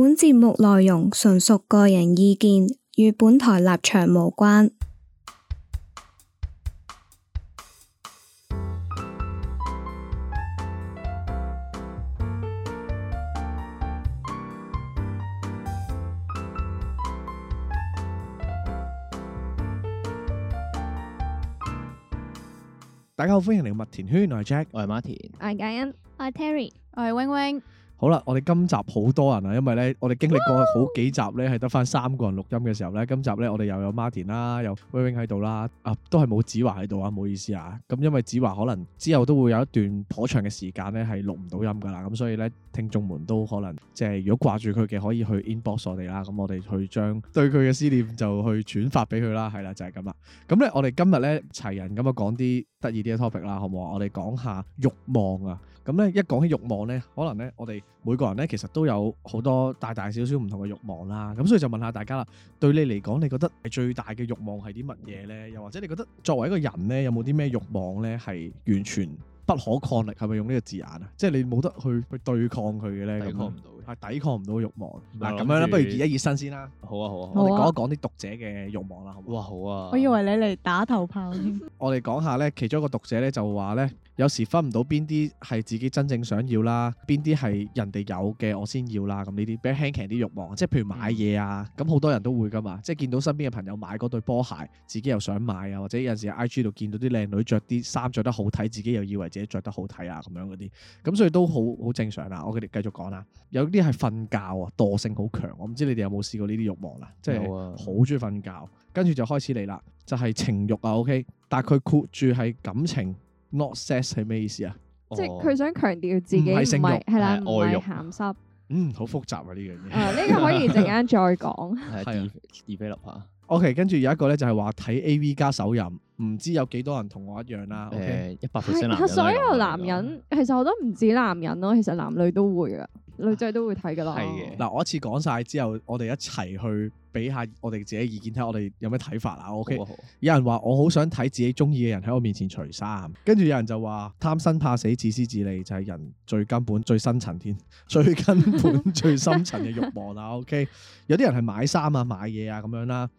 本節目內容純屬個人意見，與本台立場無關。大家好，歡迎嚟麥田圈內，Jack，我係馬田，我係嘉欣，我係 Terry，我係 Wing Wing。好啦，我哋今集好多人啊，因為咧我哋經歷過好幾集咧係得翻三個人錄音嘅時候咧，今集咧我哋又有 Martin 啦，有 Wyng 喺度啦，啊都係冇子華喺度啊，唔好意思啊，咁、嗯、因為子華可能之後都會有一段頗長嘅時間咧係錄唔到音噶啦，咁、嗯、所以咧聽眾們都可能即係如果掛住佢嘅可以去 inbox 我哋啦，咁、嗯、我哋去將對佢嘅思念就去轉發俾佢啦，係啦就係咁啦，咁、嗯、咧我哋今日咧齊人咁啊講啲得意啲嘅 topic 啦，好唔好？我哋講下慾望啊，咁咧一講起慾望咧，可能咧我哋。每個人咧其實都有好多大大小小唔同嘅欲望啦，咁所以就問下大家啦，對你嚟講，你覺得係最大嘅欲望係啲乜嘢咧？又或者你覺得作為一個人咧，有冇啲咩欲望咧係完全不可抗力？係咪用呢個字眼啊？即係你冇得去去對抗佢嘅咧？抵抗唔到，係抵抗唔到欲望。嗱，咁樣啦，啊，不如熱一熱身先啦，啊。好啊，好啊，我哋講一講啲讀者嘅欲望啦，好唔好啊？好啊。我以為你嚟打頭炮添。 我哋講下咧，其中一個讀者咧就話咧。有時分唔到邊啲係自己真正想要啦，邊啲係人哋有嘅，我先要啦。咁呢啲比較輕強啲慾望，即係譬如買嘢啊，咁好多人都會㗎嘛。即係見到身邊嘅朋友買嗰對波鞋，自己又想買啊，或者有陣時 IG 度見到啲靚女着啲衫着得好睇，自己又以為自己着得好睇啊，咁樣嗰啲咁，所以都好好正常啦、啊。我哋繼續講啦，有啲係瞓覺啊，惰性好強。我唔知你哋有冇試過呢啲慾望啦、啊，即係好中意瞓覺，啊、跟住就開始嚟啦，就係、是、情慾啊。O、okay? K，但係佢箍住係感情。Not sex 係咩意思啊？即係佢想強調自己唔係性慾啦，唔係鹹濕。嗯，好複雜啊呢樣嘢。呢個可以陣間再講。係二飛六啊。OK，跟住有一個咧就係話睇 A V 加手淫，唔知有幾多人同我一樣啦。OK，一百分。所有男人其實我都唔止男人咯，其實男女都會噶。女仔都會睇噶啦。係嗱，我一次講晒之後，我哋一齊去畀下我哋自己意見，睇下我哋有咩睇法啊？OK，有人話我好想睇自己中意嘅人喺我面前除衫，跟住有人就話貪生怕死、自私自利就係、是、人最根本、最深層添、最根本、 最深層嘅欲望啦。OK，有啲人係買衫啊、買嘢啊咁樣啦。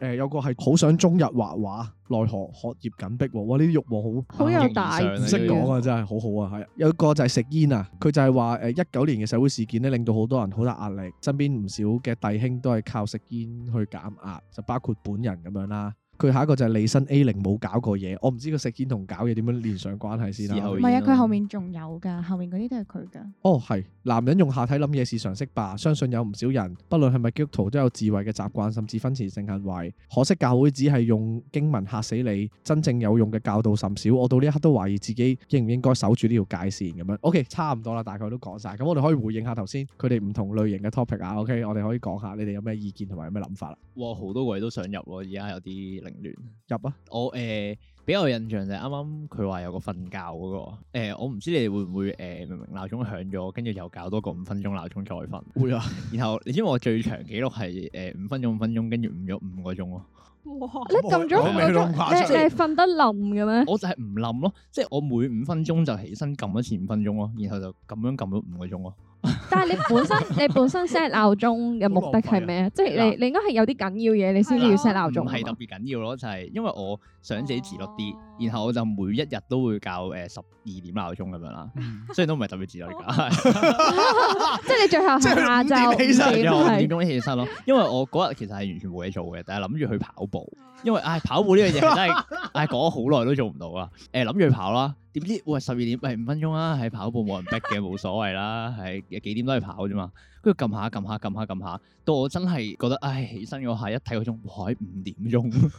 誒、呃、有個係好想終日畫畫，奈何學業緊迫喎！哇，呢啲慾望好，好有大，唔識講啊，真係好好啊，係有個就係食煙啊，佢就係話誒一九年嘅社會事件咧，令到好多人好大壓力，身邊唔少嘅弟兄都係靠食煙去減壓，就包括本人咁樣啦。佢下一個就係李生 A 零冇搞過嘢，我唔知個食堅同搞嘢點樣連上關係先啦。唔係啊，佢後、啊、後面仲有㗎，後面嗰啲都係佢㗎。哦，係，男人用下體諗嘢是常識吧？相信有唔少人，不論係咪基督徒，都有自慰嘅習慣，甚至婚前性行為。可惜教會只係用經文嚇死你，真正有用嘅教導甚少。我到呢一刻都懷疑自己應唔應該守住呢條界線咁樣。OK，差唔多啦，大概都講晒。咁我哋可以回應下頭先佢哋唔同類型嘅 topic 啊。OK，我哋可以講下你哋有咩意見同埋有咩諗法啦。哇，好多位都想入喎，而家有啲。入啊！我誒，比較印象就啱啱佢話有個瞓覺嗰個誒，我唔知你哋會唔會誒，明明鬧鐘響咗，跟住又搞多個五分鐘鬧鐘再瞓。會啊！然後你知唔知我最長記錄係誒五分鐘五分鐘，跟住誤咗五個鐘咯。哇！你撳咗五個鐘，你係瞓得冧嘅咩？我就係唔冧咯，即係我每五分鐘就起身撳一次五分鐘咯，然後就咁樣撳咗五個鐘咯。 但係你本身 你本身 set 鬧鐘嘅目的係咩啊？即係你了你應該係有啲緊要嘢你先至要 set 鬧鐘，唔係了吧特別緊要咯，就係、是、因為我。想自己自律啲，然後我就每一日都會教誒十二點鬧鐘咁樣啦，雖然、嗯、都唔係特別自律㗎，即係你最後下晝五點起身咗，五 點鐘起身咯， 因為我嗰日其實係完全冇嘢做嘅，但係諗住去跑步，因為唉、哎、跑步呢樣嘢真係唉講好耐都做唔到、哎哎、啊，誒諗住去跑啦，點知哇，十二點係五分鐘啦，係跑步冇人逼嘅，冇所謂啦，係幾點都係跑啫嘛。跟住撳下撳下撳下撳下，到我真係覺得，唉！起身嗰下一睇嗰鐘，哇！喺五點鐘，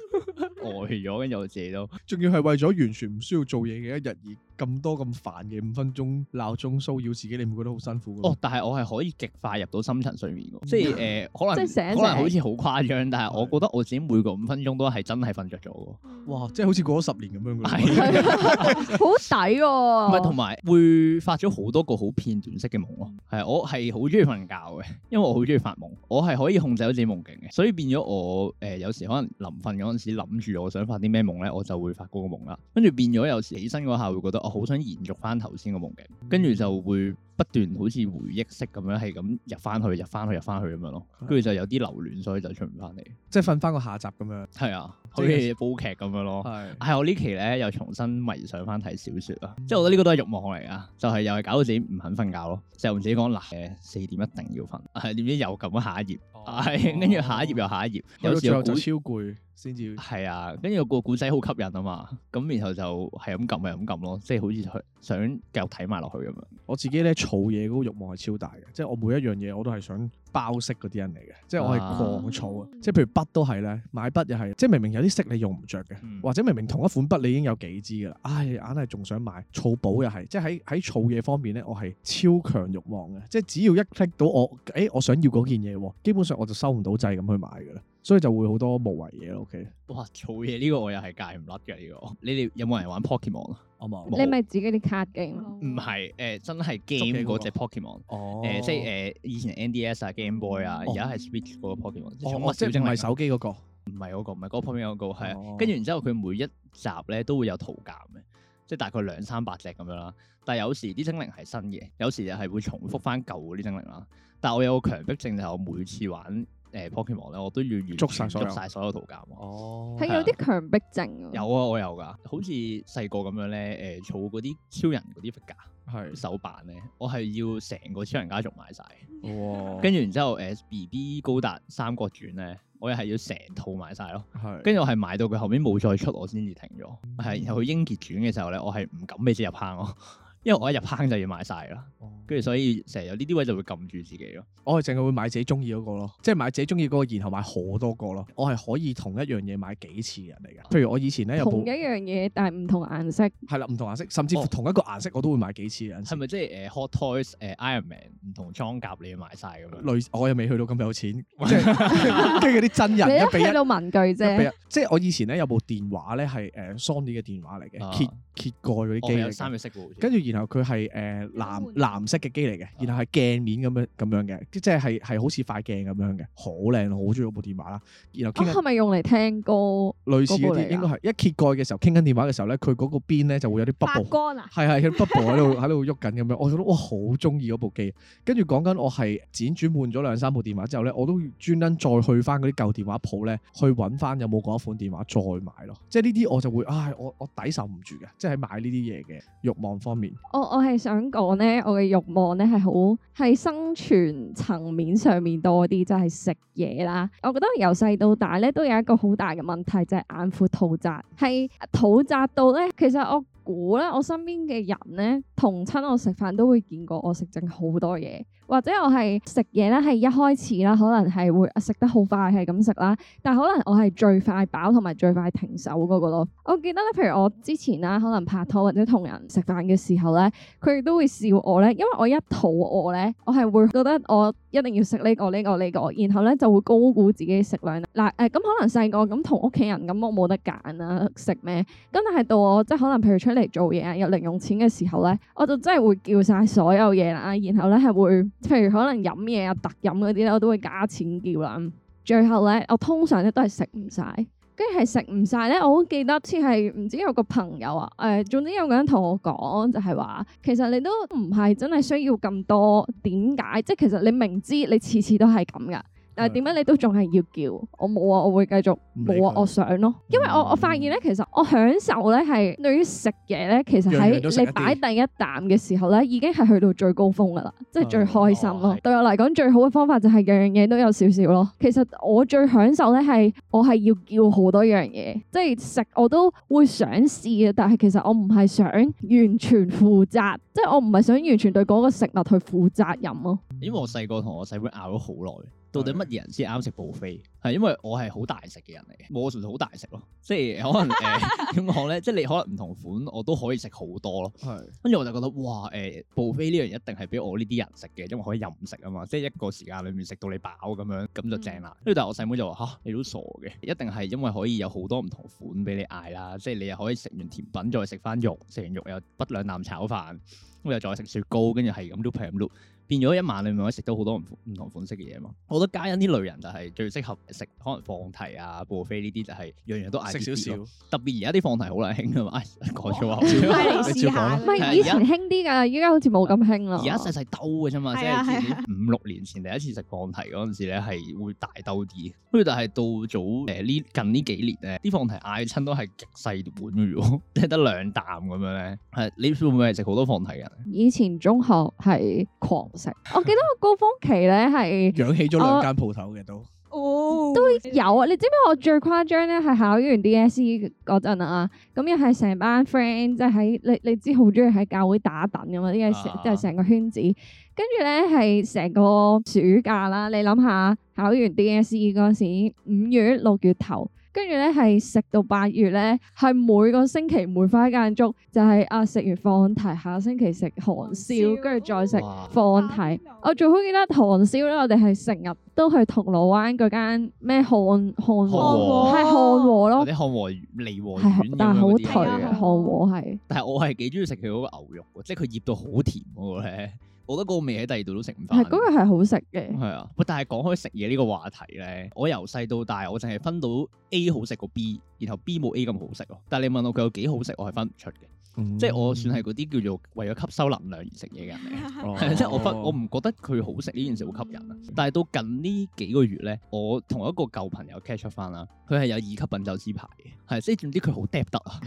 呆咗，跟住我自己都，仲要係為咗完全唔需要做嘢嘅一日而咁多咁煩嘅五分鐘鬧鐘騷擾自己，你會唔會覺得好辛苦哦？但係我係可以極快入到深層睡眠嘅，嗯、即係誒、呃、可能即醒醒可能好似好誇張，但係我覺得我自己每個五分鐘都係真係瞓着咗嘅。哇，即係好似過咗十年咁樣。係，好抵喎。唔係，同埋會發咗好多個好片段式嘅夢咯。係、嗯，我係好中意瞓覺嘅，因為我好中意發夢，我係可以控制到自己夢境嘅，所以變咗我誒有時可能臨瞓嗰陣時諗住我想發啲咩夢咧，我就會發嗰個夢啦。跟住變咗有時起身嗰下會覺得好想延續翻頭先個夢境，跟住、嗯、就會不斷好似回憶式咁樣，係咁入翻去、入翻去、入翻去咁樣咯。跟住、嗯、就有啲留戀，所以就出唔翻嚟，即係瞓翻個下集咁樣。係啊。好似煲劇咁樣咯，係是，我呢期咧又重新迷上翻睇小說啊，嗯、即係我覺得呢個都係欲望嚟噶，就係、是、又係搞到自己唔肯瞓覺咯，就日、是、唔自己講，嗱，四點一定要瞓，點、啊、知又撳咗下一頁，係、哦，跟住、啊、下一頁又下一頁，哦、有時又超攰，先至係啊，跟住個故仔好吸引啊嘛，咁然後就係咁撳咪咁撳咯，即係、就是、好似佢。想繼續睇埋落去咁樣，我自己咧儲嘢嗰個慾望係超大嘅，即係我每一樣嘢我都係想包識嗰啲人嚟嘅，即係我係狂儲啊！即係譬如筆都係咧，買筆又係，即係明明有啲色你用唔着嘅，嗯、或者明明同一款筆你已經有幾支噶啦，唉，硬係仲想買。儲寶又係，即係喺喺儲嘢方面咧，我係超強慾望嘅，即係只要一 click 到我，誒、欸，我想要嗰件嘢，基本上我就收唔到掣咁去買噶啦。所以就會好多無謂嘢咯，OK？哇，做嘢呢、呢個我又係戒唔甩嘅呢個。你哋有冇人玩 Pokemon 啊、哦？阿茂有，你咪自己啲卡、呃、機嘛？唔係，誒真係 game 嗰隻 Pokemon。哦。誒、呃、即係誒、呃、以前 NDS 啊、Game Boy 啊，而家係 Switch 嗰個 Pokemon。哦，個 mon，哦即係唔係手機嗰、嗰個？唔係嗰個，唔係嗰個 Pokemon 嗰個，係啊、嗰個。哦、跟住然之後，佢每一集咧都會有圖鑑嘅，即係大概兩三百隻咁樣啦。但係有時啲精靈係新嘅，有時又係會重複翻舊嗰啲精靈啦。但我有個強迫症就係我每次玩、嗯。誒、呃、Pokemon 咧，我都要完捉晒所有圖鑑喎。哦，係、啊、有啲強迫症㗎。有啊，我有㗎。好似細個咁樣咧，誒、呃，儲嗰啲超人嗰啲 figure，係手辦咧，我係要成個超人家族買晒。哦、跟住然之後，誒、呃、BB 高達三國傳咧，我又係要成套買晒咯。係是。跟住我係買到佢後面冇再出我，我先至停咗。係，然後去英傑傳嘅時候咧，我係唔敢俾只入坑咯。 因為我一入坑就要買晒啦，跟住、哦、所以成日有呢啲位就會撳住自己咯。我係淨係會買自己中意嗰個咯，即係買自己中意嗰個，然後買好多個咯。我係可以同一樣嘢買幾次人嚟㗎。譬如我以前咧，有部同一樣嘢但係唔同顏色。係啦，唔同顏色，甚至乎、哦、同一個顏色我都會買幾次人。係咪即係誒、呃、Hot Toys 誒、呃、Iron Man 唔同裝甲你要買晒咁樣？類，我又未去到咁有錢，即係嗰啲真人一比一你文具啫。即係我以前咧，有部電話咧，係誒 Sony 嘅電話嚟嘅，揭揭蓋嗰啲機。我有三隻色喎。跟住然後佢係誒藍藍色嘅機嚟嘅，然後係鏡面咁樣咁樣嘅，即係係係好似塊鏡咁樣嘅，好靚，好中意嗰部電話啦。然後咁係咪用嚟聽歌？類似嗰啲應該係一揭蓋嘅時候，傾緊電話嘅時候咧，佢嗰個邊咧就會有啲 bubble。係係有 bubble 喺度喺度喐緊咁樣，我覺得哇好中意嗰部機。跟住講緊我係輾轉換咗兩三部電話之後咧，我都專登再去翻嗰啲舊電話鋪咧，去搵翻有冇嗰一款電話再買咯。即係呢啲我就會唉，我我，我抵受唔住嘅，即係喺買呢啲嘢嘅慾望方面。我我係想講咧，我嘅慾望咧係好係生存層面上面多啲，就係食嘢啦。我覺得由細到大咧，都有一個好大嘅問題，就係、是、眼闊肚窄，係肚窄到咧，其實我。估咧，我身邊嘅人咧，同親我食飯都會見過我食剩好多嘢，或者我係食嘢咧，係一開始啦，可能係會食得好快，係咁食啦，但係可能我係最快飽同埋最快停手嗰個咯。我記得咧，譬如我之前啦，可能拍拖或者同人食飯嘅時候咧，佢哋都會笑我咧，因為我一肚餓咧，我係會覺得我一定要食呢個、呢個、呢個，然後咧就會高估自己食量。嗱誒，咁、呃嗯、可能細個咁同屋企人咁，我冇得揀啦、啊，食咩？咁但係到我即係可能譬如出嚟做嘢有零用錢嘅時候咧，我就真係會叫晒所有嘢啦，然後咧係會，譬如可能飲嘢啊、特飲嗰啲咧，我都會加錢叫啦。最後咧，我通常咧都係食唔晒，跟住係食唔晒咧，我好記得似係唔知有個朋友啊，誒、呃，總之有個人同我講，就係、是、話，其實你都唔係真係需要咁多，點解？即係其實你明知你次次都係咁㗎。但點解你都仲係要叫？我冇啊，我會繼續冇啊，我想咯。因為我、嗯、我發現咧，其實我享受咧係對於食嘢咧，其實喺你擺第一啖嘅時候咧，已經係去到最高峰噶啦，嗯、即係最開心咯。哦、對我嚟講，最好嘅方法就係樣樣嘢都有少少咯。其實我最享受咧係我係要叫好多樣嘢，即係食我都會想試嘅，但係其實我唔係想完全負責，即係我唔係想完全對嗰個食物去負責任咯。因為我細個同我細妹拗咗好耐。到底乜嘢人先啱食布菲？係因為我係好大食嘅人嚟嘅，我純粹好大食咯，即係可能誒點講咧？即係你可能唔同款，我都可以食好多咯。係是，跟住我就覺得哇誒，布菲呢樣一定係俾我呢啲人食嘅，因為可以任食啊嘛，即係一個時間裏面食到你飽咁樣，咁就正啦。跟住但係我細妹，妹就話嚇、啊，你都傻嘅，一定係因為可以有好多唔同款俾你嗌啦，即係你又可以食完甜品再食翻肉，食完肉又扒兩啖炒飯，咁又再食雪糕，跟住係咁 loop 係咁 loop 變咗一晚你咪可以食到好多唔唔同款式嘅嘢嘛！好多嘉欣啲類人，就係最適合食可能放題啊、buffet 呢啲就係樣樣都嗌少少，點點特別而家啲放題好啦，興啊嘛，改、哎、咗啊，唔係你試下唔係以前興啲㗎，而家好似冇咁興咯。而家細細兜嘅啫嘛，即係五六年前第一次食放題嗰陣時咧係會大兜啲，跟住、啊啊、但係到早誒呢、呃、近呢幾年咧啲放題嗌親都係極細碗嘅喎，即係得兩啖咁樣咧。係 你會唔會係食好多放題人？以前中學係狂。我、 哦、記得我高峰期咧係養起咗兩間鋪頭嘅都哦都有啊！ 你知唔知我最誇張咧係考完 DSE 嗰陣啊！咁又係成班 friend 即係喺你你知好鍾意喺教會打等咁嘛。呢個即係成個圈子，跟住咧係成個暑假啦！你諗下考完 DSE 嗰時五月六月頭。跟住咧，係食到八月咧，係每個星期梅花間竹，就係、是、啊食完放題，下個星期食韓燒，跟住燒再食放題。哇我最好記得韓燒咧，我哋係成日都去銅鑼灣嗰間咩漢漢和，係漢和咯。啲漢和魚、梨和魚但係好頹嘅，漢和係。和和和但係的我係幾中意食佢嗰個牛肉喎，即係佢醃到好甜嗰個咧。我覺得個味喺第二度都食唔翻。係嗰個係好食嘅，係啊。但係講開食嘢呢個話題咧，我由細到大，我淨係分到 A 好食過 B，然後 B 冇 A 咁好食。但係你問我佢有幾好食，我係分唔出嘅。即係我算係嗰啲叫做為咗吸收能量而食嘢嘅人嚟，即係我分我唔覺得佢好食呢件事好吸引啊。但係到近呢幾個月咧，我同一個舊朋友 catch up 翻啦，佢係有二級品酒師牌嘅，係即係總之佢好釀得啊。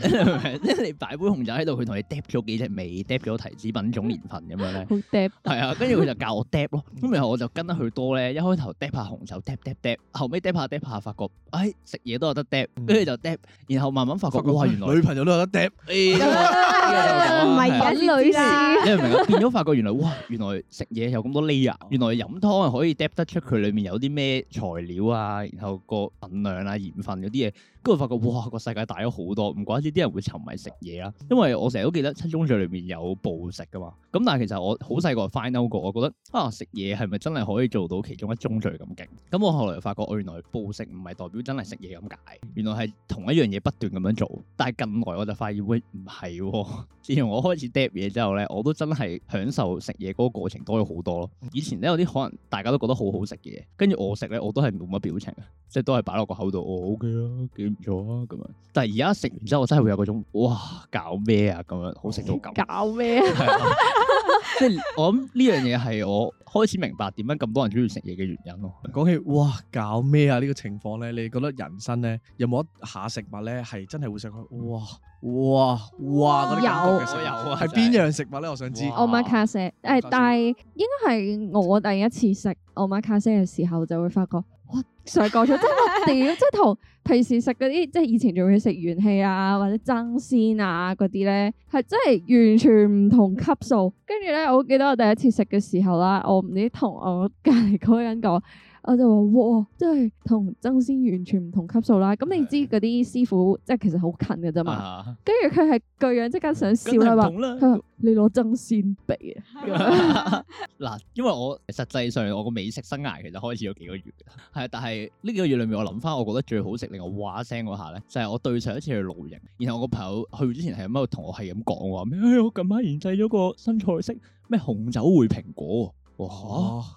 即係你擺杯紅酒喺度，佢同你釀咗幾隻味，釀咗提子品種年份咁樣咧，係啊，跟住佢就教我 Dap 咯，咁然後我就跟得佢多咧。一開頭 Dap 下紅酒就 Dap、Dap、Dap，後尾 Dap 下 Dap 下，發覺，哎食嘢都有得 Dap，嗯，跟住就 Dap，然後慢慢發覺哇覺、哦、原來女朋友都有得 Dap Dap，哎，唔係 人、啊、女士。你明唔明？ 變咗發覺原來哇原來食嘢有咁多呢啊，原來飲湯可以 Dap 得出佢裏面有啲咩材料啊，然後個份量啊、鹽分嗰啲嘢，跟住發覺，哇個世界大咗好多，唔怪之啲人會沉迷食嘢啦。因為我成日都記得七宗罪裏面有暴食噶嘛，咁但係其實我好細個。find out 過，我覺得啊，食嘢係咪真係可以做到其中一宗罪咁勁？咁我後來又發覺，我原來暴食唔係代表真係食嘢咁解，原來係同一樣嘢不斷咁樣做。但係近來我就發現，喂唔係，哦、 自從我開始 dé 嘢之後咧，我都真係享受食嘢嗰個過程多咗好多咯。以前咧有啲可能大家都覺得好好食嘅嘢，跟住我食咧我都係冇乜表情，即係都係擺落個口度，我 O K 啦，幾、okay，唔錯啊咁樣。但係而家食完之後，我真係會有嗰種哇搞咩啊咁樣，好食到搞咩 即係我諗呢樣嘢係我開始明白點解咁多人中意食嘢嘅原因咯。講起哇搞咩啊呢個情況咧，你覺得人生咧有冇一下食物咧係真係會食開哇哇哇？有，有係邊樣食物咧？我想知。奧馬卡西誒，但係應該係我第一次食奧馬卡西嘅時候就會發覺哇上過咗 即係同平時食嗰啲，即係以前仲要食元氣啊，或者爭先鮮啊嗰啲咧，係真係完全唔同級數。跟住咧，我記得我第一次食嘅時候啦，我唔知同我隔籬嗰個人講。我就話：哇，真係同爭鮮完全唔同級數啦！咁是的、嗯、你知嗰啲師傅即係其實好近嘅啫嘛。跟住佢係巨樣即刻想笑，、嗯、啦佢話說：嗯、你攞爭鮮比啊！嗱，是的 因為我實際上我個美食生涯其實開始咗幾個月嘅，係，但係呢幾個月裡面我諗翻，我覺得最好食令我哇聲嗰下咧，就係、是、我對上一次去露營，然後我個朋友去之前係咁樣同我係咁講話：咩、哎？我近排研製咗個新菜式，咩紅酒燴蘋果。哇，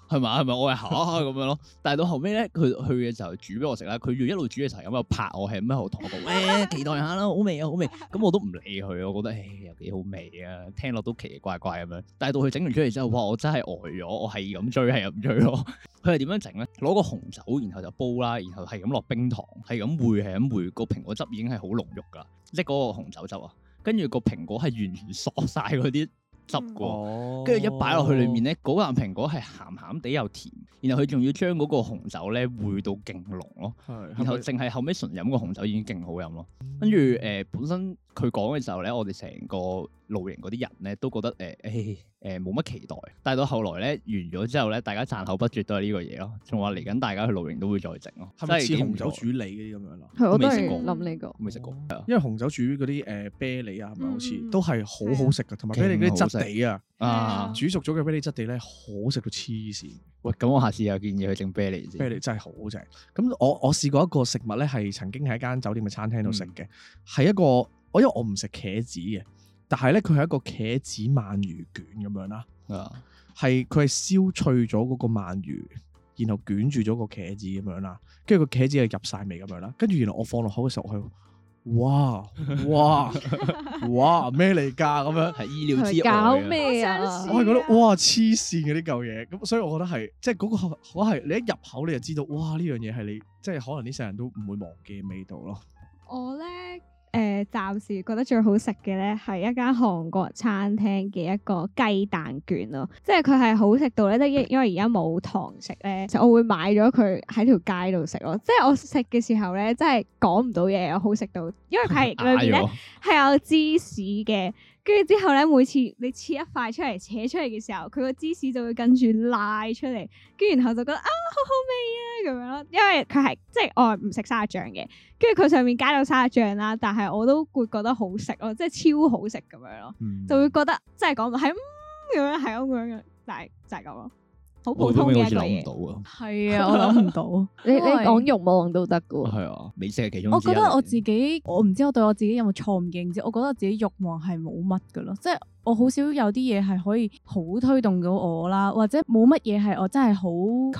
係咪係咪我係下咁樣咯？但係到後尾咧，佢去嘅時候煮俾我食啦。佢要一路煮嘅時候咁樣拍我，係咁樣我同我講誒，期待下啦，好味啊，好味！咁、嗯、我都唔理佢，我覺得誒又幾好味啊。聽落都奇奇怪怪咁樣。但係到佢整完出嚟之後，哇！我真係呆咗，我係咁追係咁追咯。佢係點樣整咧？攞個紅酒然後就煲啦，然後係咁落冰糖，係咁攪，係咁攪。個蘋果汁已經係好濃郁噶啦，即、就、嗰、是、個紅酒汁啊。跟住個蘋果係完全鎖晒嗰啲。執過，跟住一擺落去裏面咧，嗰啖蘋果係鹹鹹地又甜，然後佢仲要將嗰個紅酒咧燴到勁濃咯，是然後淨係後尾純飲個紅酒已經勁好飲咯，跟住誒本身。佢講嘅時候咧，我哋成個露營嗰啲人咧都覺得誒誒冇乜期待，但到後來咧完咗之後咧，大家讚口不絕都係呢個嘢咯，仲話嚟緊大家去露營都會再整咯，即係似紅酒煮梨嗰啲咁樣咯。係我都係諗呢個，未食過。嗯、過因為紅酒煮嗰啲誒啤梨啊，係咪好似都係好好食噶？同埋啤梨啲質地啊，啊煮熟咗嘅啤梨質地咧，好食到黐線。喂、啊，咁我下次又建議去整啤梨先。啤梨真係好正。咁我我試過一個食物咧，係曾經喺一間酒店嘅餐廳度食嘅，係、嗯、一個。因為我唔食茄子嘅，但係咧佢係一個茄子鰻魚卷咁樣啦，係佢係燒脆咗嗰個鰻魚，然後捲住咗個茄子咁樣啦，跟住個茄子又入晒味咁樣啦，跟住原來我放落口嘅時候，我哇哇 哇咩嚟噶咁樣？係意料之外！搞咩啊！我係覺得哇黐線嘅呢舊嘢，咁所以我覺得係即係嗰，嗰個，可係你一入口你就知道，哇呢樣嘢係你即係可能呢世人都唔會忘記嘅味道咯。 我咧。誒暫時覺得最好食嘅咧，係一間韓國餐廳嘅一個雞蛋卷咯，即係佢係好食到咧，因因為而家冇堂食咧，就我會買咗佢喺條街度食咯，即係我食嘅時候咧，真係講唔到嘢，好食到，因為佢佢咧裏面係有芝士嘅。跟住之後咧，每次你切一塊出嚟，扯出嚟嘅時候，佢個芝士就會跟住拉出嚟，跟住然後就覺得啊，好好味啊咁樣咯。因為佢係即係我唔食沙律醬嘅，跟住佢上面加咗沙律醬啦，但係我都會覺得好食咯，即係超好食咁樣咯，嗯、就會覺得即係講個係咁樣，係咁樣嘅，但係就係咁咯。好普通嘅嘢，我諗唔到啊，係啊，我諗唔到。 你你講欲望都得噶，係啊 ，美食係其中一個。我覺得我自己，我唔知我對我自己有冇錯誤認知。我覺得我自己欲望係冇乜噶咯，即係我好少有啲嘢係可以好推動到我啦，或者冇乜嘢係我真係好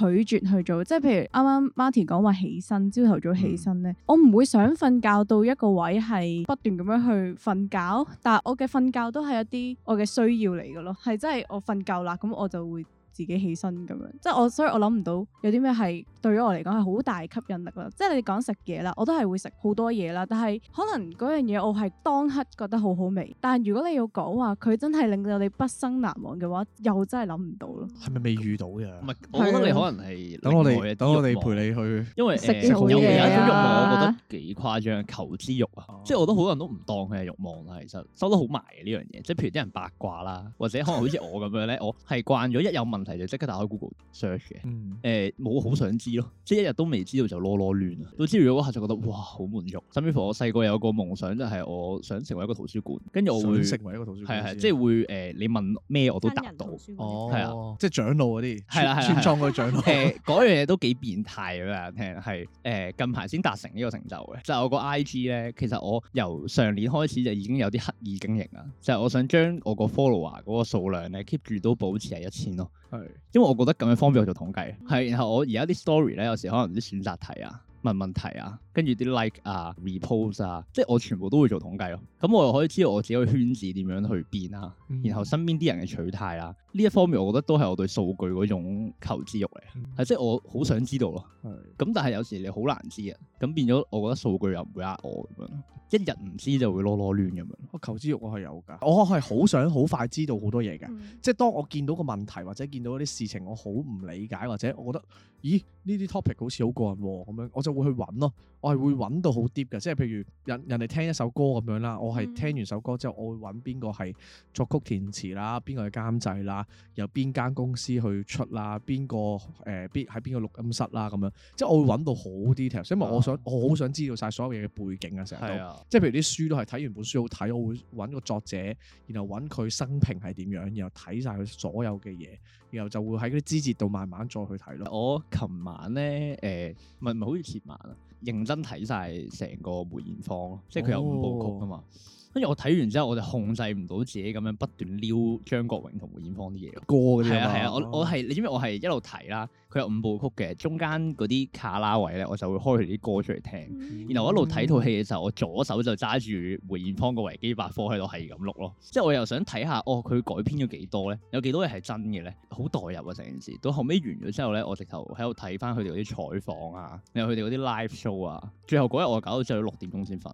拒絕去做。即係譬如啱啱 Martin 講話起身，朝頭早起身咧，嗯、我唔會想瞓覺到一個位係不斷咁樣去瞓覺，但係我嘅瞓覺都係一啲我嘅需要嚟噶咯，係真係我瞓夠啦，咁我就會。自己起身咁樣，即係我，所以我諗唔到有啲咩係對於我嚟講係好大吸引力啦。即係你講食嘢啦，我都係會食好多嘢啦，但係可能嗰樣嘢我係當刻覺得好好味。但係如果你要講話佢真係令到你畢生難忘嘅話，又真係諗唔到咯。係咪未遇到嘅？唔、啊、我覺得你可能係等我哋，等我哋陪你去。因為食好嘢啊！呃、有一種慾望，我覺得幾誇張，求知慾。啊！即係、啊、我覺得好多人都唔當佢係慾望啦。其實收得好埋呢樣嘢，即係譬如啲人八卦啦，或者可能好似我咁樣咧， 我係慣咗一有問題。即刻打開 Google Search 嘅，誒冇好想知咯，即係一日都未知道就囉囉亂啊！總之，如果嗰刻就覺得哇，好滿足。甚至乎我細個有個夢想就係我想成為一個圖書館，跟住我會成為一個圖書館，即係會誒你問咩我都答到，係啊，即係長老嗰啲，係啊，村莊嘅長老。誒，嗰樣嘢都幾變態啊！聽係誒近排先達成呢個成就嘅，就係我個 IG 咧，其實我由上年開始就已經有啲刻意經營啦，就係我想將我個 follower 嗰個數量咧 keep 住都保持係一千咯。係，是因為我覺得咁樣方便我做統計。係、嗯，然後我而家啲 story 咧，有時可能啲選擇題啊、問問題啊，跟住啲 like 啊、repost 啊，即係我全部都會做統計咯。咁、嗯嗯、我又可以知道我自己個圈子點樣去變啊，然後身邊啲人嘅取態啦、啊。呢一方面，我覺得都係我對數據嗰種求知慾嚟，係、嗯、即係我好想知道咯。咁、嗯、但係有時你好難知啊，咁變咗我覺得數據又唔會呃我咁樣，一日唔知就會囉囉亂咁樣。求知慾我係有㗎，我係好想好快知道好多嘢㗎。嗯、即係當我見到個問題或者見到啲事情，我好唔理解或者我覺得，咦呢啲 topic 好似好過癮咁樣，我就會去揾咯、啊。我係會揾到好 deep 嘅，即係譬如人人哋聽一首歌咁樣啦，我係聽完首歌之後，我會揾邊個係作曲填詞啦，邊個係監製啦，由邊間公司去出啦，邊個誒邊喺邊個錄音室啦咁樣，即係我會揾到好 detail，因為我想、啊、我好想知道晒所有嘢嘅背景啊，成日都即係譬如啲書都係睇完本書好睇，我會揾個作者，然後揾佢生平係點樣，然後睇晒佢所有嘅嘢，然後就會喺啲枝節度慢慢再去睇咯。我琴晚咧誒，唔係、呃、唔係好似前晚。啊？認真睇晒成個梅艷芳，即係佢有五部曲㗎嘛。Oh. 跟住我睇完之後，我就控制唔到自己咁樣不斷撩張國榮同梅艷芳啲嘢歌嗰啲啊，係啊，係啊，啊我我係你知唔知我係一路睇啦，佢有五部曲嘅，中間嗰啲卡拉位咧，我就會開佢啲歌出嚟聽，嗯、然後我一路睇套戲嘅時候，我左手就揸住梅艷芳個維基百科喺度係咁碌咯，即係我又想睇下哦佢改編咗幾多咧，有幾多嘢係真嘅咧，好代入啊成件事，到後尾完咗之後咧，我直頭喺度睇翻佢哋嗰啲採訪啊，佢哋嗰啲 live show 啊，最後嗰日我搞到真係六點鐘先瞓，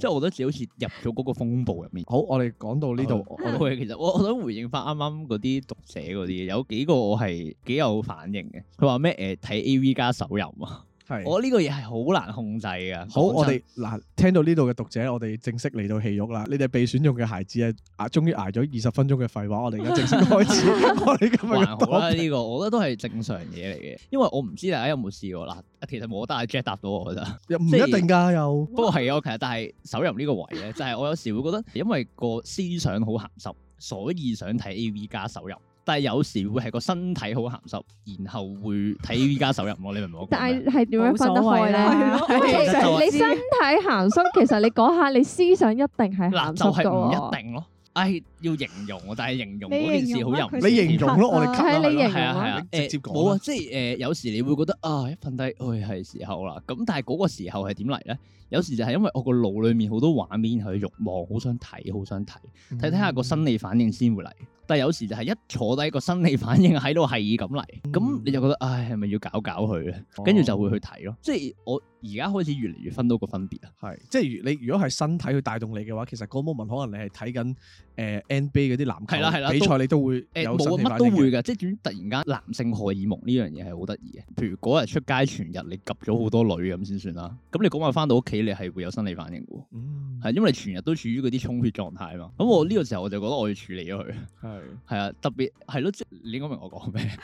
即係哇 我覺得自己好似入咗個風暴入面，好，我哋講到呢度，我哋其實我我想回應翻，啱啱嗰啲讀者嗰啲，有幾個我係幾有反應嘅，佢話咩誒，睇 AV 加手遊啊。 係，是我呢個嘢係好難控制噶。好，我哋嗱，聽到呢度嘅讀者，我哋正式嚟到戲肉啦。你哋被選中嘅孩子係挨，終於挨咗二十分鐘嘅廢話。我哋而家正式開始。 我哋還好啦，呢、這個我覺得都係正常嘢嚟嘅。因為我唔知大家有冇試過啦。其實冇得阿 Jack 答到我噶咋。唔一定噶又。有不過係啊，其實但係手淫呢個位咧，就係、是、我有時會覺得，因為個思想好咸濕，所以想睇 AV 加手淫。但係有時會係個身體好鹹濕，然後會睇依家手淫，你明唔明？ 但係係點樣瞓得開咧？你身體鹹濕，其實你講下你思想一定係就係、是、唔一定咯。誒，要形容，但係形容嗰件事好有，你形容咯、啊，我哋你形容？係啊係啊。冇啊，即係誒、呃，有時你會覺得啊，一瞓低，哎係時候啦。咁但係嗰個時候係點嚟咧？有時就係因為我個腦裡面好多畫面，係慾望，好想睇，好想睇，睇睇下個心理反應先會嚟。但有時就係一坐低個生理反應喺度係咁嚟，咁、嗯、你就覺得，唉，係咪要搞搞佢咧？跟住就會去睇咯，哦，即係我而家開始越嚟越分到個分別啊！係，即係你如果係身體去帶動你嘅話，其實嗰 moment 可能你係睇緊誒 NBA 嗰啲籃球比賽，你都會冇乜、呃、都會㗎。即係點突然間男性荷爾蒙呢樣嘢係好得意嘅。譬如嗰日出街全日你 𥄫 咗好多女咁先算啦。咁你講話返到屋企你係會有生理反應㗎喎、嗯，因為你全日都處於嗰啲充血狀態嘛。咁我呢個時候我就覺得我要處理咗佢。係係啊，特別係咯，你應該明我講咩？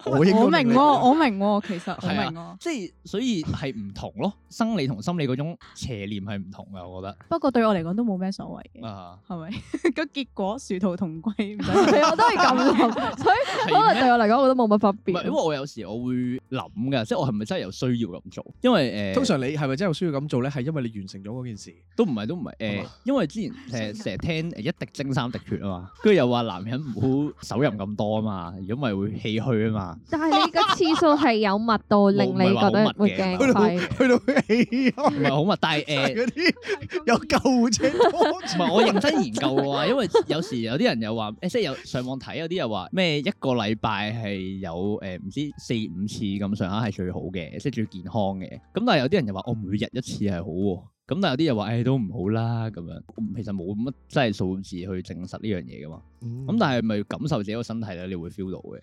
我明喎，我明喎，其實我明喎。即係 所以係唔同。 同咯，生理同心理嗰種邪念係唔同嘅，我覺得。不過對我嚟講都冇咩所謂嘅，係咪？個結果殊途同歸，我都係咁諗，所以可能對我嚟講，我都冇乜分別。唔係，因為我有時我會諗㗎，即係我係咪真係有需要咁做？因為誒，通常你係咪真係有需要咁做咧？係因為你完成咗嗰件事，都唔係，都唔係誒，因為之前誒成日聽誒一滴精三滴血啊嘛，跟住又話男人唔好手淫咁多啊嘛，如果唔係會氣虛啊嘛。但係你個次數係有密度令你覺得會驚廢。去到未啊？唔係好密， 是但係誒嗰啲有救護車 是。唔係我認真研究㗎喎， 因為有時有啲人又話，誒 即係有上網睇，有啲又話咩一個禮拜係有誒唔、欸、知四五次咁上下係最好嘅，即係最健康嘅。咁但係有啲人又話我、哦、每日一次係好喎，咁但係有啲又話誒、哎、都唔好啦咁樣。其實冇乜真係數字去證實呢樣嘢㗎嘛。咁但係咪感受自己個身體咧，你會 feel 到嘅。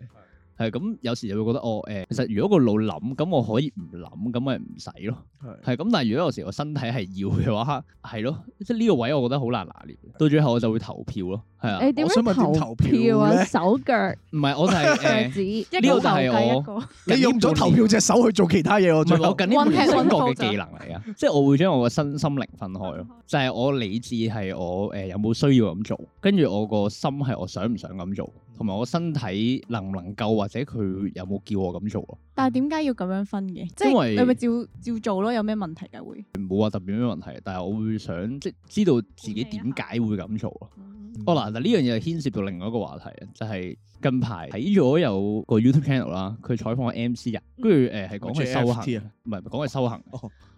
係咁，有時就會覺得哦，誒，其實如果個腦諗，咁我可以唔諗，咁咪唔使咯。係咁，但係如果有時我身體係要嘅話，嚇係咯，即係呢個位我覺得好難拿捏。到最後我就會投票咯，係啊。誒點樣投票啊？手腳唔係，我就係指呢個就係我。你用咗投票隻手去做其他嘢，我最近呢兩個嘅技能嚟啊，即係我會將我個身心靈分開咯。就係我理智係我誒有冇需要咁做，跟住我個心係我想唔想咁做。同埋我身體能唔能夠，或者佢有冇叫我咁做啊？但係點解要咁樣分嘅？因為即係你咪照照做咯，啊，有咩問題㗎會？冇話，特別咩問題，但係我會想即知道自己點解會咁做啊。哦嗱，嗱呢樣嘢就牽涉到另一個話題啊，就係、是、近排睇咗有個 YouTube channel 啦，佢採訪個 MC 人，跟住誒係講佢修行，唔係唔係講佢修行，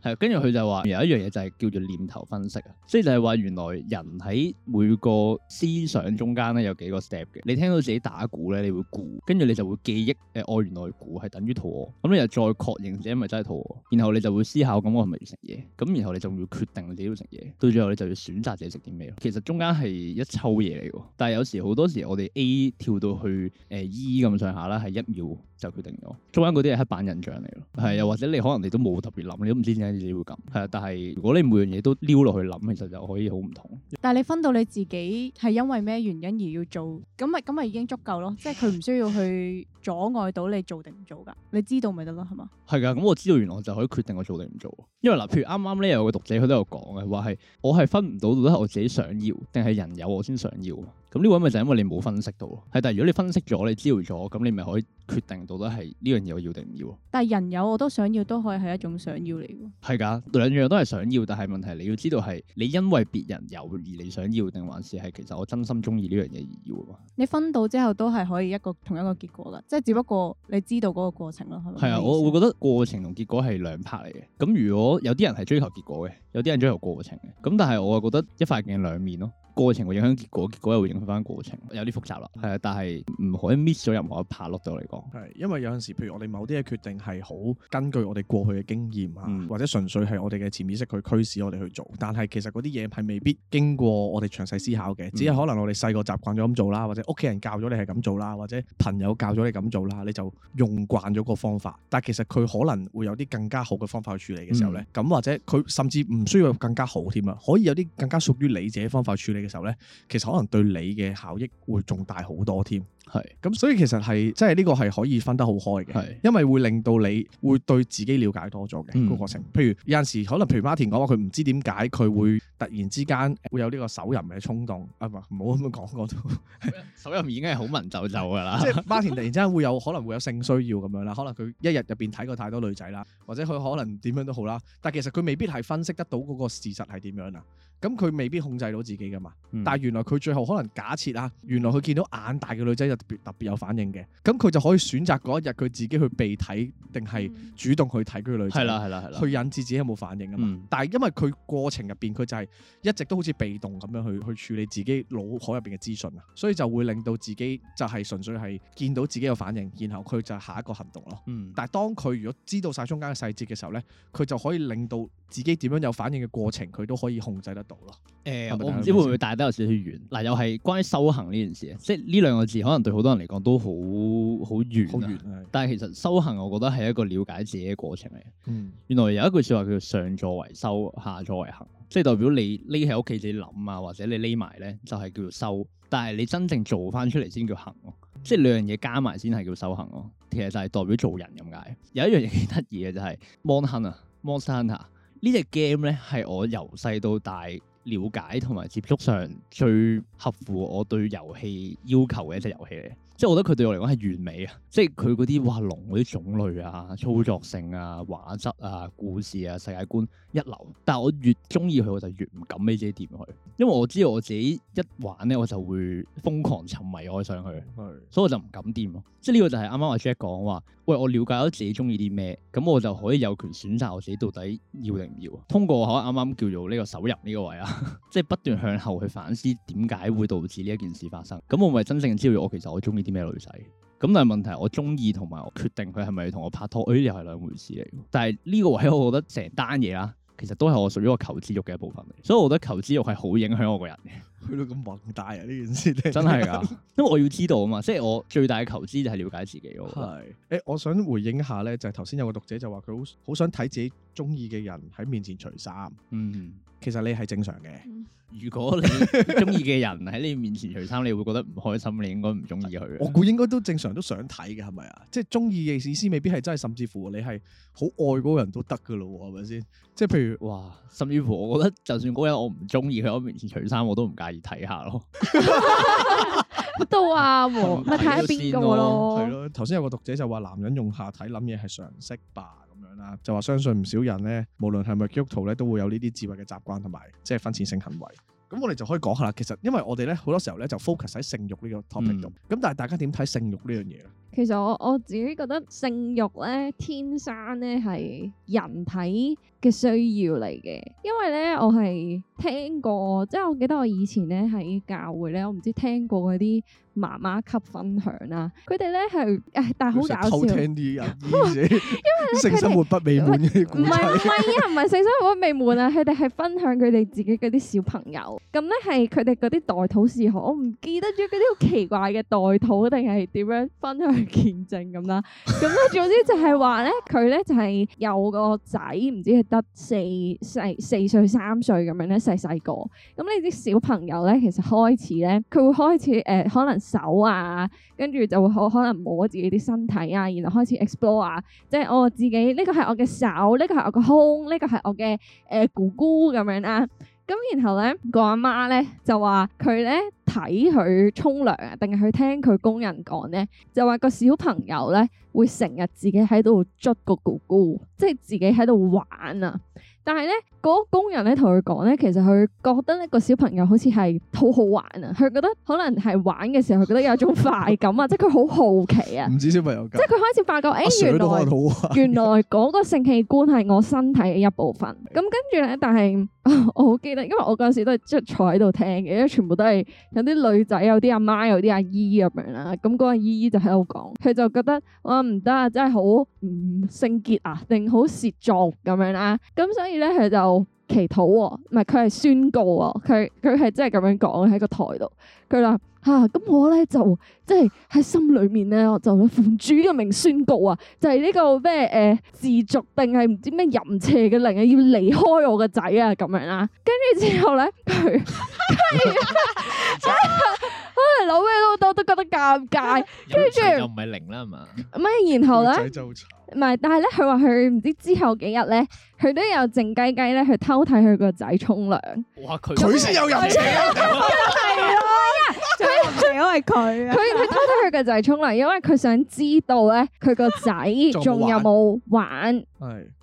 係跟住佢就話有一樣嘢就係叫做念頭分析啊，所以就係話原來人喺每個思想中間咧有幾個 step 嘅，你聽到自己打鼓咧，你會鼓，跟住你就會記憶誒愛、呃、原來鼓係等於肚餓，咁你後再確認自己係咪真係肚餓，然後你就會思考咁我係咪要食嘢，咁然後你就要決定自己要食嘢，到最後你就要選擇自己食啲咩，其實中間係一抽。偷嘢嚟嘅，但係有時好多時我哋 A 跳到去誒、呃、E 咁上下啦，係一秒就決定咗。中間嗰啲係黑板印象嚟咯，係又或者你可能你都冇特別諗，你都唔知點解自己會咁。係啊，但係如果你每樣嘢都撩落去諗，其實就可以好唔同。但係你分到你自己係因為咩原因而要做，咁咪咁咪已經足夠咯。即係佢唔需要去阻礙到你做定唔做噶，你知道咪得咯，係嘛？係噶，咁、嗯、我知道原來我就可以決定我做定唔做。因為嗱，譬如啱啱咧有個讀者佢都有講嘅，話係我係分唔到到底我自己想要定係人有我先想要。咁呢位咪就係因為你冇分析到咯，係但係如果你分析咗，你知道咗，咁你咪可以決定到底係呢樣嘢我要定唔要？但係人有我都想要，都可以係一種想要嚟喎。係㗎，兩樣都係想要，但係問題你要知道係你因為別人有而你想要，定還是係其實我真心中意呢樣嘢而要？你分到之後都係可以一個同一個結果㗎，即係只不過你知道嗰個過程咯。係咪？係啊，我會覺得過程同結果係兩拍嚟嘅。咁如果有啲人係追求結果嘅，有啲人追求過程嘅，咁但係我覺得一塊鏡兩面咯，過程會影響結果，結果又會影。翻過程有啲複雜啦，係啊的，但係唔可以 miss 咗任何嘅拍落對我嚟講，係因為有陣時，譬如我哋某啲嘅決定係好根據我哋過去嘅經驗啊，嗯、或者純粹係我哋嘅潛意識去驅使我哋去做，但係其實嗰啲嘢係未必經過我哋詳細思考嘅，只係可能我哋細個習慣咗咁做啦，或者屋企人教咗你係咁做啦，或者朋友教咗你咁做啦，你就用慣咗個方法，但係其實佢可能會有啲更加好嘅方法去處理嘅時候咧，咁、嗯、或者佢甚至唔需要更加好添啊，可以有啲更加屬於你自己方法去處理嘅時候咧，其實可能對你。你嘅效益會仲大好多添。係，咁是所以其實係即係呢個係可以分得好開嘅，是因為會令到你會對自己了解多咗嘅、嗯、過程。譬如有陣時，可能譬如 Martin 講話，佢唔知點解佢會突然之間會有呢個手淫嘅衝動。嗯、啊，唔好咁樣講我都手淫已經係好文縐縐㗎啦。即係 Martin 突然之間會有 可能會有性需要咁樣啦，可能佢一日入邊睇過太多女仔啦，或者佢可能點樣都好啦。但其實佢未必係分析得到嗰個事實係點樣啊。咁佢未必控制到自己㗎嘛。嗯、但係原來佢最後可能假設啊，原來佢見到眼大嘅女仔就特別特別有反應嘅，咁佢就可以選擇嗰一日佢自己去被睇，定係主動去睇佢個女係啦係啦係啦，去引致自己有冇反應啊嘛。嗯、但係因為佢過程入邊，佢就係一直都好似被動咁樣去去處理自己腦海入邊嘅資訊啊，所以就會令到自己就係純粹係見到自己有反應，然後佢就係下一個行動咯。嗯、但係當佢如果知道晒中間嘅細節嘅時候咧，佢就可以令到自己點樣有反應嘅過程，佢都可以控制得到咯。誒、欸，是是我唔知會唔會帶得有少少遠。嗱、啊，又係關於修行呢件事，即係呢兩個字可能。好多人嚟講都好好圓。啊、但係其實修行，我覺得係一個了解自己嘅過程嚟嘅。嗯、原來有一句說話叫做「上座為修，下座為行，即係代表你匿喺屋企自己諗啊，或者你匿埋咧就係、是，叫做修，但係你真正做翻出嚟先叫行咯。嗯、即係兩樣嘢加埋先係叫修行咯。其實就係代表做人咁解。有一樣嘢幾得意嘅就係、是《Monster Hunter》啊，《Monster Hunter》啊，呢隻 game 咧係我由細到大了解同埋接觸上最合乎我對遊戲要求嘅一隻遊戲嚟，即係我覺得佢對我嚟講係完美啊！即係佢嗰啲畫龍嗰啲種類啊、操作性啊、畫質啊、故事啊、世界觀一流。但係我越中意佢，我就越唔敢俾自己掂佢，因為我知道我自己一玩咧，我就會瘋狂沉迷愛上佢，係。所以我就唔敢掂咯。即係呢個就係啱啱阿 Jack 講話。喂，我了解到自己中意啲咩，咁我就可以有權選擇我自己到底要定唔要。通過我啱啱叫做呢個手入呢個位啊，即 係不斷向後去反思點解會導致呢一件事發生。咁我咪真正知道我其實我中意啲咩女仔。咁但係問題我，我中意同埋我決定佢係咪同我拍拖，呢、哎、又係兩回事嚟。但係呢個位，我覺得成單嘢啦。其實都係我屬於我求知慾嘅一部分，嚟。所以我覺得求知慾係好影響我個人嘅。去到咁宏大啊，呢件事真係噶，因為我要知道啊嘛，即係我最大嘅求知就係了解自己咯。係，誒，我想回應一下咧，就係頭先有個讀者就話佢好好想睇自己中意嘅人喺面前除衫。嗯。其實你係正常嘅，如果你中意嘅人喺你面前除衫， 你會覺得唔開心，你應該唔中意佢。我估應該都正常，都想睇嘅係咪啊？即係中意嘅意思，未必係真係，甚至乎你係好愛嗰個人都得噶咯，係咪先？即係譬如哇，甚至乎我覺得就算嗰人我唔中意，佢喺我面前除衫，我都唔介意睇下咯。都啱喎。哦，咪睇邊個咯。係咯，頭先有個讀者就話，男人用下體諗嘢係常識吧。咁樣啦，就話相信唔少人咧，無論係咪基督徒咧，都會有呢啲智慧嘅習慣同埋，即係婚前性行為。咁我哋就可以講下啦。其實因為我哋咧好多時候咧就 focus 喺性慾呢個 topic 度。咁、嗯、但係大家點睇性慾呢樣嘢咧？其實我我自己覺得性慾咧天生咧係人體嘅需要嚟嘅，因為咧我係聽過，即係我記得我以前咧喺教會咧，我唔知聽過嗰啲媽媽級分享啦，佢哋咧係誒，但係好搞笑，偷聽啲人、啊， 因為佢哋唔係唔係性生活不美滿啊，佢哋係分享佢哋自己嗰啲小朋友，咁咧係佢哋嗰啲代禱事項，我唔記得咗嗰啲好奇怪嘅代禱定係點樣分享見證咁啦，咁咧總之就係話咧佢咧就係有個仔，唔知係。得四歲、四歲、三歲咁樣咧，細細個咁，呢啲小朋友咧，其實開始咧，佢會開始誒、呃，可能手啊，跟住就會好可能摸自己啲身體啊，然後開始 explore、啊、即係我自己呢、呢個係我嘅手，呢、呢個係我嘅胸，呢、呢個係我嘅誒咕姑咁樣啦、啊。咁然後咧，個阿媽咧就話佢咧。睇佢沖涼啊，定係去聽佢工人講咧？就話個小朋友咧，會成日自己喺度捽個咕咕，即係自己喺度玩啊。但係咧，嗰、那個、工人咧同佢講咧，其實佢覺得呢個小朋友好似係好好玩啊。佢覺得可能係玩嘅時候，佢覺得有一種快感啊， 即係佢好好奇啊。唔知小朋友即係佢開始發覺，誒、欸啊、原來原來嗰個性器官係我身體嘅一部分。咁跟住咧，但係。 我好記得，因為我嗰陣時都係即坐喺度聽嘅，因為全部都係有啲女仔，有啲阿媽，有啲阿姨咁樣啦。咁嗰個姨姨就喺度講，佢就覺得哇唔得、嗯、啊，真係好唔聖潔啊，定好褻瀆」咁樣啦。咁所以咧，佢就。祈禱喎，唔係佢係宣告啊！佢佢係真係咁樣講喺個台度，佢話吓，咁我咧就即係喺心裏面咧，我就奉主嘅名宣告啊！就係、是、呢個咩誒、呃、自瀆定係唔知咩淫邪嘅靈啊，要離開我個仔啊咁樣啦，跟住之後咧佢。攞咩都都都覺得尷尬，跟住 又唔係零啦，係嘛？咩？然後咧，唔係，但係咧，佢話佢唔知之後幾日咧，佢都有靜雞雞咧去偷睇佢個仔沖涼。哇！佢佢先有淫邪啊！係咯，最淫邪係佢。佢佢偷睇佢個仔沖涼，因為佢想知道咧，佢個仔仲有冇玩。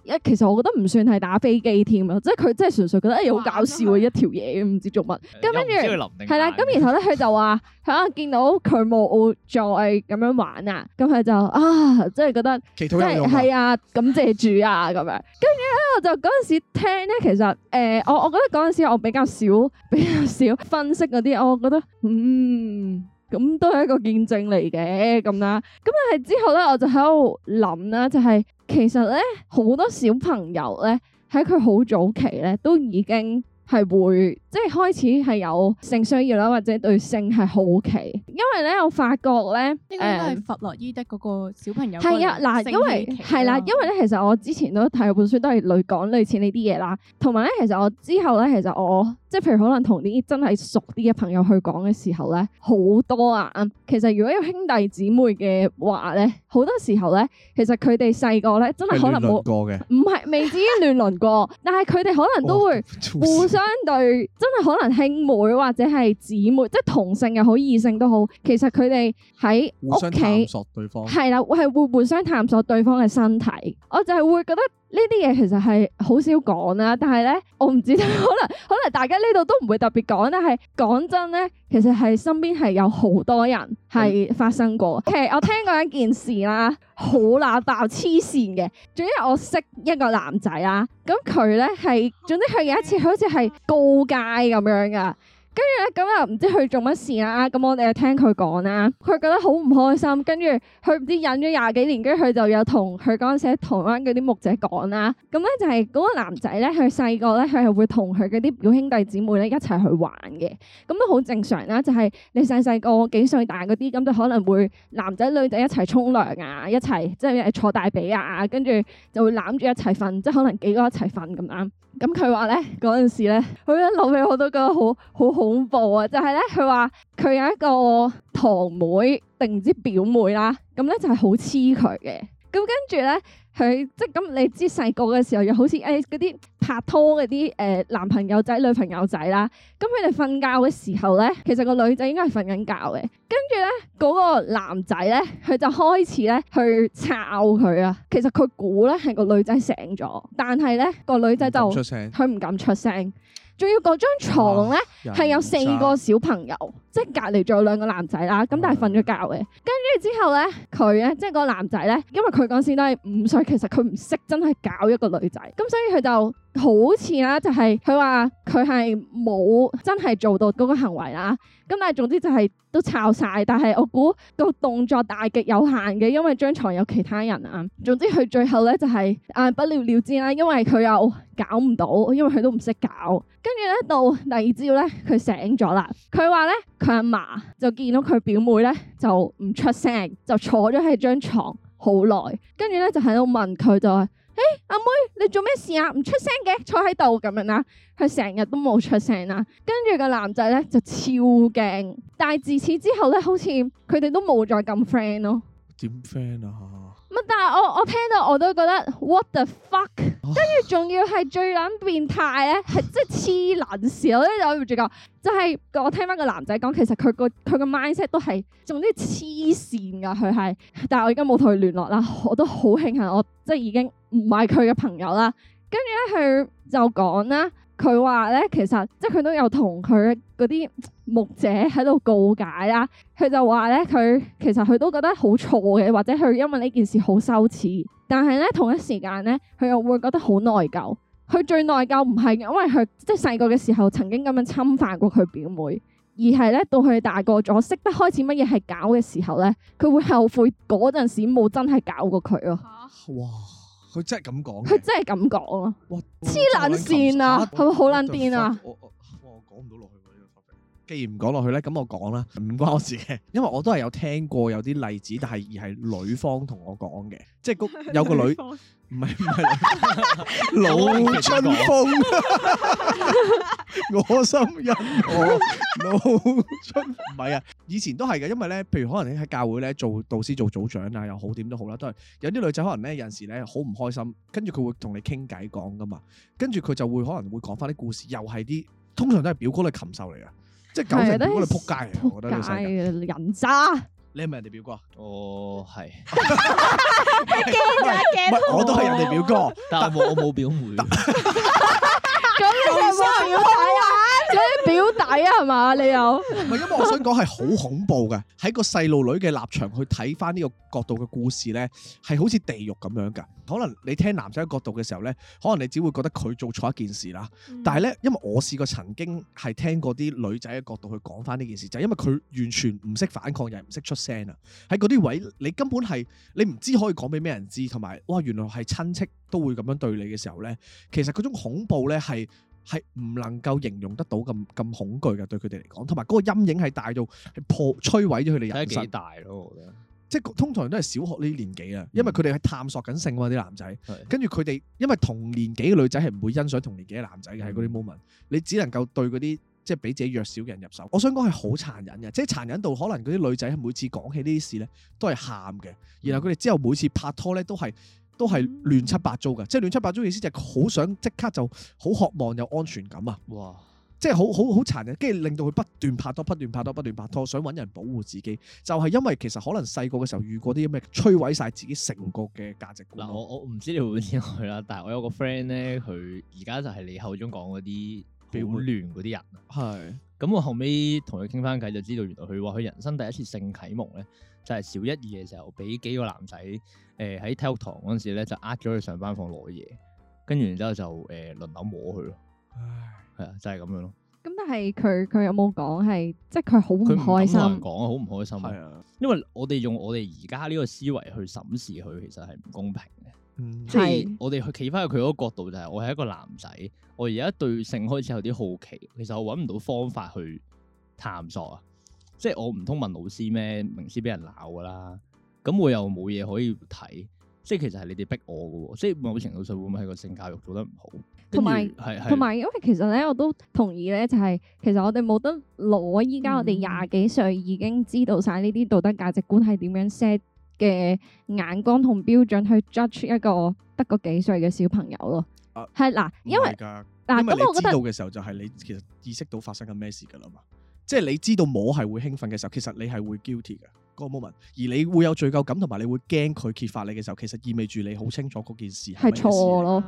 一其實我覺得唔算係打飛機添啊，即係佢真係純粹覺得誒好哇、欸、搞笑啊是一條嘢，唔知做乜咁，跟住係啦。咁然後咧佢就話，佢啊 見到佢冇再咁樣玩啊，咁佢就啊即係覺得係係啊， 感謝主啊咁樣。跟住咧，我就嗰陣時聽咧，其實誒、呃、我我覺得嗰陣時我比較少比較少分析嗰啲，我覺得嗯。咁都係一個見證嚟嘅，咁啦，咁但係之後咧，我就喺度諗啦，就係其實咧，好多小朋友咧，喺佢好早期咧，都已經係會。即係開始係有性需要啦，或者對性係好奇，因為咧我發覺咧，應該係，弗洛伊德嗰個小朋友係啊，嗱，因為係啦、啊，因為咧，其實我之前都睇過本書都係類講類似呢啲嘢啦。同埋咧，其實我之後咧，其實我即係譬如可能同啲真係熟啲嘅朋友去講嘅時候咧，好多啊。其實如果有兄弟姊妹嘅話咧，好多時候咧，其實佢哋細個咧，真係可能冇過嘅，唔係未至於亂倫過， 但係佢哋可能都會互相對。 真係可能兄妹或者係姊妹，即係同性又好，異性都好，其實佢哋喺屋企，互相探索對方，係啦，會係會互相探索對方嘅身體，我就係會覺得。呢啲嘢其實係好少講啦，但係咧，我唔知道可能可能大家呢度都唔會特別講，但係講真咧，其實係身邊係有好多人係發生過。嗯、其實我聽過一件事啦，好喇，爆黐線嘅。總之我識一個男仔啦，咁佢咧係總之佢有一次好似係高街咁樣噶。跟住咧，咁又唔知佢做乜事啦。咁我哋就聽佢講啦。佢覺得好唔開心。跟住佢唔知忍咗廿幾年，跟住佢就有同佢嗰陣時喺台灣嗰啲牧者講啦。咁咧就係嗰個男仔咧，佢細個咧，佢係會同佢嗰啲表兄弟姊妹咧一齊去玩嘅。咁都好正常啦。就係、是、你細細個幾歲大嗰啲，咁就可能會男仔女仔一齊沖涼啊，一齊即係坐大髀啊，跟住就會攬住一齊瞓，即係可能幾個一齊瞓咁啦。咁佢話咧嗰陣時咧，我諗起我都覺得好好恐怖啊！就係、是、咧，佢話佢有一個堂妹定唔知表妹啦，咁咧就係好黐佢嘅。咁跟住咧，佢即係咁，你知細個嘅時候又好似誒嗰啲拍拖嗰啲誒男朋友仔女朋友仔啦。咁佢哋瞓覺嘅時候咧，其實個女仔應該係瞓緊覺嘅。跟住咧，嗰個男仔咧，佢就開始咧去摷佢啊。其實佢估咧係個女仔醒咗，但係咧個女仔就出聲，佢唔敢出聲。仲要嗰張牀咧，係有四個小朋友， 即係隔離仲有兩個男仔啦，咁但係瞓咗覺嘅。跟住 之後咧，佢咧，即係個男仔咧，因為佢嗰陣時都係五歲，其實佢唔識真係搞一個女仔，咁所以佢就。好似啦，就係佢話佢係冇真係做到嗰個行為啦。咁但係總之就係都摷晒。但係我估個動作大極有限嘅，因為張床有其他人啊。總之佢最後咧就係啊不了了之啦，因為佢又搞唔到，因為佢都唔識搞。跟住咧到第二朝咧，佢醒咗啦。佢話咧佢阿嫲就見到佢表妹咧就唔出聲，就坐咗喺張床好耐。跟住咧就喺度問佢，就話。誒，阿、欸、妹你做咩事啊？唔出聲嘅，坐喺度咁樣啦。佢成日都冇出聲啦、啊。跟住個男仔咧就超驚，但係自此之後咧，好似佢哋都冇再咁 friend 咯、哦。點 friend 啊？乜？但係我我聽到我都覺得 what the fuck、啊。跟住仲要係最撚變態咧，係 即係黐撚事。我咧就諗住講，就係、是、我聽翻個男仔講，其實佢個佢個 mindset 都係，總之黐線㗎佢係。但係我而家冇同佢聯絡啦，我都好慶幸我即係已經。唔係佢嘅朋友啦，跟住咧佢就講啦，佢話咧其實即係佢都有同佢嗰啲牧者喺度告解啦，佢就話咧佢其實佢都覺得好錯嘅，或者佢因為呢件事好羞恥，但係咧同一時間咧佢又會覺得好內疚。佢最內疚唔係因為佢即係細個嘅時候曾經咁樣侵犯過佢表妹，而係咧到佢大個咗識得開始乜嘢係搞嘅時候咧，佢會後悔嗰陣時冇真係搞過佢咯。啊、哇！佢真係咁講，佢真係咁講咯，黐撚線啊，係咪好撚癲啊？我我我講唔到落去喎呢個 topic。既然唔講落去咧，咁我講啦，唔關我事嘅！因為我都係有聽過有啲例子，但係而係女方同我講嘅，即係有個女。唔係唔係， 老春風， 我心印我老春。唔係啊，以前都係嘅，因為咧，譬如可能你喺教會咧做導師、做組長啊，又好點都好啦，都係有啲女仔可能咧，有陣時咧好唔開心，跟住佢會同你傾偈講噶嘛，跟住佢就會可能會講翻啲故事，又係啲通常都係表哥嘅禽獸嚟啊，對即係九成表哥嚟扑街啊！扑街我覺得呢世人，人渣。你係咪人哋表哥？哦，係。我都係人哋表哥，但係我冇表妹。咁你想點睇啊？你 表 係啊，係嘛？你又唔係咁？因為我想講係好恐怖嘅，喺 個細路女嘅立場去睇翻呢個角度嘅故事呢，係好似地獄咁樣嘅。可能你聽男仔角度嘅時候呢，可能你只會覺得佢做錯一件事啦。但係呢，因為我試過曾經係聽過啲女仔嘅角度去講翻呢件事，就係因為佢完全唔識反抗，又唔識出聲啊。喺嗰啲位，你根本係你唔知可以講俾咩人知，同埋哇，原來係親戚都會咁樣對你嘅時候呢。其實嗰種恐怖呢係。係唔能夠形容得到咁咁恐懼嘅，對佢哋嚟講，同埋嗰個陰影係大到係破摧毀咗佢哋人生，幾大咯，我覺得。即係通常都係小學呢啲年紀啊，因為佢哋係探索緊性喎啲男仔，跟住佢哋因為同年紀嘅女仔係唔會欣賞同年紀嘅男仔嘅，喺嗰啲 moment，你只能夠對嗰啲即係比自己弱小嘅人入手。我想講係好殘忍嘅，即係殘忍到可能嗰啲女仔係每次講起呢啲事呢都係喊嘅，然後佢哋之後每次拍拖呢都係。都係亂七八糟嘅，即係亂七八糟意思就係好想即刻就好渴望有安全感啊！哇！即係好好好殘忍，跟住令到佢不斷拍拖、不斷拍拖、不斷拍拖，想揾人保護自己，就係、是、因為其實可能細個嘅時候遇過啲咩摧毀晒自己成個嘅價值觀。嗱，我我唔知你會唔會知佢啦，但係我有個 friend 呢，佢而家就係你口中講嗰啲好亂嗰啲人。係的，咁是我後尾同佢傾翻偈，就知道原來佢話佢人生第一次性啟蒙呢。就係小一二嘅時候，俾幾個男仔，誒、呃、喺體育堂嗰陣時咧，就，就呃咗去上返房攞嘢，跟住然之後就誒輪流摸佢咯，係啊唉，就係、是、咁樣咯。咁但係佢佢有冇講係，即係佢好唔開心？講啊，好唔開心啊。的因為我哋用我哋而家呢個思維去審視佢，其實係唔公平嘅。即係我哋去企翻去佢嗰個角度，就係、是、我係一個男仔，我而家對性開始有啲好奇，其實我搵唔到方法去探索啊。即係我唔通問老師咩？名師俾人鬧噶啦，咁我又冇嘢可以睇。即係其實係你哋逼我噶、喔，即係某程度上會唔會係個性教育做得唔好？同埋有，同埋，因為其實咧，我都同意咧，就係、是、其實我哋冇得攞，依家我哋廿幾歲已經知道晒呢啲道德價值觀係點樣 set 嘅眼光同標準去 judge 一個得個幾歲嘅小朋友咯。係嗱、啊，因為但咁，你啦知道嘅時候就係你其實意識到發生緊咩事噶啦嘛。即係你知道我係會興奮嘅時候，其實你係會 guilty 嘅嗰個 moment，而你會有罪疚感，同埋你會驚佢揭發你嘅時候，其實意味住你好清楚嗰件事係錯咯。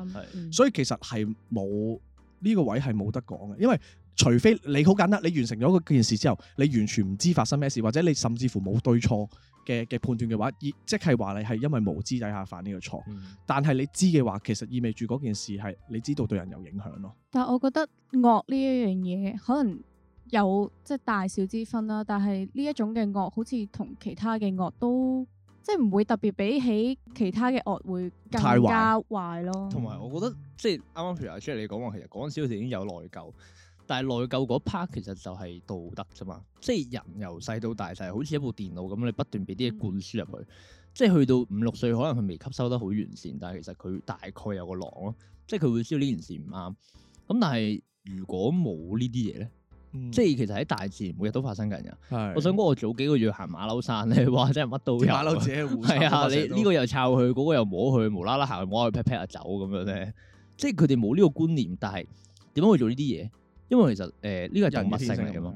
所以其實係冇呢個位係冇得講嘅，因為除非你好簡單，你完成咗嗰件事之後，你完全唔知發生咩事，或者你甚至乎冇對錯嘅嘅判斷嘅話，即係話你係因為無知底下犯呢個錯。嗯、但係你知嘅話，其實意味住嗰件事係你知道對人有影響咯。但我覺得惡呢一樣嘢可能。有即係大小之分啦，但係呢一種嘅惡好似同其他嘅惡都即係唔會特別比起其他嘅惡會更加壞咯。同埋壞、嗯、我覺得即係啱啱 Peter 你講話，其實嗰陣時好似已經有內疚，但係內疚嗰 part 其實就係道德啫嘛。即係人由細到大，細好似一部電腦咁，你不斷俾啲嘢灌輸入去，嗯、即係去到五六歲可能佢未吸收得好完善，但係其實佢大概有個狼咯，即係佢會知道呢件事唔啱。咁但係如果冇呢啲嘢咧？嗯、即係其實喺大自然每日都發生緊嘅，的我想講我早幾個月行馬騮山咧，哇真係乜都有，係 啊，你呢個又抄佢，嗰、那個又摸佢，無啦啦行去摸佢 pat pat 下走咁樣咧，即係佢哋冇呢個觀念，但係點解會做呢啲嘢？因為其實誒呢個係動物性嚟噶嘛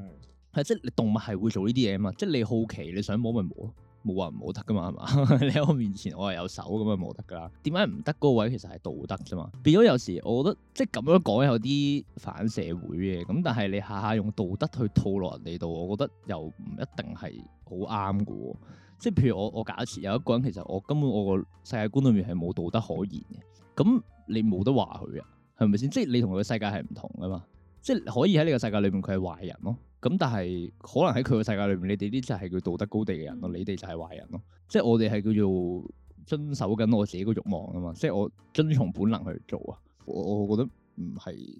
係即係你動物係會做呢啲嘢啊嘛，嗯、即係你好奇你想摸咪摸咯。冇話唔好得噶嘛，係嘛？你喺我面前，我係有手咁就冇得噶啦。點解唔得嗰位其實係道德啫嘛？變咗有時，我覺得即係咁樣講有啲反社會嘅。咁但係你下下用道德去套落人哋度，我覺得又唔一定係好啱㗎。即係譬如我我假設有一個人，其實我根本我個世界觀裏面係冇道德可言嘅。咁你冇得話佢啊，係咪先？即係你同佢嘅世界係唔同㗎嘛。即係可以喺呢個世界裏面，佢係壞人咯。咁但係可能喺佢嘅世界裏邊，你哋呢就係叫道德高地嘅人咯，你哋就係壞人咯。即係我哋係叫做遵守緊我自己個慾望啊嘛，即係我遵從本能去做啊。我我覺得唔係一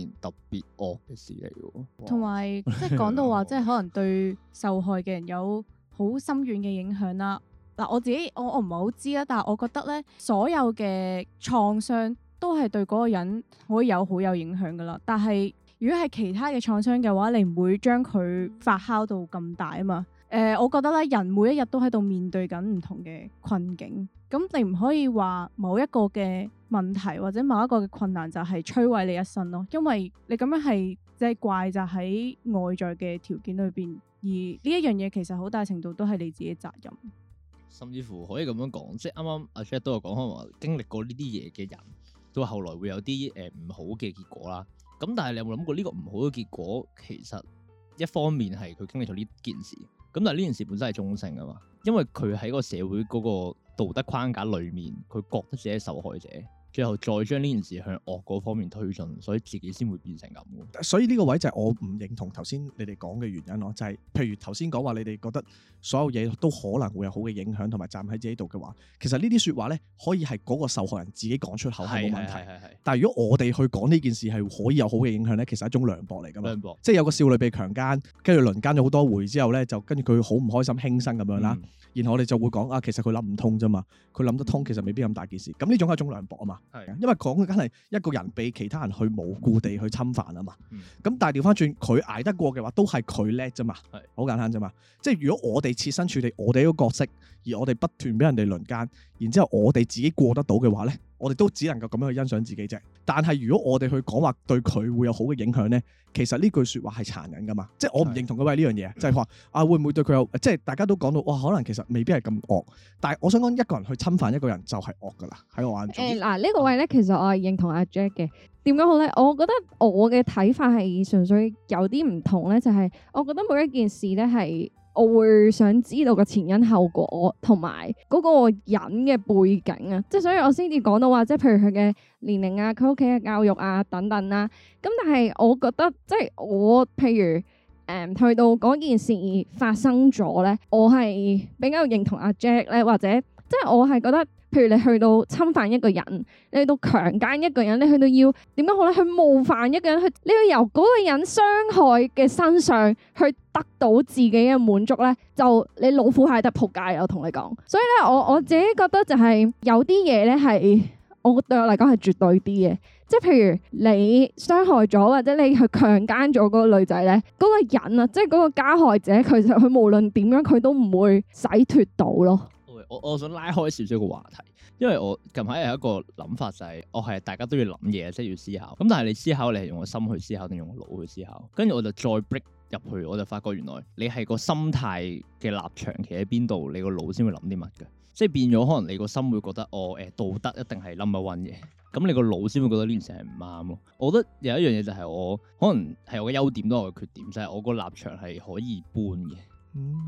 件特別惡嘅事嚟。同埋即係講到話， 即係可能對受害嘅人有好深遠嘅影響啦。嗱，我自己我我唔係好知啦，但係我覺得咧，所有嘅創傷都係對嗰個人可以有好有影響噶啦。但係。如果係其他嘅創傷嘅話，你唔會將佢發酵到咁大啊嘛？誒、呃，我覺得咧，人每一日都喺度面對緊唔同嘅困境，咁你唔可以話某一個嘅問題或者某一個嘅困難就係摧毀你一生咯，因為你咁樣係即係怪就喺外在嘅條件裏邊，而呢一樣嘢其實好大程度都係你自己責任，甚至乎可以咁樣講，即係啱啱阿 Charles 都有講開話，經歷過呢啲嘢嘅人都後來會有啲誒唔好嘅結果啦。咁但係你有冇諗過呢個唔好嘅結果？其實一方面係佢經歷咗呢件事，咁但係呢件事本身係中性噶嘛，因為佢喺個社會嗰個道德框架裏面，佢覺得自己係受害者。最後再將呢件事向惡嗰方面推進，所以自己先會變成咁嘅。所以呢個位就係我唔認同頭先你哋講嘅原因咯，就係、係、譬如頭先講話你哋覺得所有嘢都可能會有好嘅影響，同埋站喺自己度嘅話，其實呢啲説話咧，可以係嗰個受害人自己講出口係冇問題。係係係係係。但係如果我哋去講呢件事係可以有好嘅影響咧，其實係一種涼薄嚟㗎嘛。涼薄。即係有個少女被強姦，跟住輪姦咗好多回之後咧，就跟住佢好唔開心、輕生咁樣啦。嗯、然後我哋就會講啊，其實佢諗唔通啫嘛，佢諗得通，其實未必咁大件事。咁呢種係一種涼薄啊嘛。係，因為講嘅梗係一個人被其他人去無故地去侵犯啊嘛，咁、嗯、但係調返轉佢捱得過嘅話，都係佢叻啫嘛，係好是簡單啫嘛，即係如果我哋設身處地，我哋呢個角色，而我哋不斷俾人哋輪姦，然之後我哋自己過得到嘅話咧。我哋都只能夠咁樣去欣賞自己啫。但係如果我哋去講話對佢會有好嘅影響咧，其實呢句説話係殘忍噶嘛，即係我唔認同嘅位呢樣嘢，的就係話啊，會唔會對佢有即係大家都講到哇，可能其實未必係咁惡，但係我想講一個人去侵犯一個人就係惡噶啦喺我眼中，嗱呢、呃這個位咧，其實我係認同阿、啊、Jack 嘅點講好咧？我覺得我嘅睇法係純粹有啲唔同咧，就係、是、我覺得每一件事咧係。我會想知道個前因後果，同埋嗰個人嘅背景啊，即係所以我先至講到話，即係譬如佢嘅年齡啊，佢屋企嘅教育啊等等啦。咁但係我覺得，即係我譬如誒，去、嗯、到嗰件事發生咗咧，我係比較認同阿 Jack 咧，或者。即係我係覺得，譬如你去到侵犯一個人，你去到強奸一個人，你去到要點講好咧？去冒犯一個人，去你要由嗰個人傷害嘅身上去得到自己嘅滿足咧，就你老虎蟹得扑街。我同你講，所以咧，我我自己覺得就係、是、有啲嘢咧係我對我嚟講係絕對啲嘅，即係譬如你傷害咗或者你去強奸咗嗰個女仔咧，嗰、那個人啊，即係嗰個加害者，其實佢無論點樣，佢都唔會洗脫到咯。我我想拉開少少個話題，因為我近排有一個諗法就係我係大家都要諗嘢，即係要思考。咁但係你思考，你係用個心去思考定用個腦去思考？跟住我就再 break 入去，我就發覺原來你係個心態嘅立場企喺邊度，你個腦先會諗啲乜嘅。即係變咗，可能你個心會覺得，哦誒，道德一定係 number one 嘅，咁你個腦先會覺得呢件事係唔啱咯。我覺得有一樣嘢就係我，可能係我嘅優點都係我嘅缺點，就係我個立場係可以搬嘅。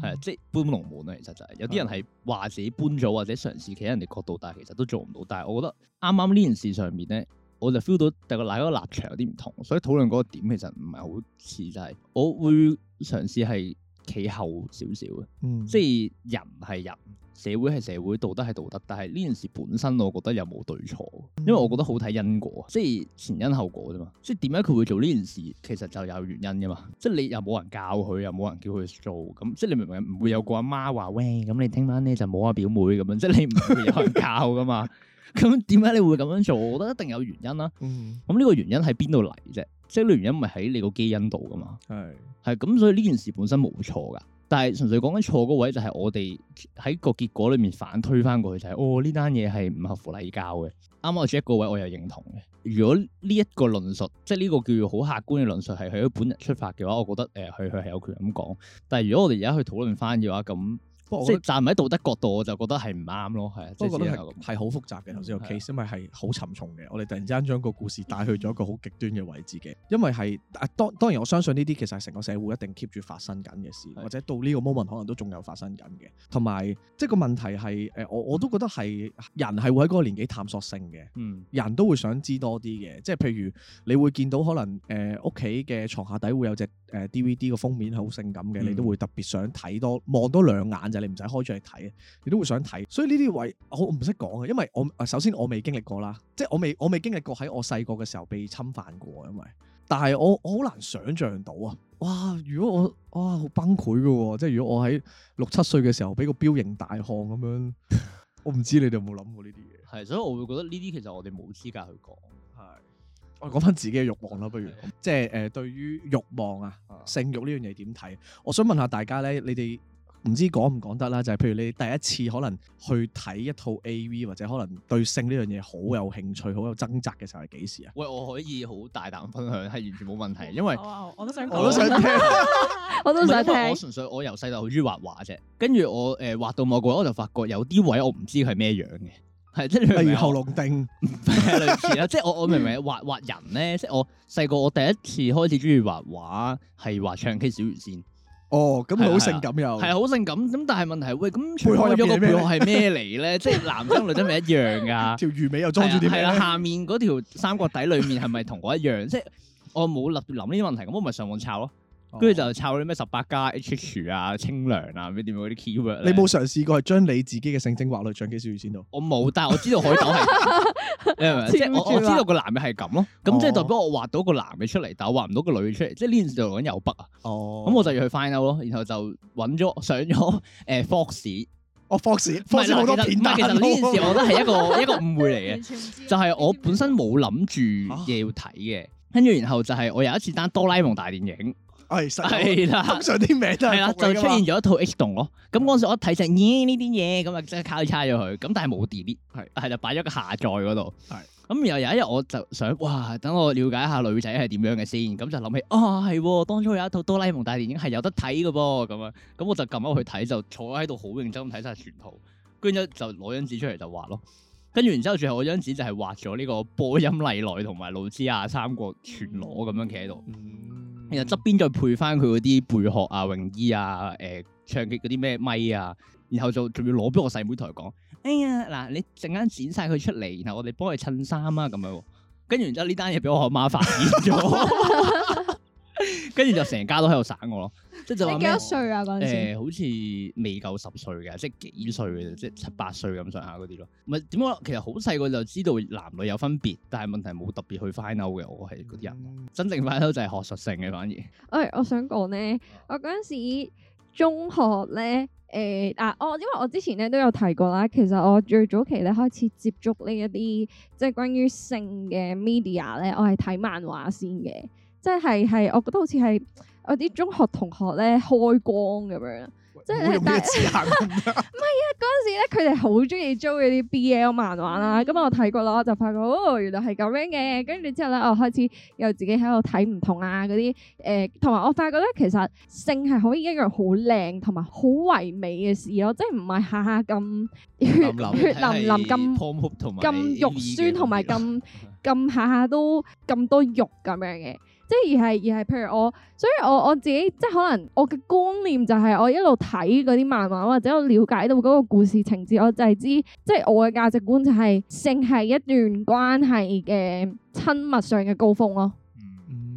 係啊，即係搬龍門啊，其實就係有啲人係話自己搬咗或者嘗試企喺人哋角度，但係其實都做唔到。但係我覺得啱啱呢件事上面咧，我就 feel 到大家嗱個立場有啲唔同，所以討論嗰個點其實唔係好似，就係、是、我會嘗試係企後少少嘅，即係、嗯、人係人。社會係社會，道德係道德，但係呢件事本身，我覺得又冇對錯，嗯、因為我覺得好睇因果，即係前因後果啫嘛。即係點解佢會做呢件事，其實就有原因噶嘛。即係你又冇人教佢，又冇人叫佢做，咁即係你明唔明？唔會有個阿媽話，喂，咁你聽晚你就冇阿表妹咁樣，即係你唔會有人教噶嘛。咁點解你會咁樣做？我覺得一定有原因啦、啊。咁呢、嗯、個原因喺邊度嚟啫？即係呢原因唔係喺你個基因度噶嘛？係係咁，所以呢件事本身冇錯噶。但係純粹講緊錯嗰位，就係我哋喺個結果裏面反推返過去，就係、是、哦，呢單嘢係唔合乎禮教嘅。啱啱阿 Jack 嗰位我又認同嘅。如果呢一個論述，即係呢個叫做好客觀嘅論述，係佢本人出發嘅話，我覺得誒佢佢係有權咁講。但係如果我哋而家去討論返嘅話咁。即係站喺道德角度，我就覺得係唔啱咯，係即係覺得係好複雜嘅。頭先有 case，、嗯、因為係好沉重嘅。我哋突然之間將個故事帶去咗一個好極端嘅位置嘅。 因為係誒，當、啊、當然我相信呢啲其實係成個社會一定 keep 住發生緊嘅事，的或者到呢個 moment 可能都仲有發生緊嘅。同埋即係個問題係誒我我都覺得係、嗯、人係會喺嗰個年紀探索性嘅，嗯，人都會想知多啲嘅。即係譬如你會見到可能誒屋企嘅床下底會有隻誒 DVD 嘅封面好性感嘅，你都會特別想睇多望多兩眼你唔使開咗嚟睇啊！你都會想睇，所以呢啲位我唔識講啊，因為我首先我未經歷過啦，即係我未我未經歷過喺我細個嘅時候被侵犯過，因為但係我我好難想象到啊！哇，如果我哇好崩潰噶喎，即係如果我喺六七歲嘅時候俾個彪形大漢咁樣， 我唔知你哋有冇諗過呢啲嘢。係，所以我會覺得呢啲其實我哋冇資格去講。係是，我講翻自己嘅欲望啦，不如的即係誒，對於欲望啊、性欲呢樣嘢點睇？的我想問下大家咧，你哋。唔知講唔講得啦，就係、是、譬如你第一次可能去睇一套 AV 或者可能對性呢樣嘢好有興趣、好有掙扎嘅時候係幾時啊？喂，我可以好大膽分享，係完全冇問題，因為我，我，我都想講，我都想聽， 我都想聽。 我純粹我由細到好中意畫畫啫，跟住我誒、呃、畫到某個，我就發覺有啲位我唔知係咩樣嘅，係 即係例如喉嚨釘，係類似啦。即係我我明，明明畫畫人咧， 即係我細個我第一次開始中意畫畫係畫唱 K 小魚仙。哦，咁好性感又，係好性感。咁但係問題，喂咁背殼入邊個背殼係咩嚟咧？呢 即係男生、 女生咪一樣噶， 條魚尾又裝住點咧？係啦，下面嗰條三角底裏面係咪同我一樣？即係 我冇立亂諗呢啲問題，咁我咪上網抄咯。跟住就抄啲咩十八加 H 啊、清涼啊、咩點樣嗰啲 keyword。你冇嘗試過係將你自己嘅性徵畫落唱少少先到？我冇，但係我知道海以。你係即係我我知道個男嘅係咁咯。咁即係代表我畫到個男嘅出嚟，但我畫唔到個女嘅出嚟。即係呢件事就揾右北啊。哦。咁我就要去 find out 咯，然後就揾咗上咗誒 Fox c。哦，Fox c。唔係，其實呢件事我覺得係一個一個誤會嚟嘅。完全唔知。就係我本身冇諗住嘢要睇嘅，跟住然後就係我有一次單哆啦 A 夢大電影。係，通上啲名都係。係啦，就出現咗一套 X 棟咯。咁嗰時我一睇成咦呢啲嘢，咁啊即刻叉咗佢。咁但係冇 delete 係係啦，擺咗個下載嗰度。係的。咁然後有一日我就想，哇！等我了解下女仔係點樣嘅先。咁就諗起啊，係當初有一套哆啦 A 夢大電影係有得睇嘅噃。咁啊，咁我就撳入去睇，就坐喺度好認真咁睇晒全套。跟住就攞張紙出嚟就畫咯。跟住然之後，最後我張紙就係畫咗呢個播音麗奈同埋露之亞三國全裸咁樣企喺度。嗯然後側邊再配翻佢嗰啲貝殼啊、泳衣啊、誒、呃、唱劇嗰啲咩咪啊，然後就仲要攞俾我細妹同佢講， 哎呀嗱，你陣間剪晒佢出嚟，然後我哋幫佢襯衫啊咁樣，跟住然之後呢單嘢俾我阿媽，媽發現咗。 跟住 就成家都喺度耍我咯，即係就你幾、是、多歲啊？嗰陣時誒，好似未夠十歲嘅，即係幾歲嘅，即係七八歲咁上下嗰啲咯。唔係點講，其實好細個就知道男女有分別，但係問題冇特別去 find out 嘅。我係嗰啲人，真正 find out 就係學術性嘅。反而，誒、哎，我想講咧，我嗰陣時中學咧，誒、呃、嗱，我、啊哦，因為我之前咧都有提過啦，其實我最早期咧開始接觸呢一啲即係關於性嘅 media 咧，我係睇漫畫先嘅。即係係，我覺得好似係我啲中學同學咧開光咁樣，即係大唔係啊！嗰陣時咧，佢哋好中意租嗰啲 BL 漫畫啦。咁我睇過啦，就發覺哦，原來係咁樣嘅。跟住之後咧，我開始又自己喺度睇唔同啊嗰啲誒，同埋我發覺咧，其實性係可以一樣好靚同埋好唯美嘅事咯，即係唔係下下咁血血淋淋咁咁肉酸同埋咁咁下下都咁多肉咁樣嘅。即係而係而係，譬如我，所以我我自己即可能我嘅觀念就係我一路睇嗰啲漫畫或者我了解到嗰個故事情節，我就係知即係我嘅價值觀就係性係一段關係嘅親密上嘅高峰咯。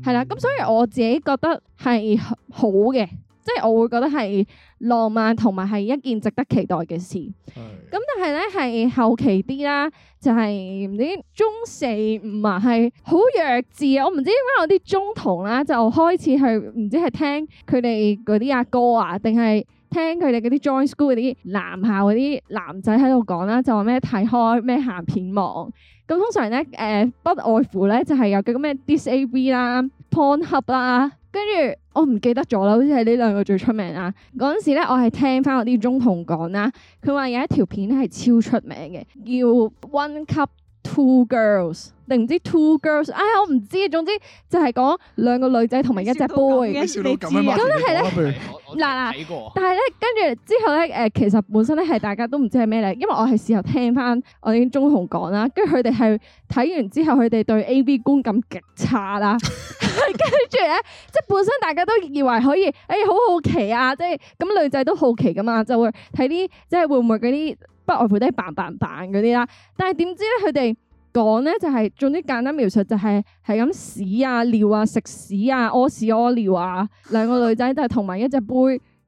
係啦、嗯，咁所以我自己覺得係好嘅，即係我會覺得係。浪漫同埋係一件值得期待嘅事，咁的但係咧係後期啲啦，就係、是、唔知中四五啊，係好弱智啊！我唔知點解有啲中童啦，就開始去唔知係聽佢哋嗰啲阿哥啊，定係聽佢哋嗰啲 join school 嗰啲男校嗰啲男仔喺度講啦，就話咩睇開咩鹹片網，咁通常咧誒、呃、不外乎咧就係、是、有幾個咩 d i s a b 啦、Pornhub 啦、啊跟住我唔記得咗啦，好似係呢兩個最出名啊！嗰陣 時咧，我係聽翻我啲中童講啦，佢話有一條片係超出名嘅，叫 One Cup Two Girls。定唔知 two girls，唉、哎，我唔知，總之就係講兩個女仔同埋一隻 boy。咁咁樣咁都係咧。嗱嗱，但係咧，跟住之後咧，誒，其實本身咧係大家都唔知係咩嚟，因為我係事後聽翻我已啲中紅講啦，跟住佢哋係睇完之後，佢哋對 AV 觀感極差啦。 跟住咧，即係本身大家都以為可以，誒、哎、好好奇啊，即係咁女仔都好奇噶嘛，就會睇啲即係會唔會嗰啲不外乎都係扮扮扮嗰啲啦。但係點知咧，佢哋。講呢就係，總之簡單描述就係，係咁屎啊、尿啊、食屎啊、屙屎屙尿啊，兩個女仔都係同埋一隻杯，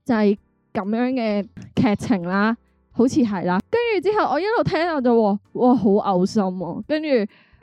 就係咁樣嘅劇情啦，好似係啦。跟住之後我一路聽到就，哇，好嘔心啊，跟住。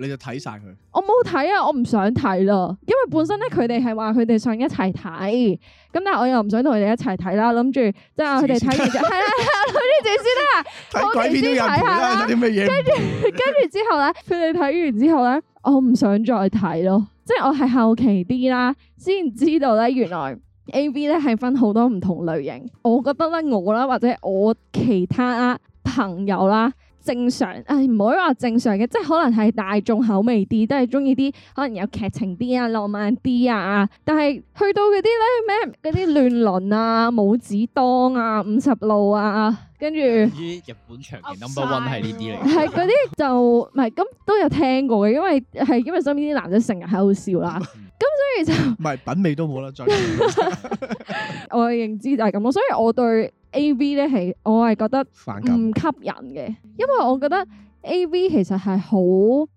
你就睇晒佢，我冇睇啊，我唔想睇咯，因為本身咧佢哋係話佢哋想一齊睇，咁但係我又唔想同佢哋一齊睇，就是， 啦，諗住即係佢哋睇完係啦，諗呢點先啦，睇鬼片啲人睇下，有啲咩嘢？跟住跟住之後咧，佢哋睇完之後咧，我唔想再睇咯， 即係我係後期啲啦，先知道咧原來 AV 咧係分好多唔同類型，我覺得咧我啦或者我其他啊朋友啦。正常，唉、哎，唔可以話正常嘅，即係可能係大眾口味啲，都係中意啲可能有劇情啲啊、浪漫啲啊。但係去到嗰啲咧咩嗰啲亂倫啊、母子檔啊、五十路啊，跟住啲日本長年 number one 係呢啲嚟嘅，係嗰啲就唔係咁都有聽過嘅，因為係因為身邊啲男仔成日喺度笑啦，咁、嗯、所以就唔係品味都冇得再。 我認知就係咁咯，所以我對。A V 咧，係我係覺得唔感吸引嘅，因為我覺得 A V 其實係好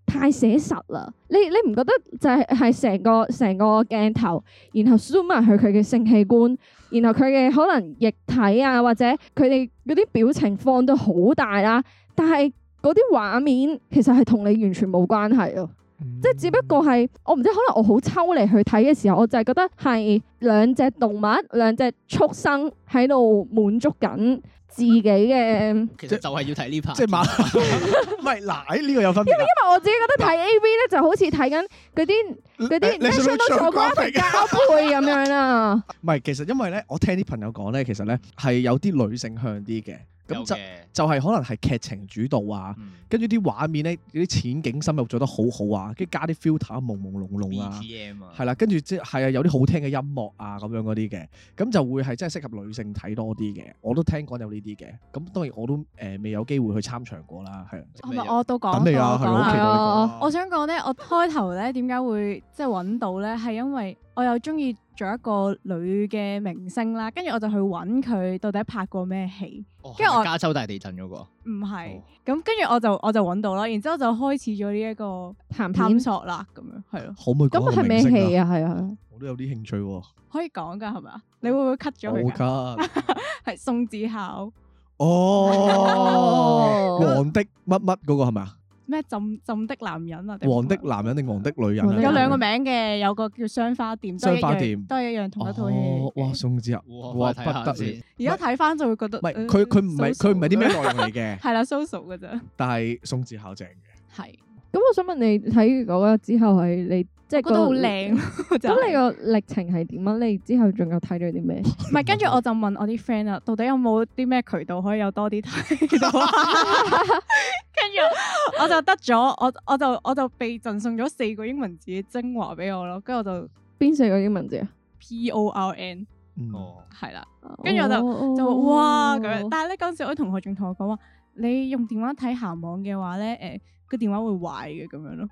太寫實啦。你你唔覺得就係係成個成個鏡頭，然後 zoom 埋去佢嘅性器官，然後佢嘅可能液體啊或者佢哋嗰啲表情放到好大啦，但係嗰啲畫面其實係同你完全冇關係咯。即係、嗯、只不過係，我唔知可能我好抽離去睇嘅時候，我就係覺得係兩隻動物、兩隻畜生喺度滿足緊自己嘅。其實就係要睇呢 part，即係馬。唔係嗱，呢個有分別。因為因為我自己覺得睇 A V 咧，就好似睇緊嗰啲嗰啲 National Geographic 嘅交配咁樣啊。唔係，其實因為咧，我聽啲朋友講咧，其實咧係有啲女性向啲嘅。咁就的就係可能係劇情主導啊，跟住啲畫面咧，啲淺景深入做得好好啊，跟住加啲 filter，朦朦朧朧啊，係啦，跟住即係啊，BT M 啊有啲好聽嘅音樂啊，咁樣嗰啲嘅，咁就會係真係適合女性睇多啲嘅。我都聽講有呢啲嘅，咁當然我都誒未有機會去參場過啦，係啊。是是我都講咗你啊，我，啊，我，我想講咧，我開頭咧點解會即係揾到咧，係因為我又中意做一個女嘅明星啦，跟住我就去揾佢到底拍過咩戲。跟住我加州大地震嗰、那個，唔係咁，跟住我就我就揾到啦，然之後就開始咗呢一個探探索啦，咁樣係咯。好唔好？咁係咩戲啊？係啊，我都有啲興趣喎。可以講㗎係咪啊？你會唔會 cut 咗佢？會 'll cut。 係宋智孝。哦，oh! 王的乜乜嗰個係咪啊？咩浸浸的男人啊？王的男人定王的女人啊？有兩個名嘅，有個叫《雙花店》，雙花店都係一樣同一套戲。哦，哇，宋智孝啊，哇，不得了！而家睇翻就會覺得，唔係佢佢唔係佢唔係啲咩內容嚟嘅，係啦，social 嘅啫。但係宋智孝正嘅，係。咁我想問你睇咗之後係你。即係覺得好靚，咁你個歷程係點啊？你之後仲有睇咗啲咩？唔係， 跟住我就問我啲 friend 啊，到底有冇啲咩渠道可以有多啲睇到？跟住 我就得咗，我就我就我就被贈送咗四個英文字嘅精華俾我咯。跟住我就邊四個英文字啊，P O R N、mm。哦、hmm.，係啦。跟住我就 oh, oh, 就哇咁樣。但係咧嗰陣時，我啲同學仲同我講話。你用電話睇咸網嘅話咧，誒、欸、個電話會壞嘅咁樣咯，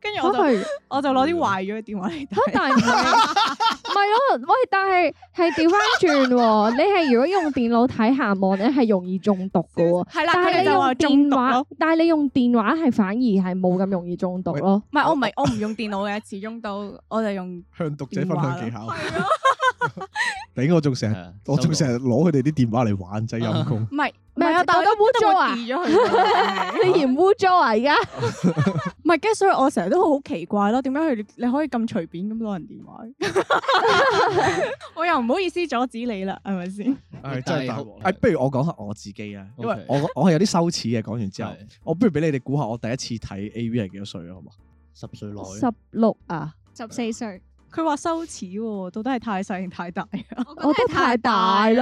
跟住、啊、我就 的我就攞啲壞咗嘅電話嚟睇、 啊。但係唔係咯？喂！但係係調翻轉喎。 你係如果用電腦睇咸網咧，係容易中毒嘅。係啦 的，但係你用電話， 但係你用電話係反而係冇咁容易中毒咯。唔係喂我唔係我唔用電腦嘅，始終都我就用向讀者分享技巧。係啊。俾我仲成日，我仲成日攞佢哋啲電話嚟玩，對真係陰功。唔係唔係啊，但係我都污糟啊，咗佢，你嫌污糟啊，而家唔係，跟住所以我成日都好奇怪咯，點解佢你可以咁隨便咁攞人電話？對 我又唔好意思阻止你啦，係咪先？係真係大鑊。對對不如我講下我自己啊，因為我我係有啲羞恥嘅。講完之後，對我不如俾你哋估下我第一次睇 A V 係幾多歲啊？好唔好？十歲內，十六啊，十四歲。佢話羞恥喎，到底係太細定太大啊？我覺得太大咯。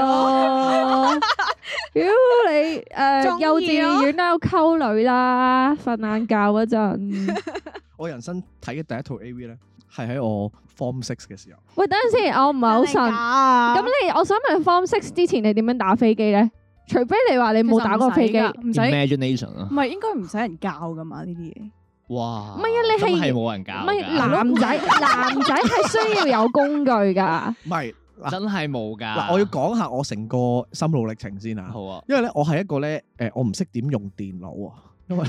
屌 你誒！呃、幼稚園都有溝女啦，瞓晏覺嗰陣。 我人生睇嘅第一套 AV 咧，係喺我 form six 嘅時候。喂，等陣先，我唔係好信。假啊！咁你我想問 form six 之前你點樣打飛機咧？除非你話你冇打過飛機，唔使 imagination 啊？唔係 ination 應該唔使人教噶嘛呢啲嘢。哇！唔係啊，你係完全冇人教噶，唔係，男仔， 男仔係需要有工具噶，唔係，真係冇噶。嗱，我要講下我成個心路歷程先啊。好啊，因為咧，我係一個咧，誒，我唔識點用電腦啊。因為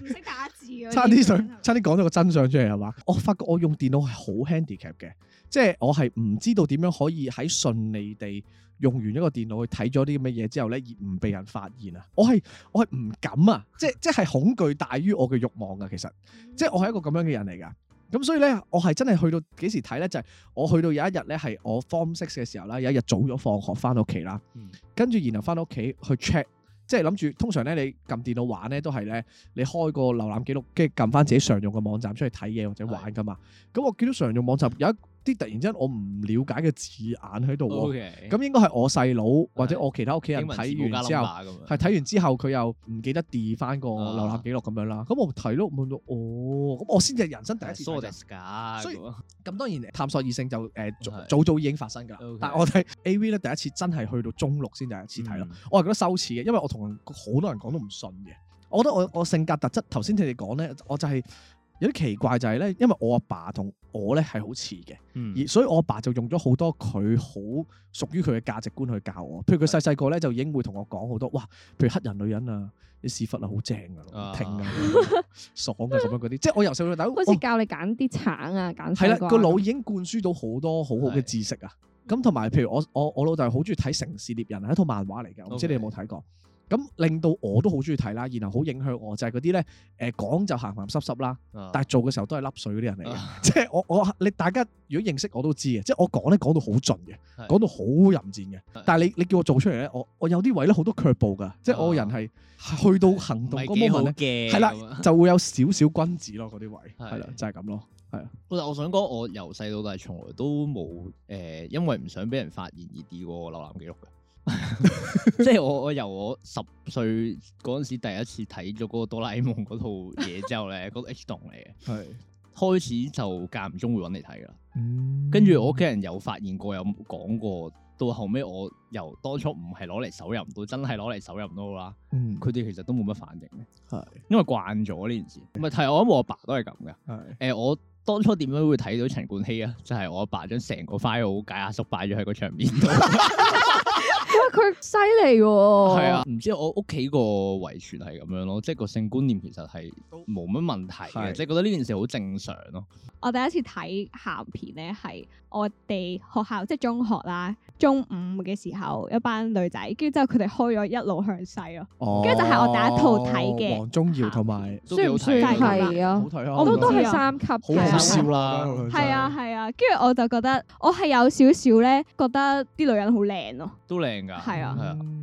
唔識打字啊，差啲想，差啲講咗個真相出嚟係嘛？我發覺我用電腦係好 handicap 嘅，即係我係唔知道點樣可以喺順利地用完一個電腦去睇咗啲咁嘅嘢之後咧，而唔被人發現啊！我係我係唔敢啊，即係即係恐懼大於我嘅欲望啊！其實，即係我係一個咁樣嘅人嚟噶。咁所以咧，我係真係去到幾時睇咧？就係我去到有一日咧，係我 form six 嘅時候啦，有一日早咗放學翻到屋企啦，跟住然後翻到屋企去 check。即係諗住，通常咧，你撳電腦玩咧，都係咧，你開個瀏覽記錄，跟住撳翻自己常用嘅網站出去睇嘢或者玩㗎嘛。咁是的 我見到常用網站有一。一。啲突然之間我唔了解嘅字眼喺度喎，咁 Okay. 應該係我細佬或者我其他屋企人睇完之後，係睇完之後佢又唔記得 delete 翻個瀏覽記錄咁樣啦，咁、啊、我睇咯，冇錯，哦，咁我先至人生第一次睇，的所以咁當然嚟探索異性就誒、呃、早的早早已經發生㗎，Okay. 但係我睇 AV 咧第一次真係去到中六先第一次睇啦，嗯、我係覺得羞恥嘅，因為我同好多人講都唔信嘅，我覺得我我性格特質頭先聽你講咧，我就係、是。有啲奇怪就係咧，因為我阿爸同我咧係好似嘅，而、嗯、所以我阿爸，爸就用咗好多佢好屬於佢嘅價值觀去教我，譬如佢細細個咧就已經會同我講好多，哇！譬如黑人女人啊，啲屎忽啊好正啊，聽啊，爽啊，咁樣嗰啲，即係我由細到大好似教你揀啲橙啊，揀係啦，個、啊啊、腦已經灌輸到好多好好多好好嘅知識啊。咁同埋譬如我我我老豆好中意睇《城市獵人》，係一套漫畫嚟嘅，我唔知你有冇睇過？Okay. 咁令到我都好中意睇啦，然後好影響我就係嗰啲咧，誒、呃、講就鹹鹹濕濕啦，啊、但係做嘅時候都係粒水嗰啲人嚟嘅，啊、即係我我你大家如果認識我都知嘅，即係我講咧講到好盡嘅，講到好是淫賤嘅，是但係你你叫我做出嚟咧，我我有啲位咧好多卻步㗎，即係我個人係是去到行動嗰部分嘅，係啦就會有少少君子咯嗰啲位，係啦是就係咁咯，係啊！但係我想講，我由細到大從來都冇誒、呃，因為唔想俾人發現而跌過瀏覽記錄嘅。即係 我我由我十歲嗰陣時第一次睇咗嗰個哆啦 A 夢嗰套嘢之後咧，嗰 個 H 檔嚟嘅，係是開始就間唔中會搵你睇㗎啦。跟住、嗯、我屋企人有發現過，有講過，到後尾我由當初唔係攞嚟手淫到真係攞嚟手淫咯啦。嗯，佢哋其實都冇乜反應係是因為慣咗呢件事。唔係是，我諗我阿爸都係咁嘅。誒是、呃，我當初點都會點樣會睇到陳冠希啊？就係、是、我阿爸將成個 file 解阿叔擺咗喺個場面度。 佢犀利喎，係啊，唔、哦啊、知我屋企個遺傳係咁樣咯，即係個性觀念其實係都冇乜問題嘅，是即係覺得呢件事好正常咯。我第一次睇咸片咧，係我哋學校即係中學啦，中五嘅時候一班女仔，跟住之後佢哋開咗一路向西咯，跟住、哦、就係我第一套睇嘅。黃宗耀同埋，好算唔算係啊？好啊我都都係三級，啊、好少啦，係啊係啊，跟住、啊啊、我就覺得我係有少少咧，覺得啲女人好靚咯，都靚。係啊，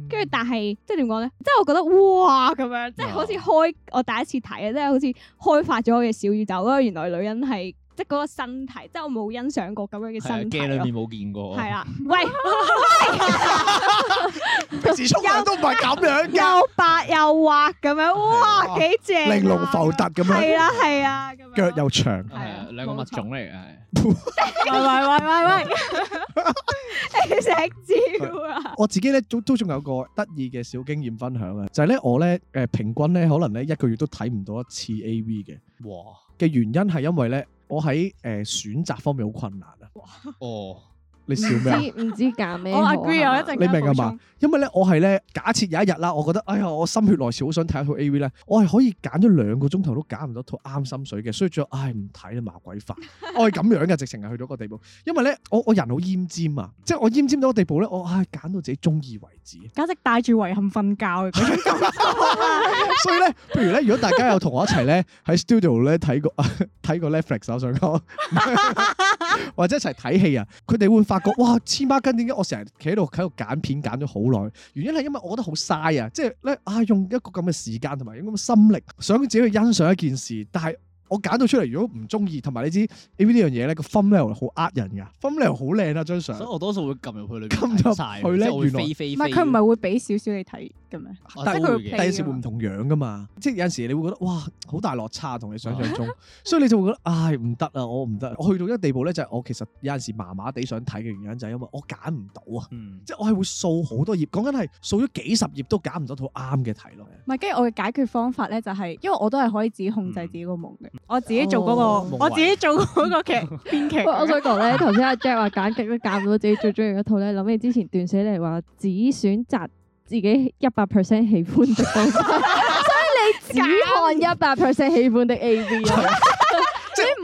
跟住、啊、但係即係點講呢，咧？即我覺得哇咁樣，即係好似開、嗯、我第一次睇啊，即好似開發咗嘅小宇宙咯。原來女人係。即係嗰個身體，即係我冇欣賞過咁樣嘅身型。喺機裏面冇見過。係啦，喂，自充人都唔係咁樣，又白又滑咁樣，哇，幾正玲瓏浮凸咁樣。係啦，係啊，腳又長，係啊，兩個物種嚟嘅，係。喂喂喂喂喂，A 石照啊！我自己咧都都仲有個得意嘅小經驗分享啊，就係咧我咧誒平均咧可能咧一個月都睇唔到一次 AV 嘅，哇嘅原因係因為咧。我喺誒、呃、選擇方面好困難啊！哦。Oh. 你笑咩？唔知唔知揀咩？我 agree，我一直揀。你明㗎嘛？因為咧，我係咧，假設有一日啦，我覺得，哎呀，我心血來潮，好想睇一套 AV 咧，我係可以揀咗兩個鐘頭都揀唔到套啱心水嘅，所以最後，唉，唔睇啦，麻鬼煩！我係咁樣嘅，直情係去到嗰個地步。因為咧，我我人好奄尖啊，即係我奄尖到個地步咧，我唉揀到自己中意為止。簡直帶住遺憾瞓覺。所以咧，譬如咧，如果大家有同我一齊咧喺 studio 咧睇個睇個 Netflix，我想講，或者一齊睇戲啊，佢哋會發。哇，黐孖筋，點解我成日企喺度，喺度揀片揀咗好耐？原因係因為我覺得好嘥啊，即係咧啊，用一個咁嘅時間同埋咁嘅心力，想自己去欣賞一件事，但係我揀到出嚟，如果唔中意，同埋你知 AV 呢樣嘢咧，個封面好呃人噶，封面好靚啊張相，所以我多數會撳入去裏邊睇晒。呢，即係會飛飛飛，唔係佢唔係會俾少少你睇。咁樣，即係佢第陣時會唔同樣噶嘛？即係有陣時你會覺得哇，好大落差同你想象中，所以你就會覺得唉，唔得啊，我唔得。我去到一個地步咧，就係我其實有陣時麻麻地想睇嘅原因，就係因為我揀唔到啊。即係我係會掃好多頁，講緊係掃咗幾十頁都揀唔到套啱嘅題咯。唔係，跟住我嘅解決方法咧，就係因為我都係可以自己控制自己個夢嘅，我自己做嗰個，我自己做嗰個劇編劇。我再講咧，頭先阿 Jack 話揀極都揀唔到自己最中意嗰套咧，諗起之前段寫嚟話只選擇。自己一百 percent 喜歡的方式，所以你只看一百 percent 喜歡的 A V 啊。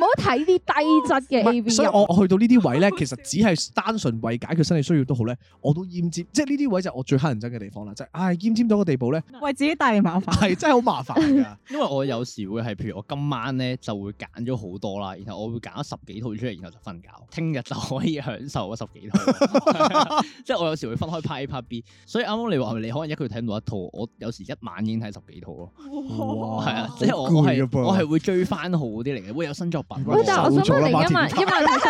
我睇啲低質嘅，所以我我去到呢啲位咧，其實只係單純為解決生理需要都好咧，我都厭尖，即係呢啲位就我最乞人憎嘅地方啦，即係唉厭尖到個地步咧，為自己帶嚟麻煩，係真係好麻煩㗎。 因為我有時會係譬如我今晚咧就會揀咗好多啦，然後我會揀咗十幾套出嚟，然後就瞓覺，聽日就可以享受嗰十幾套。 即係我有時會分開拍 A 拍 B，所以啱啱你話 你可能一個月睇唔到一套，我有時一晚已經睇十幾套咯，係啊，即係我係我係會追番號嗰啲嚟嘅，會有新作喂，但係我想問你，一萬一萬七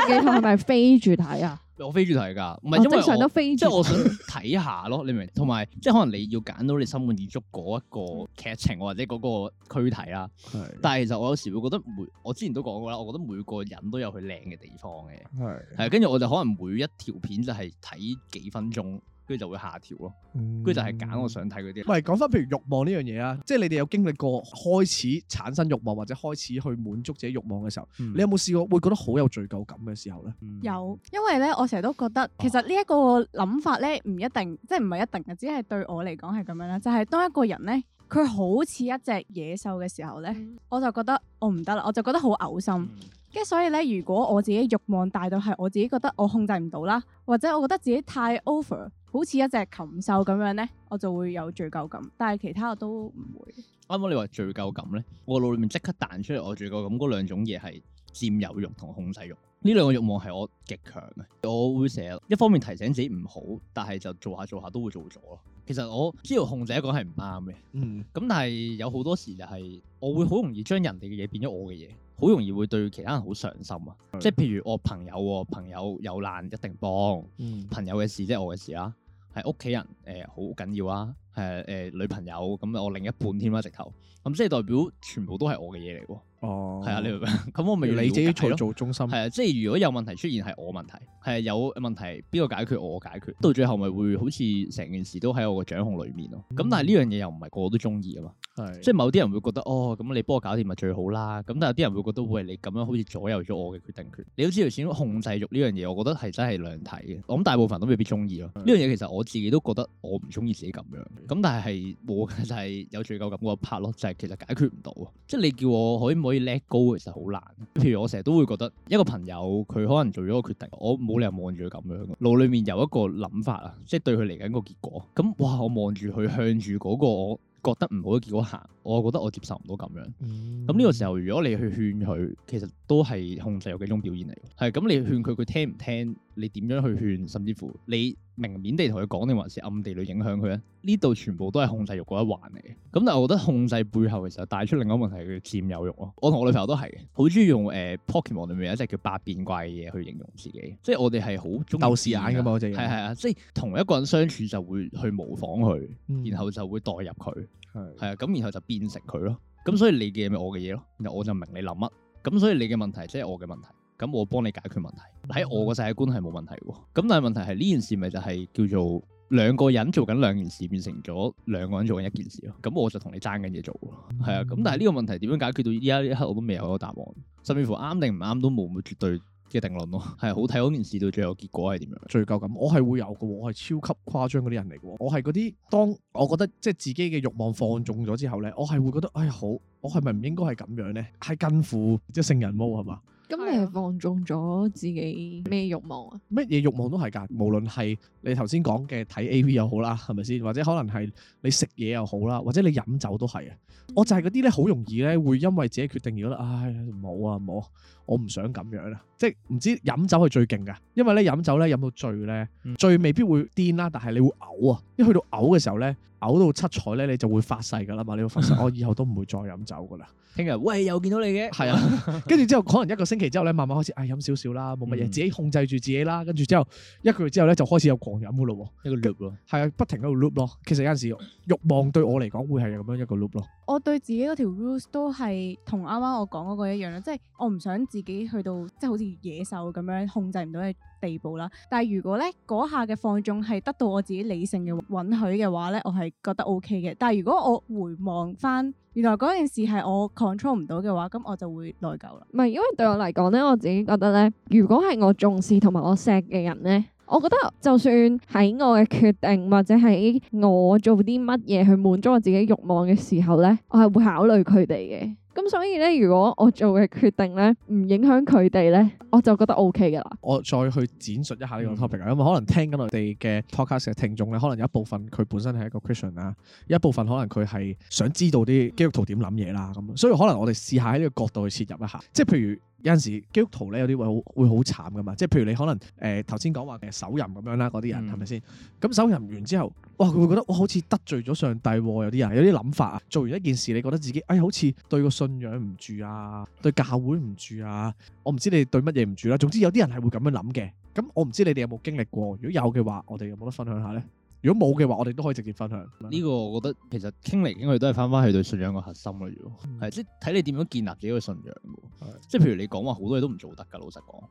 千佢係咪飛住睇啊？我飛住睇㗎，唔係因，因為我都、啊、正常都飛。即係我想睇下咯，你明？同埋即係可能你要揀到你心滿意足嗰一個劇情或者嗰個軀體啦。係、嗯，但係其實我有時會覺得每我之前都講過啦，我覺得每個人都有佢靚嘅地方嘅。係、嗯，係跟住我就可能每一條片就係睇幾分鐘。跟住就會下調咯，跟住、嗯、就係揀我想睇嗰啲。喂，講返譬如慾望呢樣嘢啊，即係你哋有經歷過開始產生慾望或者開始去滿足自己慾望嘅時候，嗯、你有冇試過會覺得好有罪疚感嘅時候咧？嗯、有，因為咧我成日都覺得，其實呢一個諗法咧唔一定，哦、即係唔係一定嘅，只係對我嚟講係咁樣啦。就係、是、當一個人咧，佢好似一隻野獸嘅時候咧、嗯，我就覺得我唔得啦，我就覺得好嘔心。嗯。即所以咧，如果我自己欲望大到係我自己覺得我控制唔到啦，或者我覺得自己太 over，好似一隻禽獸咁樣咧，我就會有罪疚感。但係其他我都唔會。啱啱你話罪疚感咧，我腦裏面即刻彈出嚟，我罪疚感嗰兩種嘢係佔有慾同控制慾。呢兩個欲望係我極強嘅，我會成日一方面提醒自己唔好，但係就做下做下都會做咗咯。其實我知道控制一個係唔啱嘅，嗯。咁但係有好多時就係我會好容易將人哋嘅嘢變咗我嘅嘢。好容易會對其他人好上心啊！嗯、即係譬如我、哦、朋友、喎，朋友有難一定幫。嗯、朋友嘅事即係我嘅事啦、啊，係屋企人誒好緊要啊！係誒、呃、女朋友咁、嗯、我另一半添啦，直頭咁、嗯、即係代表全部都係我嘅嘢嚟㗎。哦，係啊，你明咁我咪要你自己做中心。係啊，即係如果有問題出現係我問題，係有問題邊個解決我解決，到最後咪會好似成件事都喺我嘅掌控裏面咯。咁、嗯、但係呢樣嘢又唔係個個都中意啊嘛。的即係某啲人會覺得哦，咁你幫我搞掂咪最好啦。咁但係有啲人會覺得喂，你咁樣好似左右咗我嘅決定權。嗯、你都知條線控制慾呢樣嘢，我覺得係真係兩睇嘅。我諗大部分都未必中意咯。呢的樣嘢其實我自己都覺得我唔中意自己咁樣。咁但係，我就係有罪疚感個 part 咯，就係、是就是、其實解決唔到，即係你叫我可唔可以 let go，其實好難。譬如我成日都會覺得一個朋友佢可能做咗個決定，我冇理由望住佢咁樣，腦裡面有一個諗法啊，即係對佢嚟緊個結果。咁哇，我望住佢向住嗰、那個我覺得唔好嘅結果行，我覺得我接受唔到咁樣。咁呢、嗯、個時候，如果你去勸佢，其實都係控制欲嘅一種表現嚟，係咁、嗯、你勸佢佢聽唔聽？你點樣去勸？甚至乎你明面地同佢講，定還是暗地裏影響佢咧？呢度全部都係控制欲嗰一環嚟。嘅。咁但係我覺得控制背後其實帶出另一個問題，叫佔有欲咯。我同我女朋友都係，好中意用誒、呃、Pokémon 裏面一隻叫百變怪嘅嘢去形容自己，即係我哋係好中斗視眼噶嘛，我只係係啊，即係同一個人相處就會去模仿佢，嗯、然後就會代入佢，係係啊，咁然後就變成佢咯。咁、嗯、所以你嘅嘢咪我嘅嘢咯，然後我就明你諗乜。咁所以你嘅問題即係我嘅問題，咁我幫你解決問題喺我個世界觀係冇問題喎，咁但係問題係呢件事咪就係叫做兩個人做緊兩件事變成咗兩個人做緊一件事咯，咁我就同你爭緊嘢做咯，係啊、嗯，咁但係呢個問題點樣解決到依家一刻我都未有一個答案，甚至乎啱定唔啱都冇絕對。嘅定論咯、哦，係好睇嗰件事到最後結果係點樣？罪疚感，我係會有嘅，我係超級誇張嗰啲人嚟嘅，我係嗰啲當我覺得即係自己嘅慾望放縱咗之後咧，我係會覺得哎呀好，我係咪唔應該係咁樣咧？係近乎即係聖人毛係嘛？咁你係放縱咗自己咩慾望啊？乜嘢慾望都係㗎，無論係你頭先講嘅睇 AV 又好啦，係咪先？或者可能係你食嘢又好啦，或者你飲酒都係啊！嗯、我就係嗰啲咧，好容易咧會因為自己決定而覺得，哎冇啊冇。我唔想咁樣啦，即係唔知飲酒係最勁嘅，因為咧飲酒咧飲到醉咧，嗯、醉未必會癲啦，但係你會嘔啊！一去到嘔嘅時候咧，嘔到七彩咧，你就會發誓㗎啦嘛！你要發誓，我以後都唔會再飲酒㗎啦。聽日 喂，又見到你嘅，係啊，跟住之後可能一個星期之後咧，慢慢開始，唉飲少少啦，冇乜嘢，自己控制住自己啦。跟住之後一個月之後咧，就開始有狂飲嘅咯，一個 loop 咯，係啊，不停喺度 loop 咯。其實有陣時欲望對我嚟講會係咁樣一個 loop 咯。我對自己嗰條 rules 都係同啱啱我講嗰個一樣啦，即係我唔想。自己去到即係好似野獸咁樣控制唔到嘅地步啦，但係如果咧，嗰下嘅放縱係得到我自己理性嘅允許嘅話咧，我係覺得 OK 嘅。但係如果我回望返原來嗰件事係我 control 唔到嘅話，咁我就會內疚啦。唔係因為對我嚟講咧，我自己覺得咧，如果係我重視同埋我錫嘅人咧，我覺得就算喺我嘅決定或者喺我做啲乜嘢去滿足我自己慾望嘅時候咧，我係會考慮佢哋嘅。咁所以咧，如果我做嘅決定咧唔影響佢哋咧，我就覺得 OK 嘅啦。我再去展述一下呢個 topic，因為可能聽緊我哋嘅 podcast 嘅聽眾咧，可能有一部分佢本身係一個 Christian 啦，一部分可能佢係想知道啲基督徒點諗嘢啦咁，所以可能我哋試下喺呢個角度去切入一下，即係譬如。有陣時基督徒咧有啲會好會好慘㗎嘛，即係譬如你可能誒頭先講話誒手淫咁樣啦，嗰啲人係咪先？咁、嗯、手淫完之後，哇佢會覺得哇好似得罪咗上帝喎、啊，有啲人有啲諗法啊，做完一件事你覺得自己哎好似對個信仰唔住啊，對教會唔住啊，我唔知你哋對乜嘢唔住啦、啊。總之有啲人係會咁樣諗嘅。咁我唔知你哋有冇經歷過？如果有嘅話，我哋有冇得分享下咧？如果冇嘅話，我哋都可以直接分享。呢個我覺得其實傾嚟傾去都係翻翻去對信仰個核心咯，要係、嗯、即係睇你點樣建立自己個信仰。嗯、即係譬如你講話好多嘢都唔做得噶，老實講，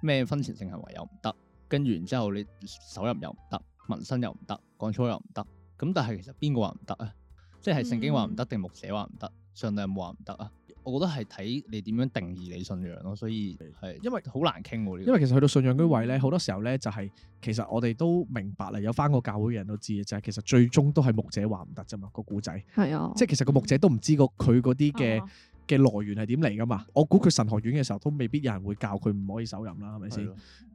咩婚前性行為又唔得，跟住完之後你手淫又唔得，紋身又唔得，講粗又唔得。咁但係其實邊個話唔得啊？即係聖經話唔得，定牧者話唔得，上帝有冇話唔得啊？我覺得係睇你點樣定義你信仰咯，所以係因為好難傾喎。因為其實去到信仰嗰位咧，好多時候咧就係、是、其實我哋都明白啦，有翻個教會嘅人都知嘅就係、是、其實最終都係牧者話唔得啫嘛個古仔。係啊，的即係其實個牧者都唔知個佢嗰啲嘅嘅來源係點嚟噶嘛。我估佢神學院嘅時候都未必有人會教佢唔可以手淫啦，係咪先？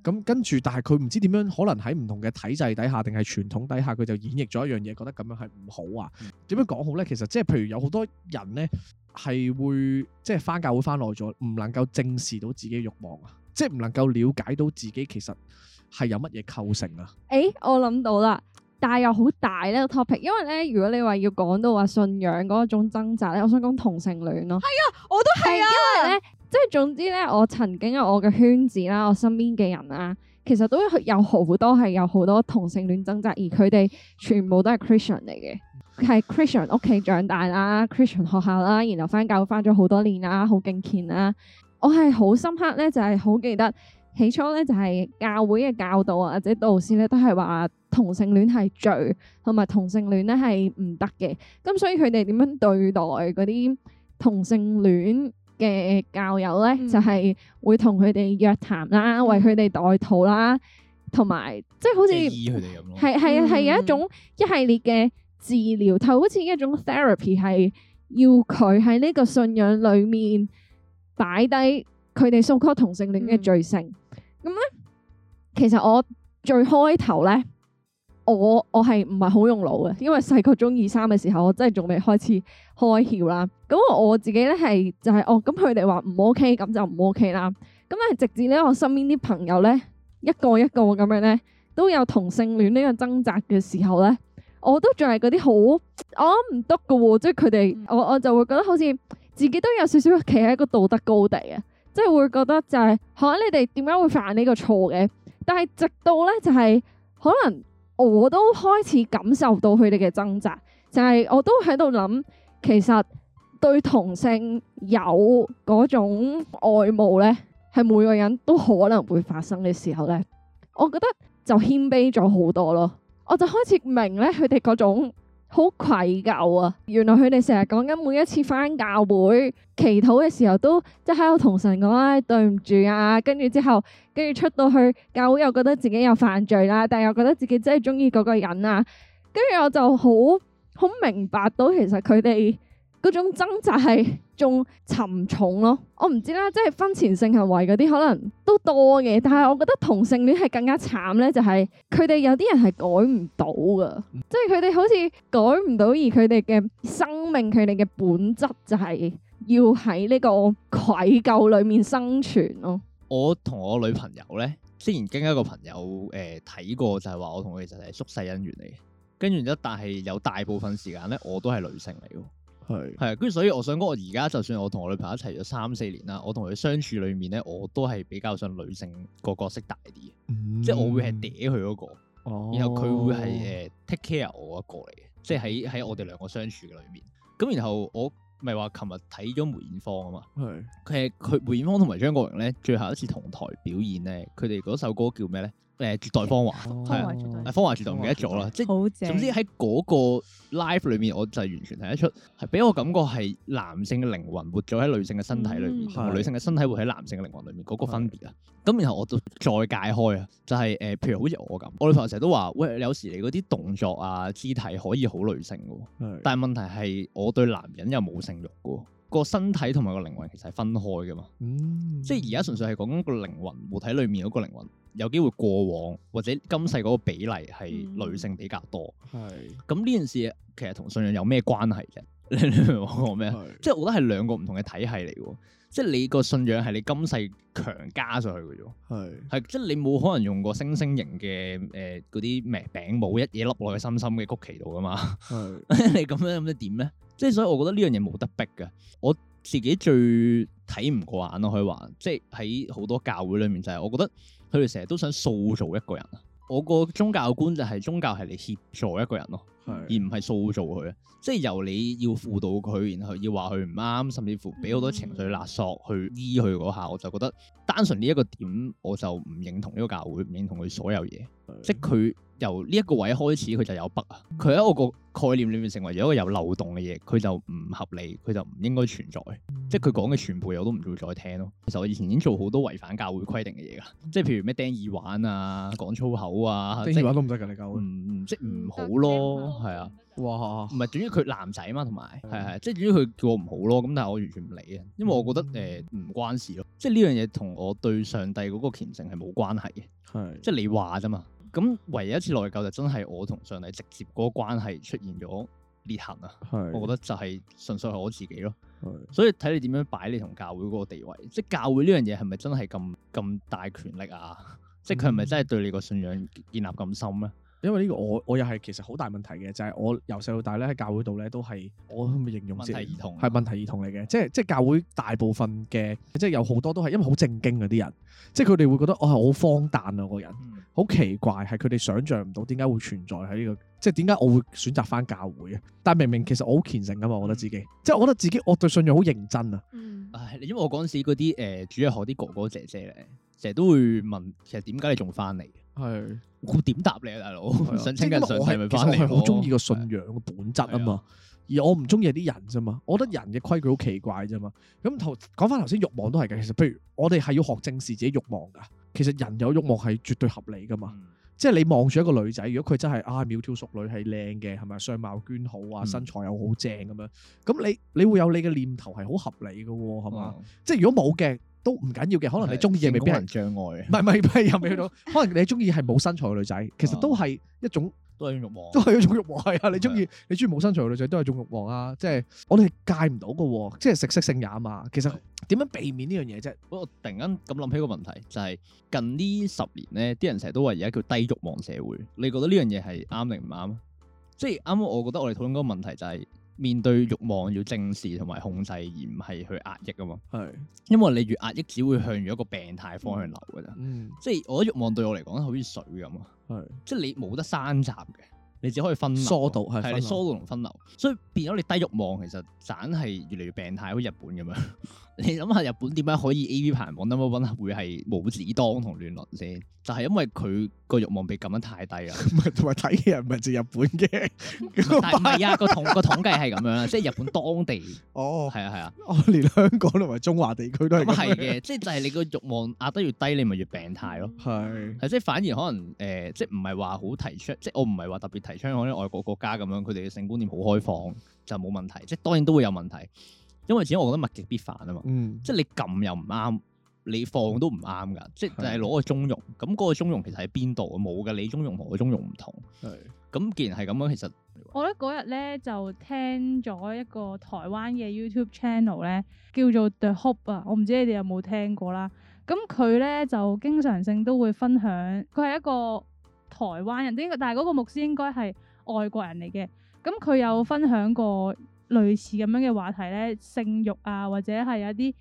咁的跟住，但係佢唔知點樣，可能喺唔同嘅體制底下定係傳統底下，佢就演繹咗一樣嘢，覺得咁樣係唔好啊。點、嗯、樣講好咧？其實即係譬如有好多人咧。係會即係翻教會翻耐咗，唔能夠正視到自己嘅欲望啊，即係唔能夠了解到自己其實係有乜嘢構成啊。誒、欸，我諗到啦，但係又好大呢個 topic，因為咧，如果你話要講到話信仰嗰一種掙扎咧，我想講同性戀咯、啊。係啊，我都係啊。因為咧，即係總之咧，我曾經有我嘅圈子啦，我身邊嘅人啊，其實都有好多係有好多同性戀掙扎，而佢哋全部都係 Christian 嚟嘅。係 Christian 屋企長大啦，Christian 學校啦，然後翻教翻咗好多年啦，好敬虔啦。我係好深刻咧，就係好記得起初咧，就係教會嘅教導啊，或者導師咧都係話同性戀係罪，同埋同性戀咧係唔得嘅。咁所以佢哋點樣對待嗰啲同性戀嘅教友咧，就係會同佢哋約談啦，為佢哋代禱啦，同埋即係好似醫佢哋咁咯。係係係有一種一系列嘅。治療，就好似一種 therapy，係要佢喺呢個信仰裏面擺低佢哋所謂同性戀嘅罪性。咁咧、嗯，其實我最開頭咧，我我係唔係好用腦嘅，因為細個中二三嘅時候，我真係仲未開始開竅啦。咁我自己咧係就係、是、哦，咁佢哋話唔 OK，咁就唔 OK 啦。咁咧，直至咧我身邊啲朋友咧，一個一個咁樣咧，都有同性戀呢個掙扎嘅時候咧。我都仲係嗰啲好我諗唔得嘅喎，即係佢哋，我我就會覺得好似自己都有少少企喺一個道德高地啊，即係會覺得就係，吓你哋點解會犯呢個錯嘅？但係直到咧就係，可能我都開始感受到佢哋嘅掙扎，就係我都喺度諗，其實對同性有嗰種愛慕咧，係每個人都可能會發生嘅時候咧，我覺得就謙卑咗好多咯。我就開始明咧，佢哋嗰種好愧疚啊！原來佢哋成日講緊每一次返教會祈禱嘅時候都，都即係喺度同神講咧、哎，對唔住啊！跟住之後，跟住出到去教會又覺得自己又犯罪啦、啊，但係又覺得自己真係中意嗰個人啊！跟住我就好好明白到其實佢哋。嗰種掙扎係仲沉重咯，我唔知啦，即係婚前性行為嗰啲可能都多嘅，但係我覺得同性戀係更加慘咧，就係佢哋有啲人係改唔到噶，嗯、即係佢哋好似改唔到，而佢哋嘅生命，佢哋嘅本質就係要喺呢個愧疚裏面生存咯。我同我女朋友咧，之前經一個朋友誒睇，呃，過，就係、是、話我同佢其實係宿世姻緣嚟嘅，跟住然之但係有大部分時間咧，我都係女性嚟嘅。係啊，跟住，所以我想講，我而家就算我同我女朋友一齊咗三四年啦，我同佢相處裏面咧，我都係比較想女性個角色大啲，嗯、即係我會係嗲佢嗰個，哦、然後佢會係誒 take care 我一、嗰個嚟嘅，即係喺喺我哋兩個相處嘅裏面。咁然後我咪話琴日睇咗梅艷芳啊嘛，係佢係佢梅艷芳同埋張國榮咧，最後一次同台表演咧，佢哋嗰首歌叫咩咧？誒、呃，絕代芳華係啊，芳華絕代，唔記得咗啦。即係，帥總之喺嗰個 live 裏面，我就係完全睇得出，係俾我感覺係男性嘅靈魂活咗喺女性嘅身體裏面，同、嗯、女性嘅身體活喺男性嘅靈魂裏面嗰、嗯、個分別啊。咁是然後我就再解開啊，就係、是、誒、呃，譬如好似我咁，我女朋友成日都話，喂，有時你嗰啲動作啊、肢體可以好女性嘅，是但係問題係，我對男人又冇性慾嘅，個身體同埋個靈魂其實係分開嘅嘛。嗯嗯、即係而家純粹係講個靈魂活喺裏面嗰個靈魂。有機會過往或者今世嗰個比例係女性比較多。係咁呢件事其實同信仰有咩關係啫？你 我講咩是即係我覺得係兩個唔同嘅體系嚟喎，即係你個信仰係你今世強加上去嘅啫，係係是即係你冇可能用個星星形嘅誒嗰啲咩餅模一嘢粒落去心心嘅曲奇度㗎嘛，係是 你咁樣咁樣點咧？即係所以，我覺得呢樣嘢冇得逼㗎。我自己最睇唔過眼咯，可以話，即係喺好多教會裏面就係我覺得。佢哋成日都想塑造一個人啊！我個宗教觀就係、是、宗教係嚟協助一個人咯，的而唔係塑造佢。即係由你要輔導佢，然後要話佢唔啱，甚至乎俾好多情緒勒索去醫佢嗰下，我就覺得單純呢一個點我就唔認同呢個教會，唔認同佢所有嘢，的即係佢。由呢一個位開始，佢就有北啊！佢喺我個概念裏面成為咗一個有漏洞嘅嘢，佢就唔合理，佢就唔應該存在。即係佢講嘅全部，我都唔會再聽咯。其實我以前已經做好多違反教會規定嘅嘢㗎，即係譬如咩釘耳環啊、講粗口啊，釘耳環都唔得㗎，你教？嗯，即係唔好咯，係啊。哇！唔係，總之佢男仔嘛，同埋係係，即係總之佢叫我唔好咯。咁但係我完全唔理啊，因為我覺得誒，呃，唔關事咯。即係呢樣嘢同我對上帝嗰個虔誠係冇關係嘅。係的，即係的你話啫嘛。咁唯一一次內疚就真係我同上帝直接嗰個關係出現咗裂痕啊！係是，我覺得就係純粹係我自己咯。是所以睇你點樣擺你同教會嗰個地位，即、就、係、是、教會呢樣嘢係咪真係咁咁大權力啊？即係佢係咪真係對你個信仰建立咁深咧？嗯、因為呢個我我又係其實好大問題嘅，就係、是、我由細到大咧喺教會度咧都係我係咪形容問題兒童係問題兒童嚟嘅，即係即係教會大部分嘅即係有好多都係因為好正經嗰啲人，即係佢哋會覺得我係好荒誕啊個人。嗯好奇怪，係佢哋想象唔到點解會存在喺呢個，即係點解我會選擇翻教會嘅？但明明其實我好虔誠噶嘛，我覺得自己，嗯、即係我覺得自己，我對信仰好認真啊。嗯、因為我嗰陣時嗰啲誒主日學啲哥哥姐姐咧，成日都會問，其實點解你仲翻嚟？係是我點答你啊，大佬？啊、因為我係其實我好中意個信仰嘅、啊、本質啊嘛，啊而我唔中意啲人啫嘛。我覺得人嘅規矩好奇怪啫嘛。咁頭講翻頭先，慾望都係嘅。其實，譬如我哋係要學正視自己慾望噶。其實人有慾望係絕對合理噶嘛，嗯、即係你望住一個女仔，如果佢真係啊窈窕淑女係靚嘅，係咪相貌娟好啊，身材又好正咁樣，咁你你會有你嘅念頭係好合理嘅喎、哦，係嘛？嗯、即係如果冇嘅都唔緊要嘅，可能你中意嘅未必人障礙啊，唔係唔係又未去到，可能你中意係冇身材嘅女仔，其實都係一種。都係一種慾望，都係一種慾望係啊！你中意你中意冇身材嘅女仔都係種慾望啊！即係我哋戒唔到嘅喎，即係食色性也嘛。其實點、啊、樣避免呢樣嘢啫？我突然間咁諗起個問題，就係、是、近呢十年咧，啲人成日都話而家叫低慾望社會。你覺得呢樣嘢係啱定唔啱？嗯、即係啱，啱啱我覺得我哋討論嗰個問題就係、是。面對慾望要正視同埋控制，而唔係去壓抑啊嘛。係的，因為你越壓抑，只會向住一個病態方向流㗎啫。即係、嗯、我覺得慾望對我嚟講，好似水咁啊。係的，即係你冇得山集嘅。你只可以分流、疏導，係疏導同分流，所以變咗你低欲望，其實盞係越嚟越病態，好似日本咁樣。你諗下日本點樣可以 A. V. 排行榜會係母子檔同亂倫先？就係因為佢個欲望被撳得太低啦，同埋睇嘅人唔係就日本嘅，但係唔係啊？個統個統計係咁樣啦，即係日本當地哦，係啊係啊，連香港同埋中華地區都係咁係嘅，即係就係你個欲望壓得越低，你咪越病態咯。係，即係反而可能誒，即係唔係話好提出，即係我唔係話特別提倡嗰啲外國國家咁樣，佢哋嘅性觀念好開放，就冇問題。即係當然都會有問題，因為始終我覺得物極必反啊嘛。嗯。即係你撳又唔啱，你放都唔啱㗎。嗯、即係但係攞個中庸，咁、那、嗰個中庸其實喺邊度？冇嘅，你中庸同我中庸唔同。係是。咁既然係咁樣，其實我覺得嗰日咧就聽咗一個台灣嘅 YouTube channel 咧，叫做 The Hope 啊。我唔知你哋有冇聽過啦。咁佢咧就經常性都會分享，佢係一個。台灣人應該，但係嗰個牧師應該係外國人嚟嘅。咁佢有分享過類似咁樣嘅話題咧，性慾啊，或者係一啲誒、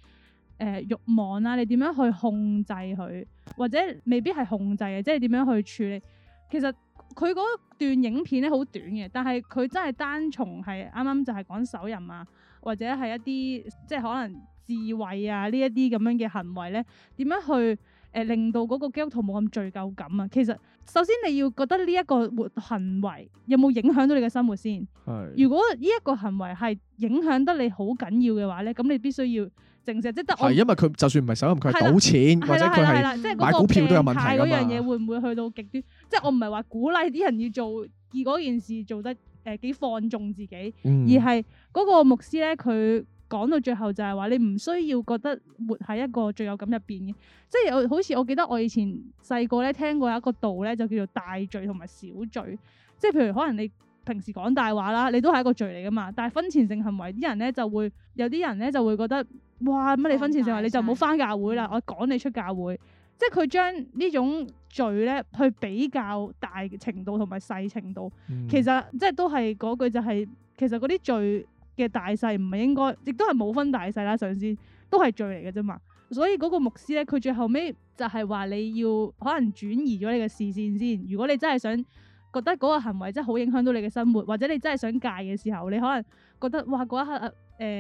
呃、慾望啊，你點樣去控制佢，或者未必係控制嘅，即係點樣去處理。其實佢嗰段影片咧好短嘅，但係佢真係單從係啱啱就係講手淫啊，或者係一啲即係可能自慰啊呢一啲咁樣嘅行為咧，點樣去？誒令到嗰個基督徒冇咁罪疚感啊！其實首先你要覺得呢一個活行為有冇影響到你嘅生活先？係。如果呢一個行為係影響得你好緊要嘅話咧，咁你必須要正視，即係得。係，因為佢就算唔係手淫，佢係賭錢，或者佢係買股票都有問題，係嗰個病態嗰樣嘢會唔會去到極端？即係我唔係話鼓勵啲人要做而嗰件事做得誒幾放縱自己，而係嗰個牧師咧佢。講到最後就係話你唔需要覺得活喺一個罪疚感入邊嘅，即係又好似我記得我以前細個咧聽過有一個度咧就叫做大罪同埋小罪，即係譬如可能你平時講大話啦，你都係一個罪嚟噶嘛。但係婚前性行為啲人咧就會有啲人咧就會覺得哇乜你婚前性行為你就唔好翻教會啦，我趕你出教會。即係佢將呢種罪咧去比較大程度同埋細程度，嗯、其實即係都係嗰句就係、是、其實嗰啲罪嘅大細唔係應該，亦都係冇分大細啦。上先，都係罪嚟嘅啫嘛。所以嗰個牧師咧，佢最後尾就係話你要可能轉移咗你嘅視線先。如果你真係想覺得嗰個行為真係好影響到你嘅生活，或者你真係想戒嘅時候，你可能覺得哇，嗰一刻誒、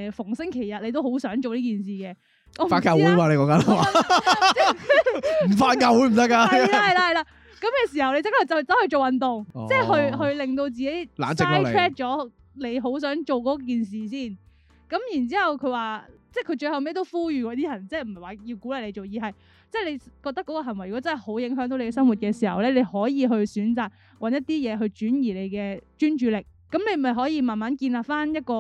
呃、逢星期日你都好想做呢件事嘅。發教會嘛？你講緊唔發教會唔得噶。係啦係啦係啦。咁嘅、那個、時候，你即刻就走去，去做運動，即係、oh, 去去，去令到自己冷靜落嚟。你好想做嗰件事先，咁然之後佢話，即係佢最後尾都呼籲嗰啲人，即係唔係話要鼓勵你做，而係，即係你覺得嗰個行為如果真係好影響到你嘅生活嘅時候咧，你可以去選擇揾一啲嘢去轉移你嘅專注力，咁你咪可以慢慢建立翻一個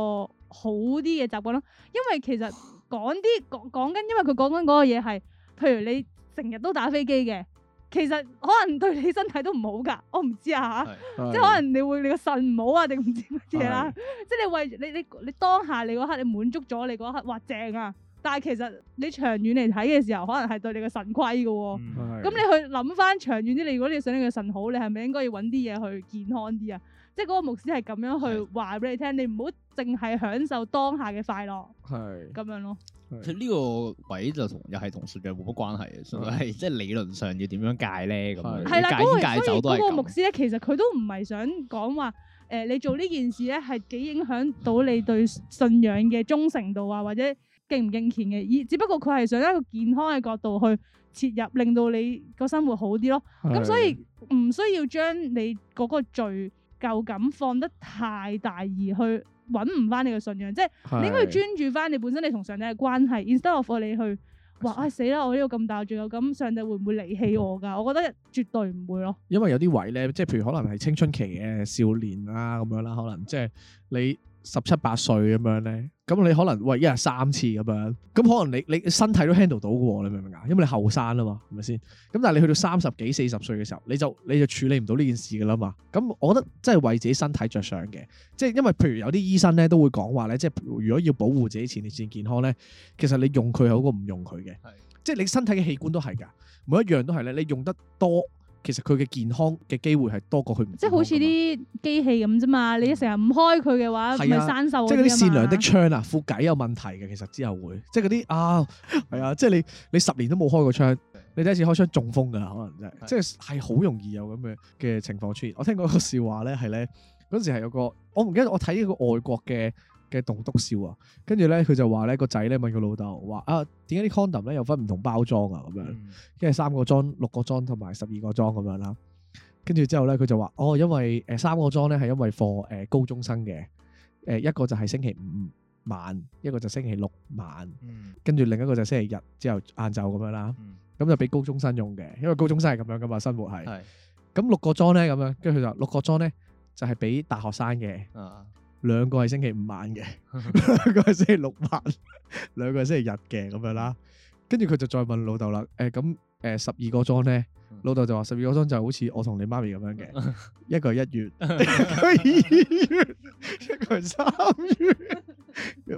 好啲嘅習慣咯。因為其實講啲講講緊，因為佢講緊嗰個嘢係，譬如你成日都打飛機嘅。其實可能對你身體都唔好㗎，我唔知啊嚇，即係可能你會你個腎唔好啊，定唔知乜嘢啦。是即係你為你你你當下你嗰刻，你滿足咗你嗰刻，哇正啊！但係其實你長遠嚟睇嘅時候，可能係對你個腎虧嘅喎，啊。咁是你去諗翻長遠啲，你如果你想你個腎好，你係咪應該要揾啲嘢去健康啲啊？即係嗰個牧師係咁樣去話俾你聽，是你唔好淨係享受當下嘅快樂，咁是樣咯。呢個位就同又係同信仰冇乜關係嘅，所以即係理論上要點樣戒咧咁樣？係啦，戒煙戒酒都係咁。所以個牧師咧，其實佢都唔係想講話誒，你做呢件事咧係幾影響到你對信仰嘅忠誠度啊，或者敬唔敬虔嘅。而只不過佢係想一個健康嘅角度去切入，令到你個生活好啲咯。咁所以唔需要將你嗰個罪疚感放得太大而去。揾唔翻你嘅信仰，即係你應該要專注翻你本身你同上帝嘅關係的，instead of 我你去話啊，死啦！我呢個咁大仲有，咁上帝會唔會離棄我㗎？嗯、我覺得絕對唔會咯。因為有啲位咧，即係譬如可能係青春期嘅少年啊咁樣啦，可能即係你。十七八歲咁樣咧，咁你可能喂一日三次咁樣，咁可能你你身體都 handle 到㗎喎，你明唔明啊？因為你後生啊嘛，係咪先？咁但係你去到三十幾四十歲嘅時候，你就你就處理唔到呢件事㗎啦嘛。咁我覺得真係為自己身體着想嘅，即係因為譬如有啲醫生咧都會講話咧，即係如果要保護自己前列腺健康咧，其實你用佢好過唔用佢嘅，係。即係你身體嘅器官都係㗎，每一樣都係咧，你用得多。其實佢嘅健康嘅機會係多過佢，即係好似啲機器咁啫嘛。你成日唔開佢嘅話，咪生銹。即係嗰啲善良的槍啊，副偈有問題嘅，其實之後會即係嗰啲啊，係啊，即係你你十年都冇開過槍，你第一次開槍中風嘅可能真係，的即係係好容易有咁嘅嘅情況出現。我聽過一個笑話咧，係咧嗰時係有個我唔記得，我睇呢個外國嘅嘅棟篤笑啊，跟住咧佢就話咧個仔咧問佢老豆話啊點解啲 condom 咧又分唔同包裝啊咁樣，跟住三個裝、六個裝同埋十二個裝咁樣啦。跟住之後咧佢就話哦，因為誒三、呃、個裝咧係因為 for 誒、呃、高中生嘅，誒、呃、一個就係星期五晚，一個就星期六晚，跟住、嗯、另一個就星期日之後晏晝咁樣啦。咁、嗯、就俾高中生用嘅，因為高中生係咁樣㗎嘛，生活係。咁六的個裝咧咁樣，跟住佢就六個裝咧就係、是、俾大學生嘅。兩個係星期五晚嘅，兩 個係星期六晚，兩個係星期日嘅咁樣啦。跟住佢就再問老豆啦。誒、欸，咁誒十二個鐘咧，老豆就話十二個鐘就好似我同你媽咪咁樣嘅， 一個係一月，一個二月， 一個月，一個係三月。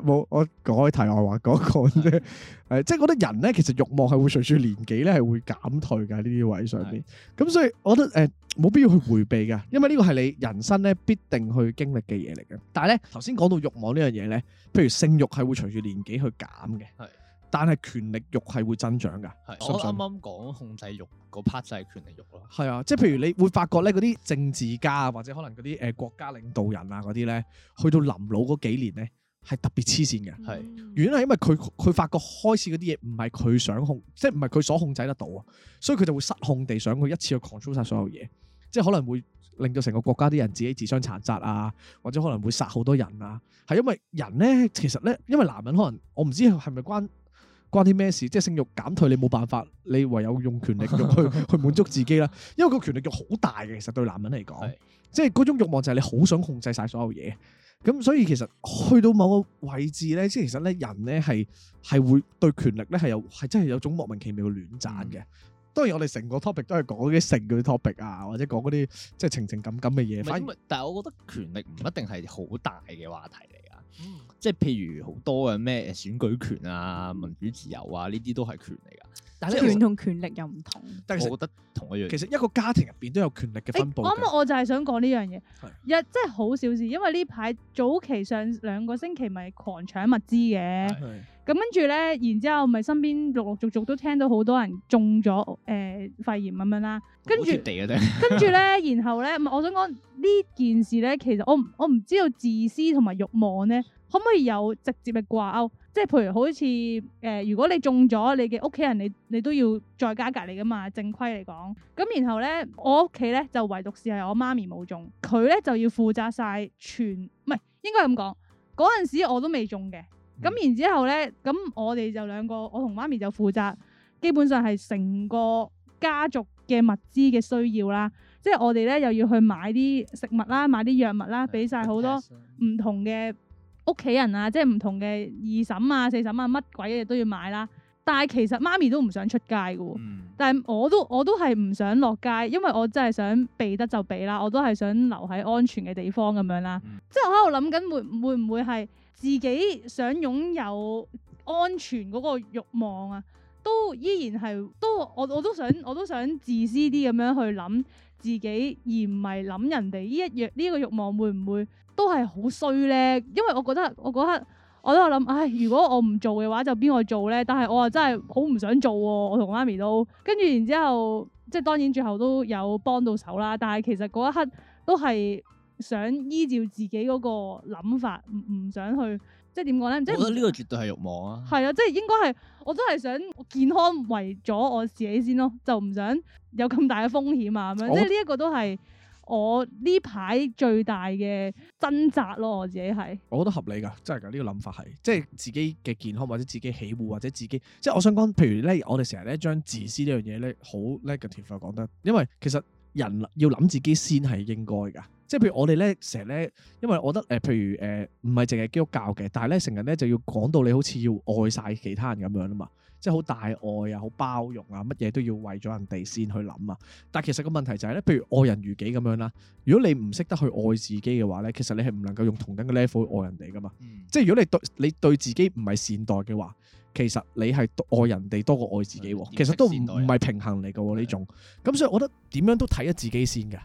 冇，我改題外話講一講啫。係，即係 我覺得人咧，其實慾望係會隨住年紀咧係會減退嘅呢啲位上邊。咁 所以我覺得誒。欸冇必要去回避嘅，因為呢個係你人生咧必定去經歷嘅嘢嚟嘅。但係咧，頭先講到慾望呢樣嘢咧，譬如性欲係會隨住年紀去減嘅，係的，但係權力欲係會增長㗎。的信信我啱啱講控制欲，嗰 part 就係權力欲咯。係啊，即係譬如你會發覺咧，嗰啲政治家或者可能嗰啲誒國家領導人啊嗰啲咧，去到臨老嗰幾年咧。係特別黐線嘅，原因係因為佢佢發覺開始嗰啲嘢，唔係佢想控，即係唔係佢所控制得到啊，所以佢就會失控地想去一次去 control 晒所有嘢，即係可能會令到成個國家啲人自己自相殘殺啊，或者可能會殺好多人啊。係因為人咧，其實咧，因為男人可能我唔知係咪關關啲咩事，即係性欲減退，你冇辦法，你唯有用權力欲去 去滿足自己啦。因為個權力欲好大嘅，其實對男人嚟講，是即係嗰種欲望就係你好想控制晒所有嘢。咁所以其實去到某個位置咧，即係其實咧人咧係係會對權力咧係有係真係有種莫名其妙嘅戀棧嘅。嗯、當然我哋成個 topic 都係講嗰啲成嗰 topic 啊，或者講嗰啲即係情情感感嘅嘢。嗯、而但係我覺得權力唔一定係好大嘅話題嚟噶。嗯、即係譬如好多嘅咩選舉權啊、民主自由啊呢啲都係權嚟噶。但係權同權力又唔同，但係我覺得同一樣。其實一個家庭入邊都有權力嘅分佈，欸。啱，我就係想講呢樣嘢。一真係好少事，因為呢排早期上兩個星期咪狂搶物資嘅，咁跟住咧，然之後咪身邊陸陸續續都聽到好多人中咗誒、呃、肺炎咁樣啦。跟住，跟住咧，然後咧， 我想講呢件事咧，其實我我唔知道自私同埋慾望咧，可唔可以有直接嘅掛鈎？即係譬如好似誒、呃，如果你中咗，你嘅屋企人你你都要再加隔離噶嘛，正規嚟講。咁然後咧，我屋企咧就唯獨是係我媽咪冇中，佢咧就要負責晒全，唔係應該咁講。嗰陣時我都未中嘅。咁、嗯、然之後咧，咁我哋就兩個，我同媽咪就負責，基本上係成個家族嘅物資嘅需要啦。即係我哋咧又要去買啲食物啦，買啲藥物啦，俾晒好多唔同嘅。屋企人啊，即係唔同嘅二嬸啊、四嬸啊，乜鬼嘢都要買啦。但係其實媽咪都唔想出街嘅，嗯、但係我都我都係唔想落街，因為我真係想避得就避啦，我都係想留喺安全嘅地方咁樣啦。嗯、即係我喺度諗緊會會唔會係自己想擁有安全嗰個慾望啊，都依然係都我我都想我都想自私啲咁樣去諗。自己而唔係諗人哋呢一樣呢個慾望會唔會都係好衰咧？因為我覺得我嗰刻我都有諗唉，如果我唔做嘅話，就邊個做咧？但係我又真係好唔想做，啊，我同媽咪都跟住然之後即係當然最後都有幫到手啦。但係其實嗰一刻都係想依照自己嗰個諗法，唔唔想去。即係點講咧？即係我覺得呢個絕對係慾望啊！係啊，即係應該係，我都係想健康為咗我自己先咯，就唔想有咁大嘅風險啊咁樣。即係呢一個都係我呢排最大嘅掙扎咯，我，我自己係。我覺得合理噶，真係噶呢個諗法係，即係自己嘅健康或者自己喜好或者自己，即係我想講，譬如咧，我哋成日咧將自私呢樣嘢咧好 negative 講得，因為其實人要諗自己先係應該噶。即係譬如我哋咧，成日咧，因為我覺得誒，譬如誒，唔係淨係基督教嘅，但係咧，成日咧就要講到你好似要愛晒其他人咁樣吖嘛，即係好大愛啊，好包容啊，乜嘢都要為咗人哋先去諗啊。但係其實個問題就係咧，譬如愛人如己咁樣啦，如果你唔識得去愛自己嘅話咧，其實你係唔能夠用同等嘅 level 去愛人哋噶嘛。即係如果你對你對自己唔係善待嘅話，其實你係愛人哋、嗯、多過愛自己，嗯、其實都唔唔係平衡嚟噶呢種。咁對所以我覺得點樣都睇下自己先㗎。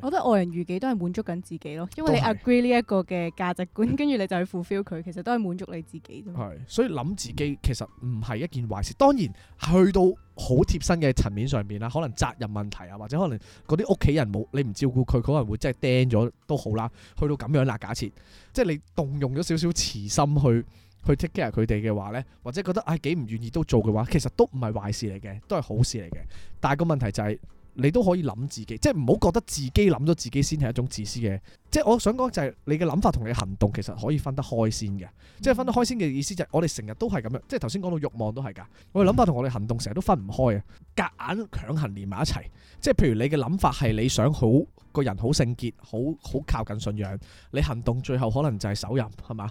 我覺得愛人如己都係滿足緊自己咯，因為你 agree 呢一個嘅價值觀，跟住是你就去 fulfill 佢，其實都係滿足你自己啫。所以諗自己其實唔係一件壞事。當然去到好貼身嘅層面上面啦，可能責任問題啊，或者可能嗰啲屋企人冇你唔照顧佢，佢可能會真係 d 咗都好啦。去到咁樣啦，假設即係你動用咗少少慈心去去 take care 佢哋嘅話呢，或者覺得唉，幾唔願意都做嘅話，其實都唔係壞事嚟嘅，都係好事嚟嘅。但係個問題就係、是。你都可以諗自己，即係唔好覺得自己諗咗自己先係一種自私嘅，即係我想講就係你嘅諗法同你行動其實可以分得開先嘅，嗯、即係分得開先嘅意思就係我哋成日都係咁樣，即係頭先講到慾望都係㗎，我哋諗法同我哋行動成日都分唔開啊，夾硬強行連埋一齊，即係譬如你嘅諗法係你想好個人好聖潔，好好靠近信仰，你行動最後可能就係手淫，係嘛？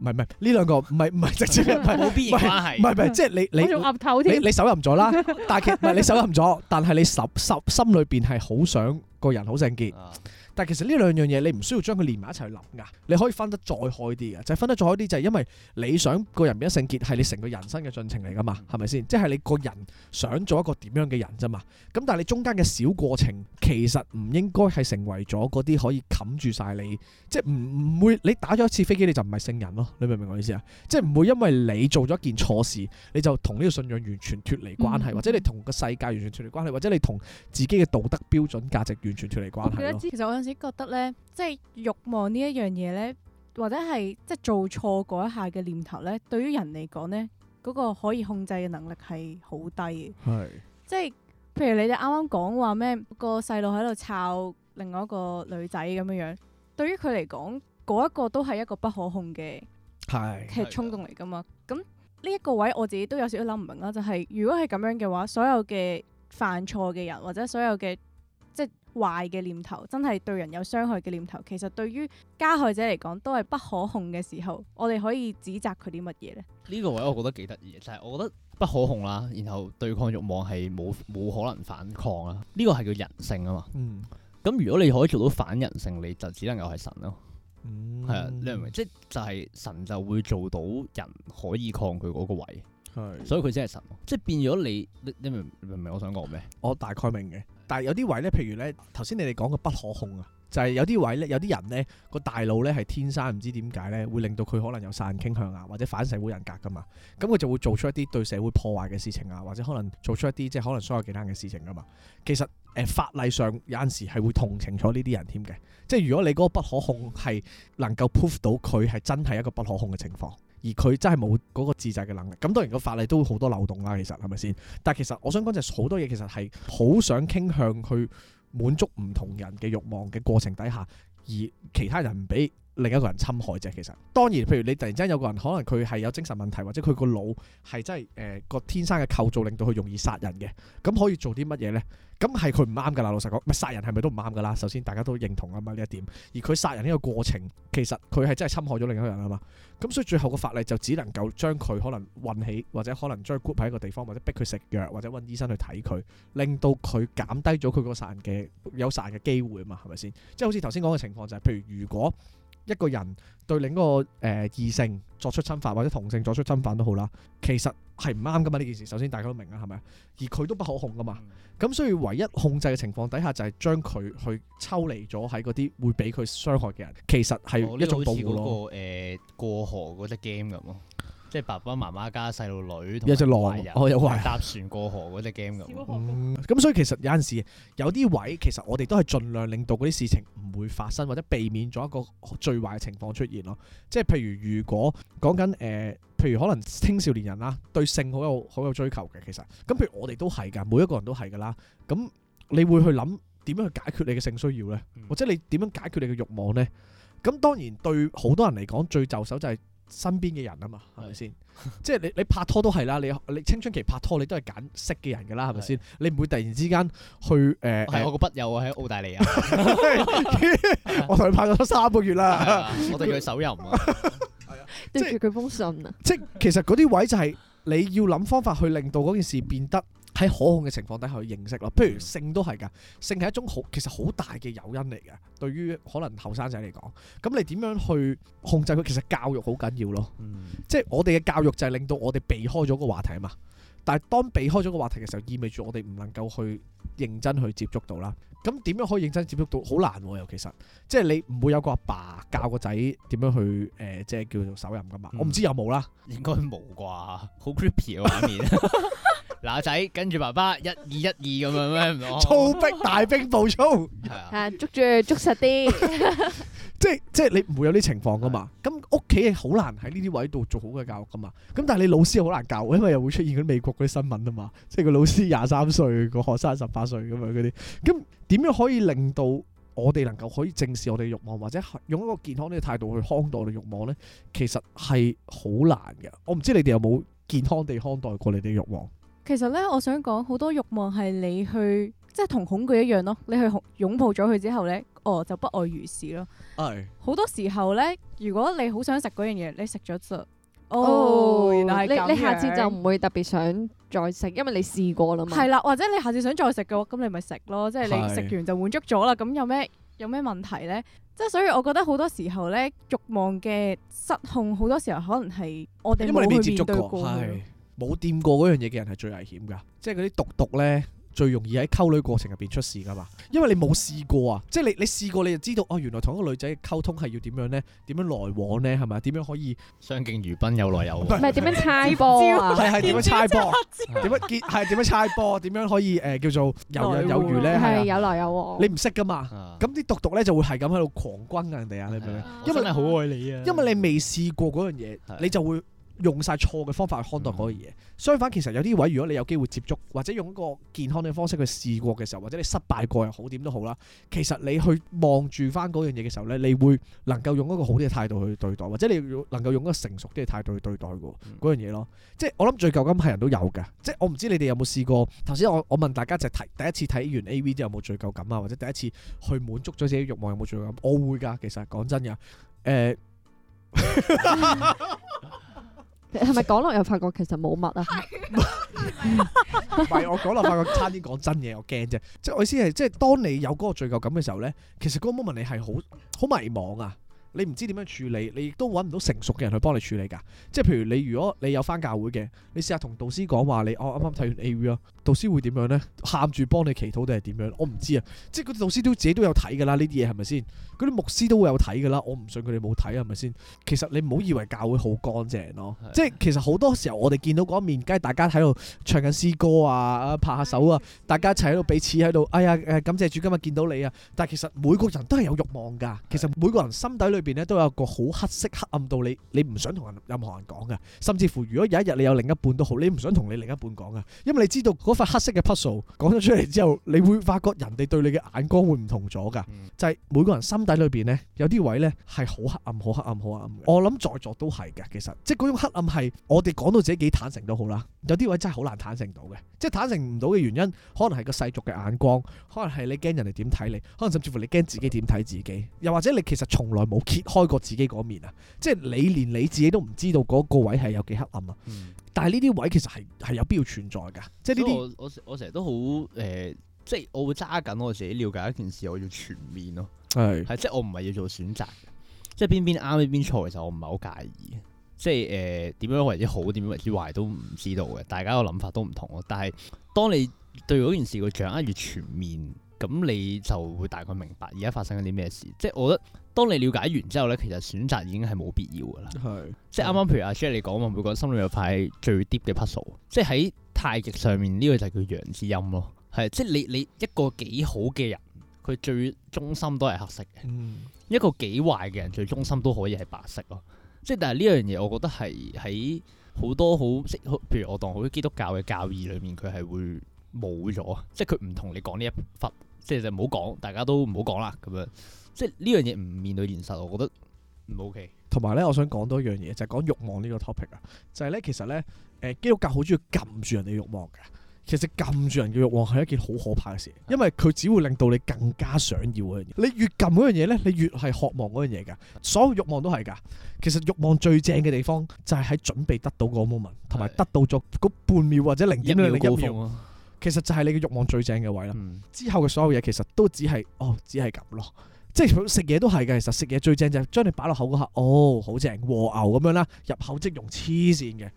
唔係，唔係，呢兩個唔係，唔係直接係，冇必然關係。唔係，唔係，即係你你你你手淫咗啦，但係其實唔係你手淫咗，但係你手心裏邊係好想個人好貞潔。啊。但其實呢兩樣嘢，你唔需要將佢連埋一齊去諗噶，你可以分得再開啲嘅，就係分得再開啲，就係因為你想個人變咗聖潔係你成個人生嘅進程嚟噶嘛，係咪先？即係你個人想做一個點樣嘅人啫嘛。咁但係你中間嘅小過程其實唔應該係成為咗嗰啲可以冚住晒你，即係唔唔會你打咗一次飛機你就唔係聖人咯？你明唔明我意思啊？即係唔會因為你做咗一件錯事，你就同呢個信仰完全脫離、嗯嗯、關係，或者你同個世界完全脫離關係，或者你同自己嘅道德標準價值完全脫離、嗯嗯、關係咯。陣時覺得咧，即係慾望呢一樣嘢咧，或者係即係做錯嗰一下嘅念頭咧，對於人嚟講咧，嗰個可以控制嘅能力係好低嘅。係。即係，譬如你哋啱啱講話咩，個細路喺度抄另外一個女仔咁樣樣，對於佢嚟講，嗰一個都係一個不可控嘅係，係衝動嚟噶嘛？咁呢一個位我自己都有少少諗唔明啦。就係如果係咁樣嘅話，所有嘅犯錯嘅人或者所有嘅。壞嘅念頭真係對人有傷害嘅念頭，其實對於加害者嚟講都係不可控嘅時候，我哋可以指責佢啲乜嘢呢？呢個位我覺得幾得意嘅，就係、是、我覺得不可控啦，然後對抗慾望係冇冇可能反抗啊。呢、這個係叫人性啊嘛。咁、嗯、如果你可以做到反人性，你就只能夠係神咯、啊。嗯。係啊，你明唔明？即就係、是、神就會做到人可以抗拒嗰個位。係、嗯。所以佢真係神、啊。即、就、係、是、變咗你，你你明唔明我想講咩？我大概明嘅。但係有啲位咧，譬如咧，頭先你哋講嘅不可控啊，就係、是、有啲位咧，有啲人咧，個大腦咧係天生唔知點解咧，會令到佢可能有殺人傾向啊，或者反社會人格噶嘛，咁佢就會做出一啲對社會破壞嘅事情啊，或者可能做出一啲即係可能所有其他人嘅事情噶嘛。其實誒、呃、法例上有陣時係會同情咗呢啲人添嘅，即係如果你嗰個不可控係能夠 prove 到佢係真係一個不可控嘅情況。而佢真係冇嗰個自制嘅能力，咁當然個法例都好多漏洞啦，其實係咪先？但係其實我想講就好多嘢其實係好想傾向去滿足唔同人嘅慾望嘅過程底下，而其他人唔俾另一個人侵害啫，其實當然，譬如你突然間有個人，可能佢係有精神問題，或者佢個腦係真係誒個天生嘅構造令到佢容易殺人嘅，咁可以做啲乜嘢呢？咁係佢唔啱噶啦，老實講，咪殺人係咪都唔啱噶啦？首先大家都認同啊嘛呢一點，而佢殺人呢個過程，其實佢係真係侵害咗另一個人啊嘛。咁所以最後個法例就只能夠將佢可能困起，或者可能將佢喺一個地方，或者逼佢食藥，或者搵醫生去睇佢，令到佢減低咗佢個殺人嘅有殺人嘅機會啊嘛，係咪先？即係好似頭先講嘅情況就係、是，譬如如果一個人對另一個誒異性作出侵犯，或者同性作出侵犯都好啦，其實係唔啱㗎嘛呢件事。首先大家都明啦，係咪？而佢都不可控㗎嘛。咁、嗯、所以唯一控制嘅情況底下，就係將佢去抽離咗喺嗰啲會俾佢傷害嘅人，其實係一種保護咯。誒、哦這個那個呃、過河嗰隻 game 咁咯。即係爸爸媽媽加細路女同狼人，人有搭船過河嗰隻 game 咁。咁、 嗯、所以其實有陣時有啲位其實我哋都係盡量令到嗰啲事情唔會發生，或者避免咗一個最壞嘅情況出現咯。即係譬如如果講緊誒，譬如可能青少年人啦，對性好有好有追求嘅，其實咁譬如我哋都係㗎，每一個人都係㗎啦。咁你會去諗點樣去解決你嘅性需要呢？或者你點樣解決你嘅慾望呢？咁當然對好多人嚟講，最就手就係、是。身邊嘅人啊嘛，係咪先？吧 即係你你拍拖都係啦，你你青春期拍拖你都係揀識嘅人㗎啦，係咪先？吧你唔會突然之間去誒，係、呃、我個筆友啊，喺澳大利亞， 我同佢拍咗三個月啦，我對佢手淫，對住佢封信，即係其實嗰啲位就係你要諗方法去令到嗰件事變得，喺可控嘅情況底下去認識咯，譬如性都係噶，性係一種好其實好大嘅誘因嚟嘅，對於可能後生仔嚟講，咁你點樣去控制佢？其實教育好緊要咯，嗯、即係我哋嘅教育就係令到我哋避開咗個話題啊嘛，但係當避開咗個話題嘅時候，意味住我哋唔能夠去認真去接觸到啦。咁點樣可以認真接觸到？好難喎、啊，尤其是即係你唔會有個阿爸，爸教個仔點樣去誒、呃，即係叫做手淫噶嘛？嗯、我唔知有冇啦，應該冇啩，好 creepy 嘅、啊、 畫面。嗱 仔 跟住爸爸一二一二咁樣咩？操兵 大兵暴操，啊，捉住捉實啲。即係即係你唔會有啲情況噶嘛？咁屋企好難喺呢啲位度做好嘅教育噶嘛？咁但係你老師好難教，因為又會出現嗰美國嗰啲新聞啊嘛，即係個老師廿三歲，個學生十八歲咁、那個、樣嗰啲咁。那個點樣可以令到我哋能夠可以正視我哋嘅慾望，或者用一個健康嘅態度去看待我哋嘅慾望呢？其實係好難嘅。我唔知你哋有冇健康地看待過你哋嘅慾望。其實呢，我想講好多慾望係你去，即係同恐懼一樣咯。你去擁抱咗佢之後呢，哦，就不外如是咯。係好、哎、多時候呢，如果你好想食嗰樣嘢，你食咗就哦，oh, 原來係咁。你你下次就唔會特別想再食，因為你試過啦嘛。係啦，或者你下次想再食嘅話，咁你咪食咯。即係你食完就滿足咗啦。咁是有咩有咩問題咧？即係所以，我覺得好多時候咧，慾望嘅失控，好多時候可能係我哋冇去因為你冇接觸過，冇掂過嗰樣嘢嘅人係最危險㗎。即係嗰啲毒毒咧。最容易喺溝女過程入邊出事噶嘛，因為你冇試過啊，即係你你試過你就知道哦，原來同一個女仔嘅溝通係要點樣咧，點樣來往咧，係咪？點樣可以相敬如賓，有來有往？唔係點樣猜波啊？係係點樣猜波？點樣結係點樣猜波？點樣可以誒叫做游刃有餘咧？係有來有往。你唔識噶嘛？咁啲獨獨咧就會係咁喺度狂轟啊人哋啊，你明唔明？因為你好愛你啊！因為你未試過嗰樣嘢，你就會用晒錯嘅方法去看待嗰個嘢。相反，其實有啲位，如果你有機會接觸，或者用一個健康嘅方式去試過嘅時候，或者你失敗過又好點都好啦，其實你去望住翻嗰樣嘢嘅時候呢，你會能夠用一個好啲嘅態度去對待，或者你能夠用一個成熟啲嘅態度去對待嗰、嗯、樣嘢咯。即係我諗罪疚感係人都有㗎。即係我唔知你哋有冇試過頭先，我我問大家就係睇第一次睇完 AV 都有冇罪疚感啊？或者第一次去滿足咗自己慾望有冇罪疚感？我會㗎，其實講真嘅。誒、呃。嗯 係咪講落又發覺其實冇乜啊？唔係，我講落發覺差啲講真嘢，我驚啫。 即係我意思係，即係當你有嗰個罪疚感嘅時候咧，其實嗰 moment 你係好好迷茫啊。你唔知點樣處理，你亦都揾唔到成熟嘅人去幫你處理㗎。即係譬如你，如果你有翻教會嘅，你試下同導師講話，你我啱啱睇完 A.V. 咯，導師會點樣呢？喊住幫你祈禱定係點樣？我唔知啊。即係嗰啲導師都自己都有睇㗎啦，呢啲嘢係咪先？嗰啲牧師都會有睇㗎啦。我唔信佢哋冇睇啊，係咪先？其實你唔好以為教會好乾淨咯。的即係其實好多時候我哋見到嗰一面，梗係大家喺度唱緊詩歌啊，拍下手啊，大家一齊喺度彼此喺度。哎呀，感謝主今日見到你啊！但係其實每個人都係有慾望㗎。其實每個人心底裏～裏邊都有個好黑色、黑暗到你，你唔想同人任何人講嘅。甚至乎，如果有一日你有另一半都好，你唔想同你另一半講嘅，因為你知道嗰塊黑色嘅 puzzle 講咗出嚟之後，你會發覺人哋對你嘅眼光會唔同咗噶。嗯、就係每個人心底裏邊呢，有啲位呢係好黑暗、好黑暗、好黑暗。我諗在座都係嘅，其實即係嗰種黑暗係我哋講到自己幾坦誠都好啦。有啲位真係好難坦誠到嘅，即係坦誠唔到嘅原因，可能係個世俗嘅眼光，可能係你驚人哋點睇你，可能甚至乎你驚自己點睇自己，又或者你其實從來冇。揭開過自己嗰面啊，即係你連你自己都唔知道嗰個位係有幾黑暗啊！嗯、但係呢啲位其實係係有必要存在噶，即係呢啲。我我成日都好誒、呃，即係我會揸緊我自己了解一件事，我要全面咯。係係是即係我唔係要做選擇，即係邊邊啱邊邊錯，其實我唔係好介意，即係誒點樣為之好，點樣為之壞都唔知道嘅，大家個諗法都唔同咯。但係當你對嗰件事個掌握越全面。咁你就會大概明白而家發生緊啲咩事，即係我覺得當你了解完之後呢，其實選擇已經係冇必要噶啦是。即係啱啱譬如阿 J 你講話，會唔會覺得心裏有塊最 deep 嘅 puzzle，即係喺太極上面呢、呢個就係叫「陽之陰」咯。係，即係你你一個幾好嘅人，佢最中心都係黑色嘅；嗯、一個幾壞嘅人，最中心都可以係白色咯。即係但係呢樣嘢，我覺得係喺好多好譬如我當好基督教嘅教義裏面，佢係會冇咗，即係佢唔同你講呢一忽。即係就唔好講，大家都唔好講啦，咁樣，即係呢樣嘢唔面對現實，我覺得唔 OK。同埋咧，我想講多一樣嘢，就係講欲望呢個 topic 啊，就係咧，其實咧，誒基督教好中意撳住人哋欲望嘅，其實撳住人嘅欲望係一件好可怕嘅事，因為佢只會令到你更加想要嗰樣嘢。你越撳嗰樣嘢咧，你越係渴望嗰樣嘢噶。所有欲望都係噶，其實欲望最正嘅地方就係喺準備得到嗰 moment，同埋得到咗嗰半秒或者零一秒。其實就係你嘅慾望最正嘅位啦，嗯，之後嘅所有嘢，其實都只係哦，只係咁咯。即係食嘢都係嘅，其實食嘢最正就係將你擺落口嗰下，哦，好正，和牛咁樣啦，入口即溶，黐線嘅。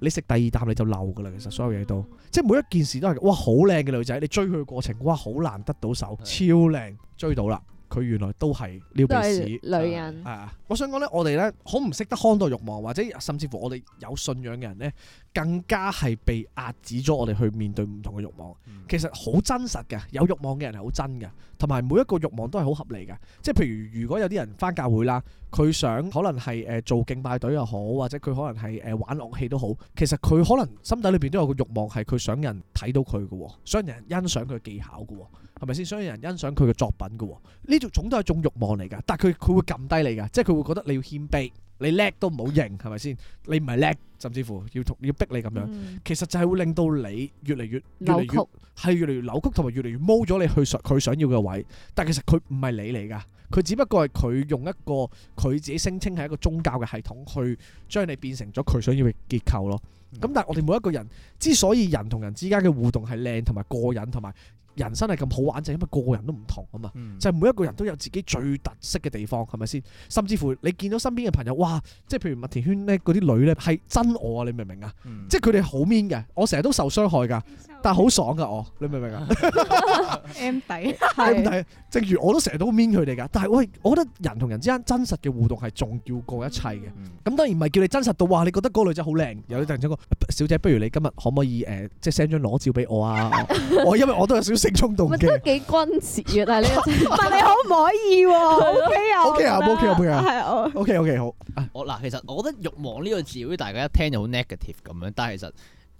你食第二啖你就漏噶啦，其實所有嘢都，即係每一件事都係，哇，好靚嘅女仔，你追佢嘅過程，哇，好難得到手，的超靚，追到啦。佢原來都係撩鼻屎女人。啊啊、我想講咧，我哋咧好唔識得看待欲望，或者甚至乎我哋有信仰嘅人咧，更加係被壓止咗我哋去面對唔同嘅欲望。嗯、其實好真實嘅，有欲望嘅人係好真嘅，同埋每一個欲望都係好合理嘅。即係譬如，如果有啲人返教會啦，佢想可能係誒做敬拜隊又好，或者佢可能係誒玩樂器都好，其實佢可能心底裏邊都有個欲望係佢想人睇到佢嘅，想人欣賞佢技巧嘅。係咪先？所以有人欣賞佢嘅作品嘅，哦，呢種總都係一種欲望嚟噶。但係佢佢會撳低你噶，即係佢會覺得你要謙卑，你叻都唔好認，係咪先？你唔係叻，甚至乎要逼要逼你咁樣。嗯、其實就係會令到你越嚟越，越，越，曲越，越扭曲，係越嚟越扭曲，同埋越嚟越踎咗你去佢想要嘅位。但其實佢唔係你嚟噶，佢只不過係佢用一個佢自己聲稱係一個宗教嘅系統，去將你變成咗佢想要嘅結構咯。咁、嗯、但係我哋每一個人之所以人同人之間嘅互動係靚同埋過癮同埋。人生係咁好玩，就係因為個個人都唔同啊嘛，嗯、就係每一個人都有自己最特色嘅地方，係咪先？甚至乎你見到身邊嘅朋友，哇！即係譬如麥田圈呢嗰啲女呢，係真我啊！你明唔明啊？嗯、即係佢哋好 mean 嘅，我成日都受傷害㗎。但係好爽噶，我你明唔明啊？M 底係，但係正如我都成日都搣佢哋噶。但係，我係我覺得人同人之間真實嘅互動係重要過一切嘅。咁當然唔係叫你真實到話，你覺得嗰個女仔好靚，有啲人講，小姐，不如你今日可唔可以誒，即係 send 張裸照俾我啊？我因為我都有少少性衝動嘅。真幾君子嘅，但係呢個唔係你好唔可以喎？OK 啊，OK 啊，冇嘅冇嘅，OK OK 好。我嗱，其實我覺得慾望呢個字，大家一聽就好 negative 咁樣，但係其實。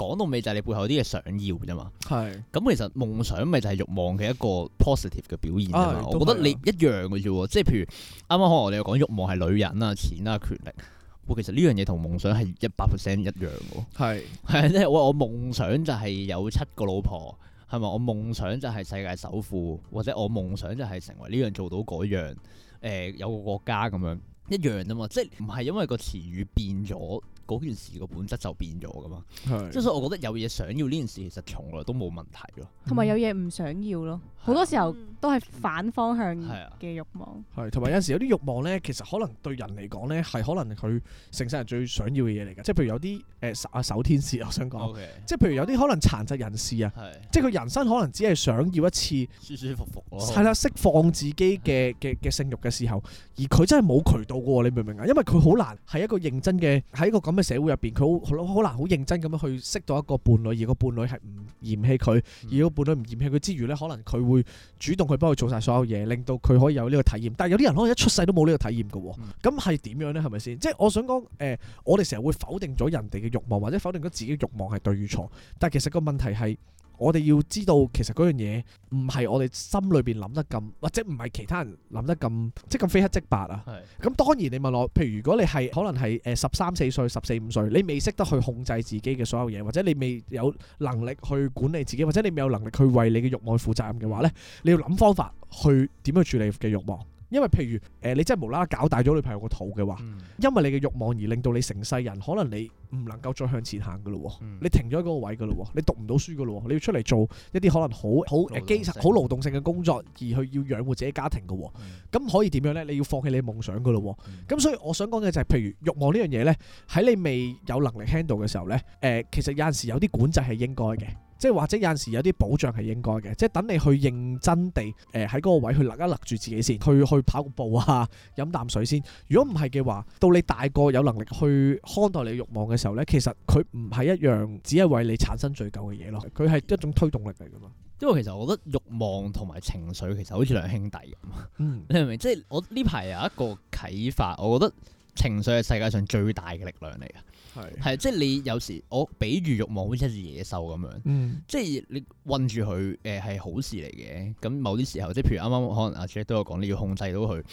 講到尾就係你背後有啲嘢，想要啫嘛，係咁是其實夢想咪就係慾望嘅一個 positive 嘅表現啊！我覺得你一樣嘅啫，是即係譬如啱啱可能我哋又講慾望係女人啊、錢啊、權力，其實呢樣嘢同夢想係一百 percent 一樣，係係即係我我夢想就係有七個老婆，係咪？我夢想就係世界首富，或者我夢想就係成為呢樣做到嗰樣，誒、呃、有個國家咁樣一樣啫嘛，即係唔係因為個詞語變咗。嗰件事個本質就變咗噶嘛，即係是所以我覺得有嘢想要呢件事其實從來都冇問題咯，同埋、嗯、有嘢唔想要咯，好、啊、多時候都係反方向嘅慾望。係，同埋有時有啲慾望呢，其實可能對人嚟講呢，係可能佢成世人最想要嘅嘢嚟嘅，即係譬如有啲誒啊手天使我想講，Okay. 即係譬如有啲可能殘疾人士啊，即係佢人生可能只係想要一次舒舒服服，係啦、啊啊，釋放自己嘅嘅嘅性慾嘅時候，而佢真係冇渠道嘅喎，你明唔明啊？因為佢好難係一個認真嘅係一個咁咁嘅社會入邊，佢好好難好認真咁樣去識到一個伴侶，而個伴侶係唔嫌棄佢，嗯、而個伴侶唔嫌棄佢之餘，呢可能佢會主動去幫佢做晒所有嘢，令到佢可以有呢個體驗。但係有啲人可能一出世都冇呢個體驗嘅喎，咁係點樣呢？係咪先？即係我想講誒、呃，我哋成日會否定咗人哋嘅慾望，或者否定咗自己嘅慾望係對與錯。但係其實個問題係。我哋要知道，其實嗰樣嘢唔係我哋心裏邊諗得咁，或者唔係其他人諗得咁，即咁非黑即白啊。咁是的 當然你問我，譬如如果你係可能係誒十三四歲、十四五歲，你未識得去控制自己嘅所有嘢，或者你未有能力去管理自己，或者你未有能力去為你嘅慾望負責任嘅話呢，你要諗方法去點樣處理嘅慾望。因為譬如誒，你真係無啦啦搞大咗女朋友個肚嘅話，嗯、因為你嘅慾望而令到你成世人可能你唔能夠再向前行嘅咯，嗯、你停咗嗰個位嘅咯，你讀唔到書嘅咯，你要出嚟做一啲可能好好誒基礎好勞動性嘅工作，而去要養活自己家庭嘅，咁、嗯、可以點樣呢？你要放棄你嘅夢想嘅咯，咁、嗯、所以我想講嘅就係譬如慾望呢樣嘢呢，喺你未有能力 handle 嘅時候呢，誒、呃、其實有陣時有啲管制係應該嘅。即係或者有陣時有啲保障係應該嘅，即係等你去認真地誒喺嗰個位去勒一勒住自己先，去去跑步啊，飲啖水先。如果唔係嘅話，到你大個有能力去看待你欲望嘅時候呢，其實佢唔係一樣，只係為你產生罪疚嘅嘢咯。佢係一種推動力嚟噶嘛。因為其實我覺得欲望同埋情緒其實好似兩兄弟咁。嗯，你明唔明？即係我呢排有一個啟發，我覺得情緒係世界上最大嘅力量嚟嘅。係，係即係你有時，我比喻欲望好似隻野獸咁樣，嗯、即係你韞住佢，誒、呃、係好事嚟嘅。咁某啲時候，即係譬如啱啱可能阿、啊、Jack 都有講，你要控制到佢。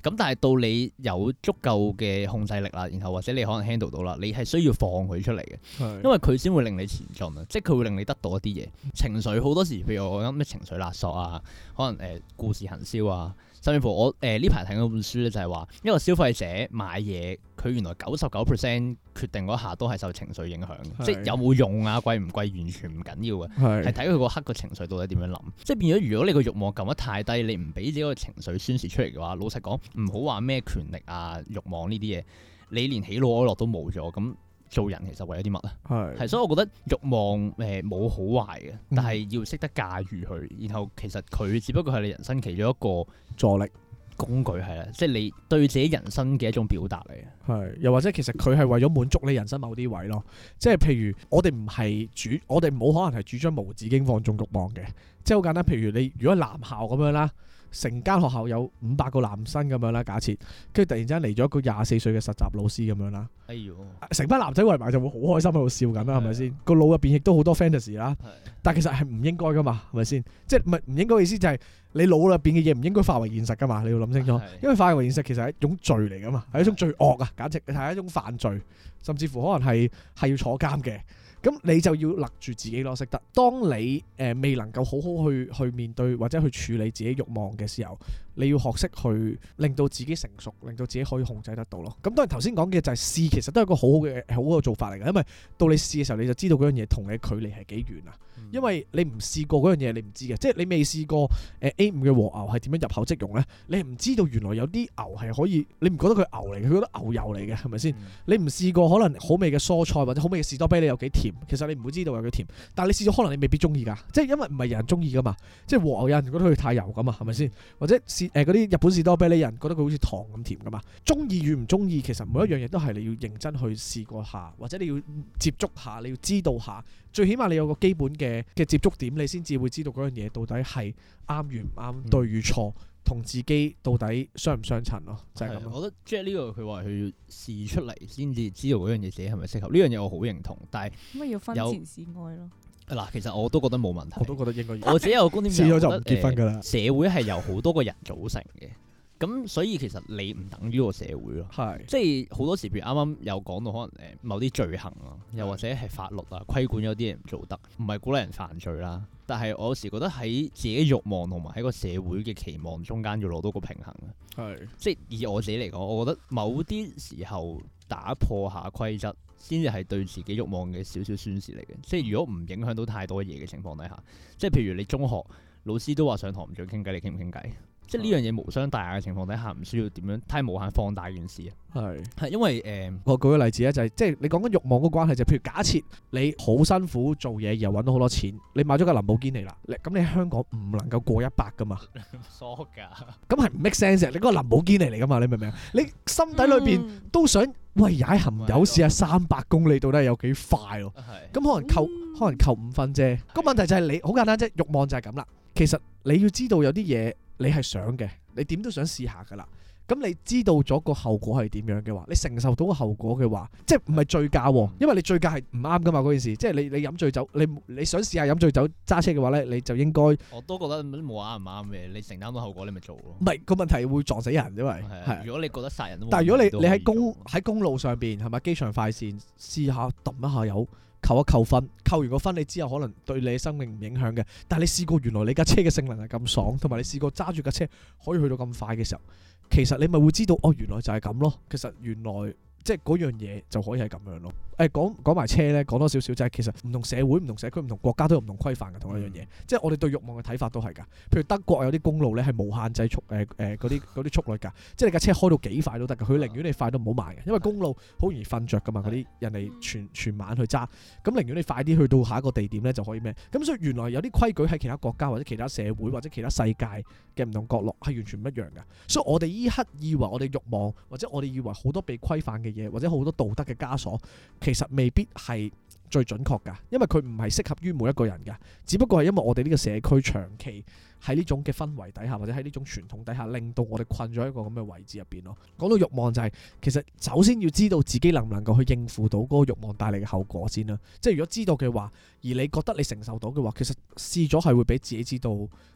咁但係到你有足夠嘅控制力啦，然後或者你可能 handle 到啦，你係需要放佢出嚟嘅，是因為佢先會令你前進啊。即係佢會令你得到一啲嘢。情緒好多時，譬如我講咩情緒勒索啊，可能誒、呃、故事行銷啊。甚至乎我誒呢排睇緊本書咧，就係話一個消費者買嘢，佢原來九十九 percent 決定嗰下都係受情緒影響嘅，即係有冇用啊，貴唔貴完全唔緊要嘅，係睇佢個刻個情緒到底點樣諗。即係變咗，如果你個欲望撳得太低，你唔俾自己個情緒宣泄出嚟嘅話，老實講，唔好話咩權力啊、慾望呢啲嘢，你連喜怒哀樂都冇咗咁。做人其實為咗啲乜啊？係是，所以我覺得慾望誒冇好壞嘅，但係要識得駕馭佢。然後其實佢只不過係你人生其中一個助力工具係啦，即係你對自己人生嘅一種表達嚟嘅。係，又或者其實佢係為咗滿足你人生某啲位咯。即係譬如我哋唔係主，我哋冇可能係主張無止境放縱慾望嘅。即係好簡單，譬如你如果男校咁樣啦。成間學校有五百個男生咁樣啦，假設跟住突然之間嚟咗一個廿四歲嘅實習老師咁樣啦，哎成呦班男仔圍埋就會好開心喺度的笑咁啦，係咪先？個腦入邊亦都好多 fantasy 啦的。但其實係唔應該噶嘛，係咪先？即係唔係唔應該嘅意思就係你腦入邊嘅嘢唔應該化為現實噶嘛？你要諗清楚，啊、因為化為現實其實係一種罪嚟噶嘛，係的的一種罪惡啊，簡直係一種犯罪，甚至乎可能係係要坐監嘅。咁你就要勒住自己咯，先得。當你誒、呃、未能夠好好去去面對或者去處理自己慾望嘅時候，你要學識去令到自己成熟，令到自己可以控制得到咯。咁當然頭先講嘅就係試，其實都係一個好好嘅好嘅做法嚟嘅，因為到你試嘅時候，你就知道嗰樣嘢同你距離係幾遠啊。嗯、因為你唔試過嗰樣嘢你唔知嘅，即係你未試過誒 A5 嘅和牛係點樣入口即溶呢？你唔知道原來有啲牛係可以，你唔覺得佢牛嚟嘅，佢覺得牛油嚟嘅係咪先？是是嗯、你唔試過可能好味嘅蔬菜或者好味嘅士多啤梨有幾甜，其實你唔會知道有幾甜，但係你試咗可能你未必中意㗎，即係因為唔係人人中意㗎嘛，即係和牛有人覺得佢太油咁啊，係咪先？或者試誒嗰啲日本士多啤梨人覺得佢好似糖咁甜㗎嘛？中意與唔中意，其實每一樣嘢都係你要認真去試過下，或者你要接觸下，你要知道下，最起碼你有個基本嘅嘅接觸點，你先至會知道嗰樣嘢到底係啱與唔啱，對與錯，同、嗯、自己到底相唔相襯咯。就係咁，我覺得即係呢個佢話佢要試出嚟先至知道嗰樣嘢自己係咪適合呢樣嘢，我好認同，但係有分前事愛咯。嗱，其實我都覺得冇問題。我都覺得應該，我自己有觀點。試咗 就唔結婚㗎喇、呃。社會係由好多個人組成嘅，咁所以其實你唔等於個社會咯。係，即係好多時，譬如啱啱有講到可能誒某啲罪行啊，又或者係法律啊規管有啲人唔做得，唔係鼓勵人犯罪啦。但係我有時覺得喺自己慾望同埋喺個社會嘅期望中間要攞到個平衡。係，即係以我自己嚟講，我覺得某啲時候打破下規則。先至係對自己欲望嘅少少宣泄嚟嘅，即係如果唔影響到太多嘢嘅情，情況底下，即係譬如你中學老師都話上堂唔想傾偈，你傾唔傾偈？嗯、即係呢樣嘢無傷大雅嘅情況底下，唔需要點樣太無限放大件事啊。係係，因為誒，呃、我舉個例子咧、就係，就係即係你講緊欲望嗰個關係就係、譬如假設你好辛苦做嘢又揾到好多錢，你買咗架林寶堅尼啦，咁你香港唔能夠過一百噶嘛？傻噶，咁係唔 make sense，你嗰個林寶堅尼嚟噶嘛， 嘛？你明唔明？你心底裏邊、嗯、都想。喂，踩行有試下是三百公里到底係有幾快咯，啊？咁的可能扣，嗯、可能扣五分啫。的個問題就係你，好簡單啫。慾望就係咁啦。其實你要知道有啲嘢你係想嘅，你點都想試下噶啦。咁你知道咗個後果係點樣嘅話，你承受到個後果嘅話，即係唔係醉駕？因為你醉駕係唔啱㗎嘛，嗰件事，即係你你飲醉酒，你你想試下飲醉酒揸車嘅話呢，你就應該我都覺得冇啱唔啱嘅。你承擔到後果，你咪做咯。唔係個問題會撞死人，因為係如果你覺得殺人，但係如果你你喺公喺公路上邊係咪機場快線試下揼一下油扣一扣分，扣完個分你之後可能對你嘅生命唔影響嘅。但係你試過原來你架車嘅性能係咁爽，同埋你試過揸住架車可以去到咁快嘅時候。其實你咪會知道，哦，原來就係噉囉。其實原來。即係嗰樣嘢就可以係咁樣咯。誒、欸、講講埋車呢，講多少少即係其實唔同社會、唔同社區、唔同國家都有唔同規範嘅同一樣嘢。即係我哋對慾望嘅睇法都係㗎。譬如德國有啲公路呢，係無限制速誒誒啲啲速率㗎。即係你架車開到幾快都得㗎，佢寧願你快都唔好慢嘅，因為公路好容易瞓着㗎嘛。嗰啲人哋全全晚去揸，咁寧願你快啲去到下一個地點呢，就可以咩？咁所以原來有啲規矩喺其他國家或者其他社會或者其他世界嘅唔同角落係完全唔一樣㗎。所以我哋依刻以為我哋慾望或者我哋以為好多被規範嘅嘅嘢，或者好多道德嘅枷鎖，其實未必係最準確噶，因為佢唔係適合於每一個人噶只不過係因為我哋呢個社區長期喺呢種嘅氛圍底下，或者喺呢種傳統底下，令到我哋困咗喺一個咁嘅位置入邊咯。講到慾望就係、是，其實首先要知道自己能唔能夠去應付到嗰個慾望帶嚟嘅後果先啦。即係如果知道嘅話，而你覺得你承受到嘅話，其實試咗係會俾自己知道。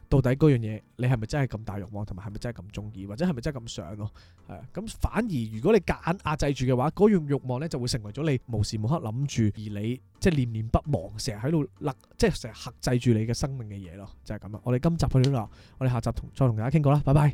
到底嗰樣嘢你係咪真係咁大慾望，同埋係咪真係咁中意，或者係咪真係咁想咯？係啊，咁反而如果你夾硬壓制住嘅話，嗰樣慾望咧就會成為咗你無時無刻諗住，而你即係、就是、念念不忘，成日喺度勒，即係成日克制住你嘅生命嘅嘢咯。就係咁啦，我哋今集去到呢度，我哋下集同再同大家傾過啦，拜拜。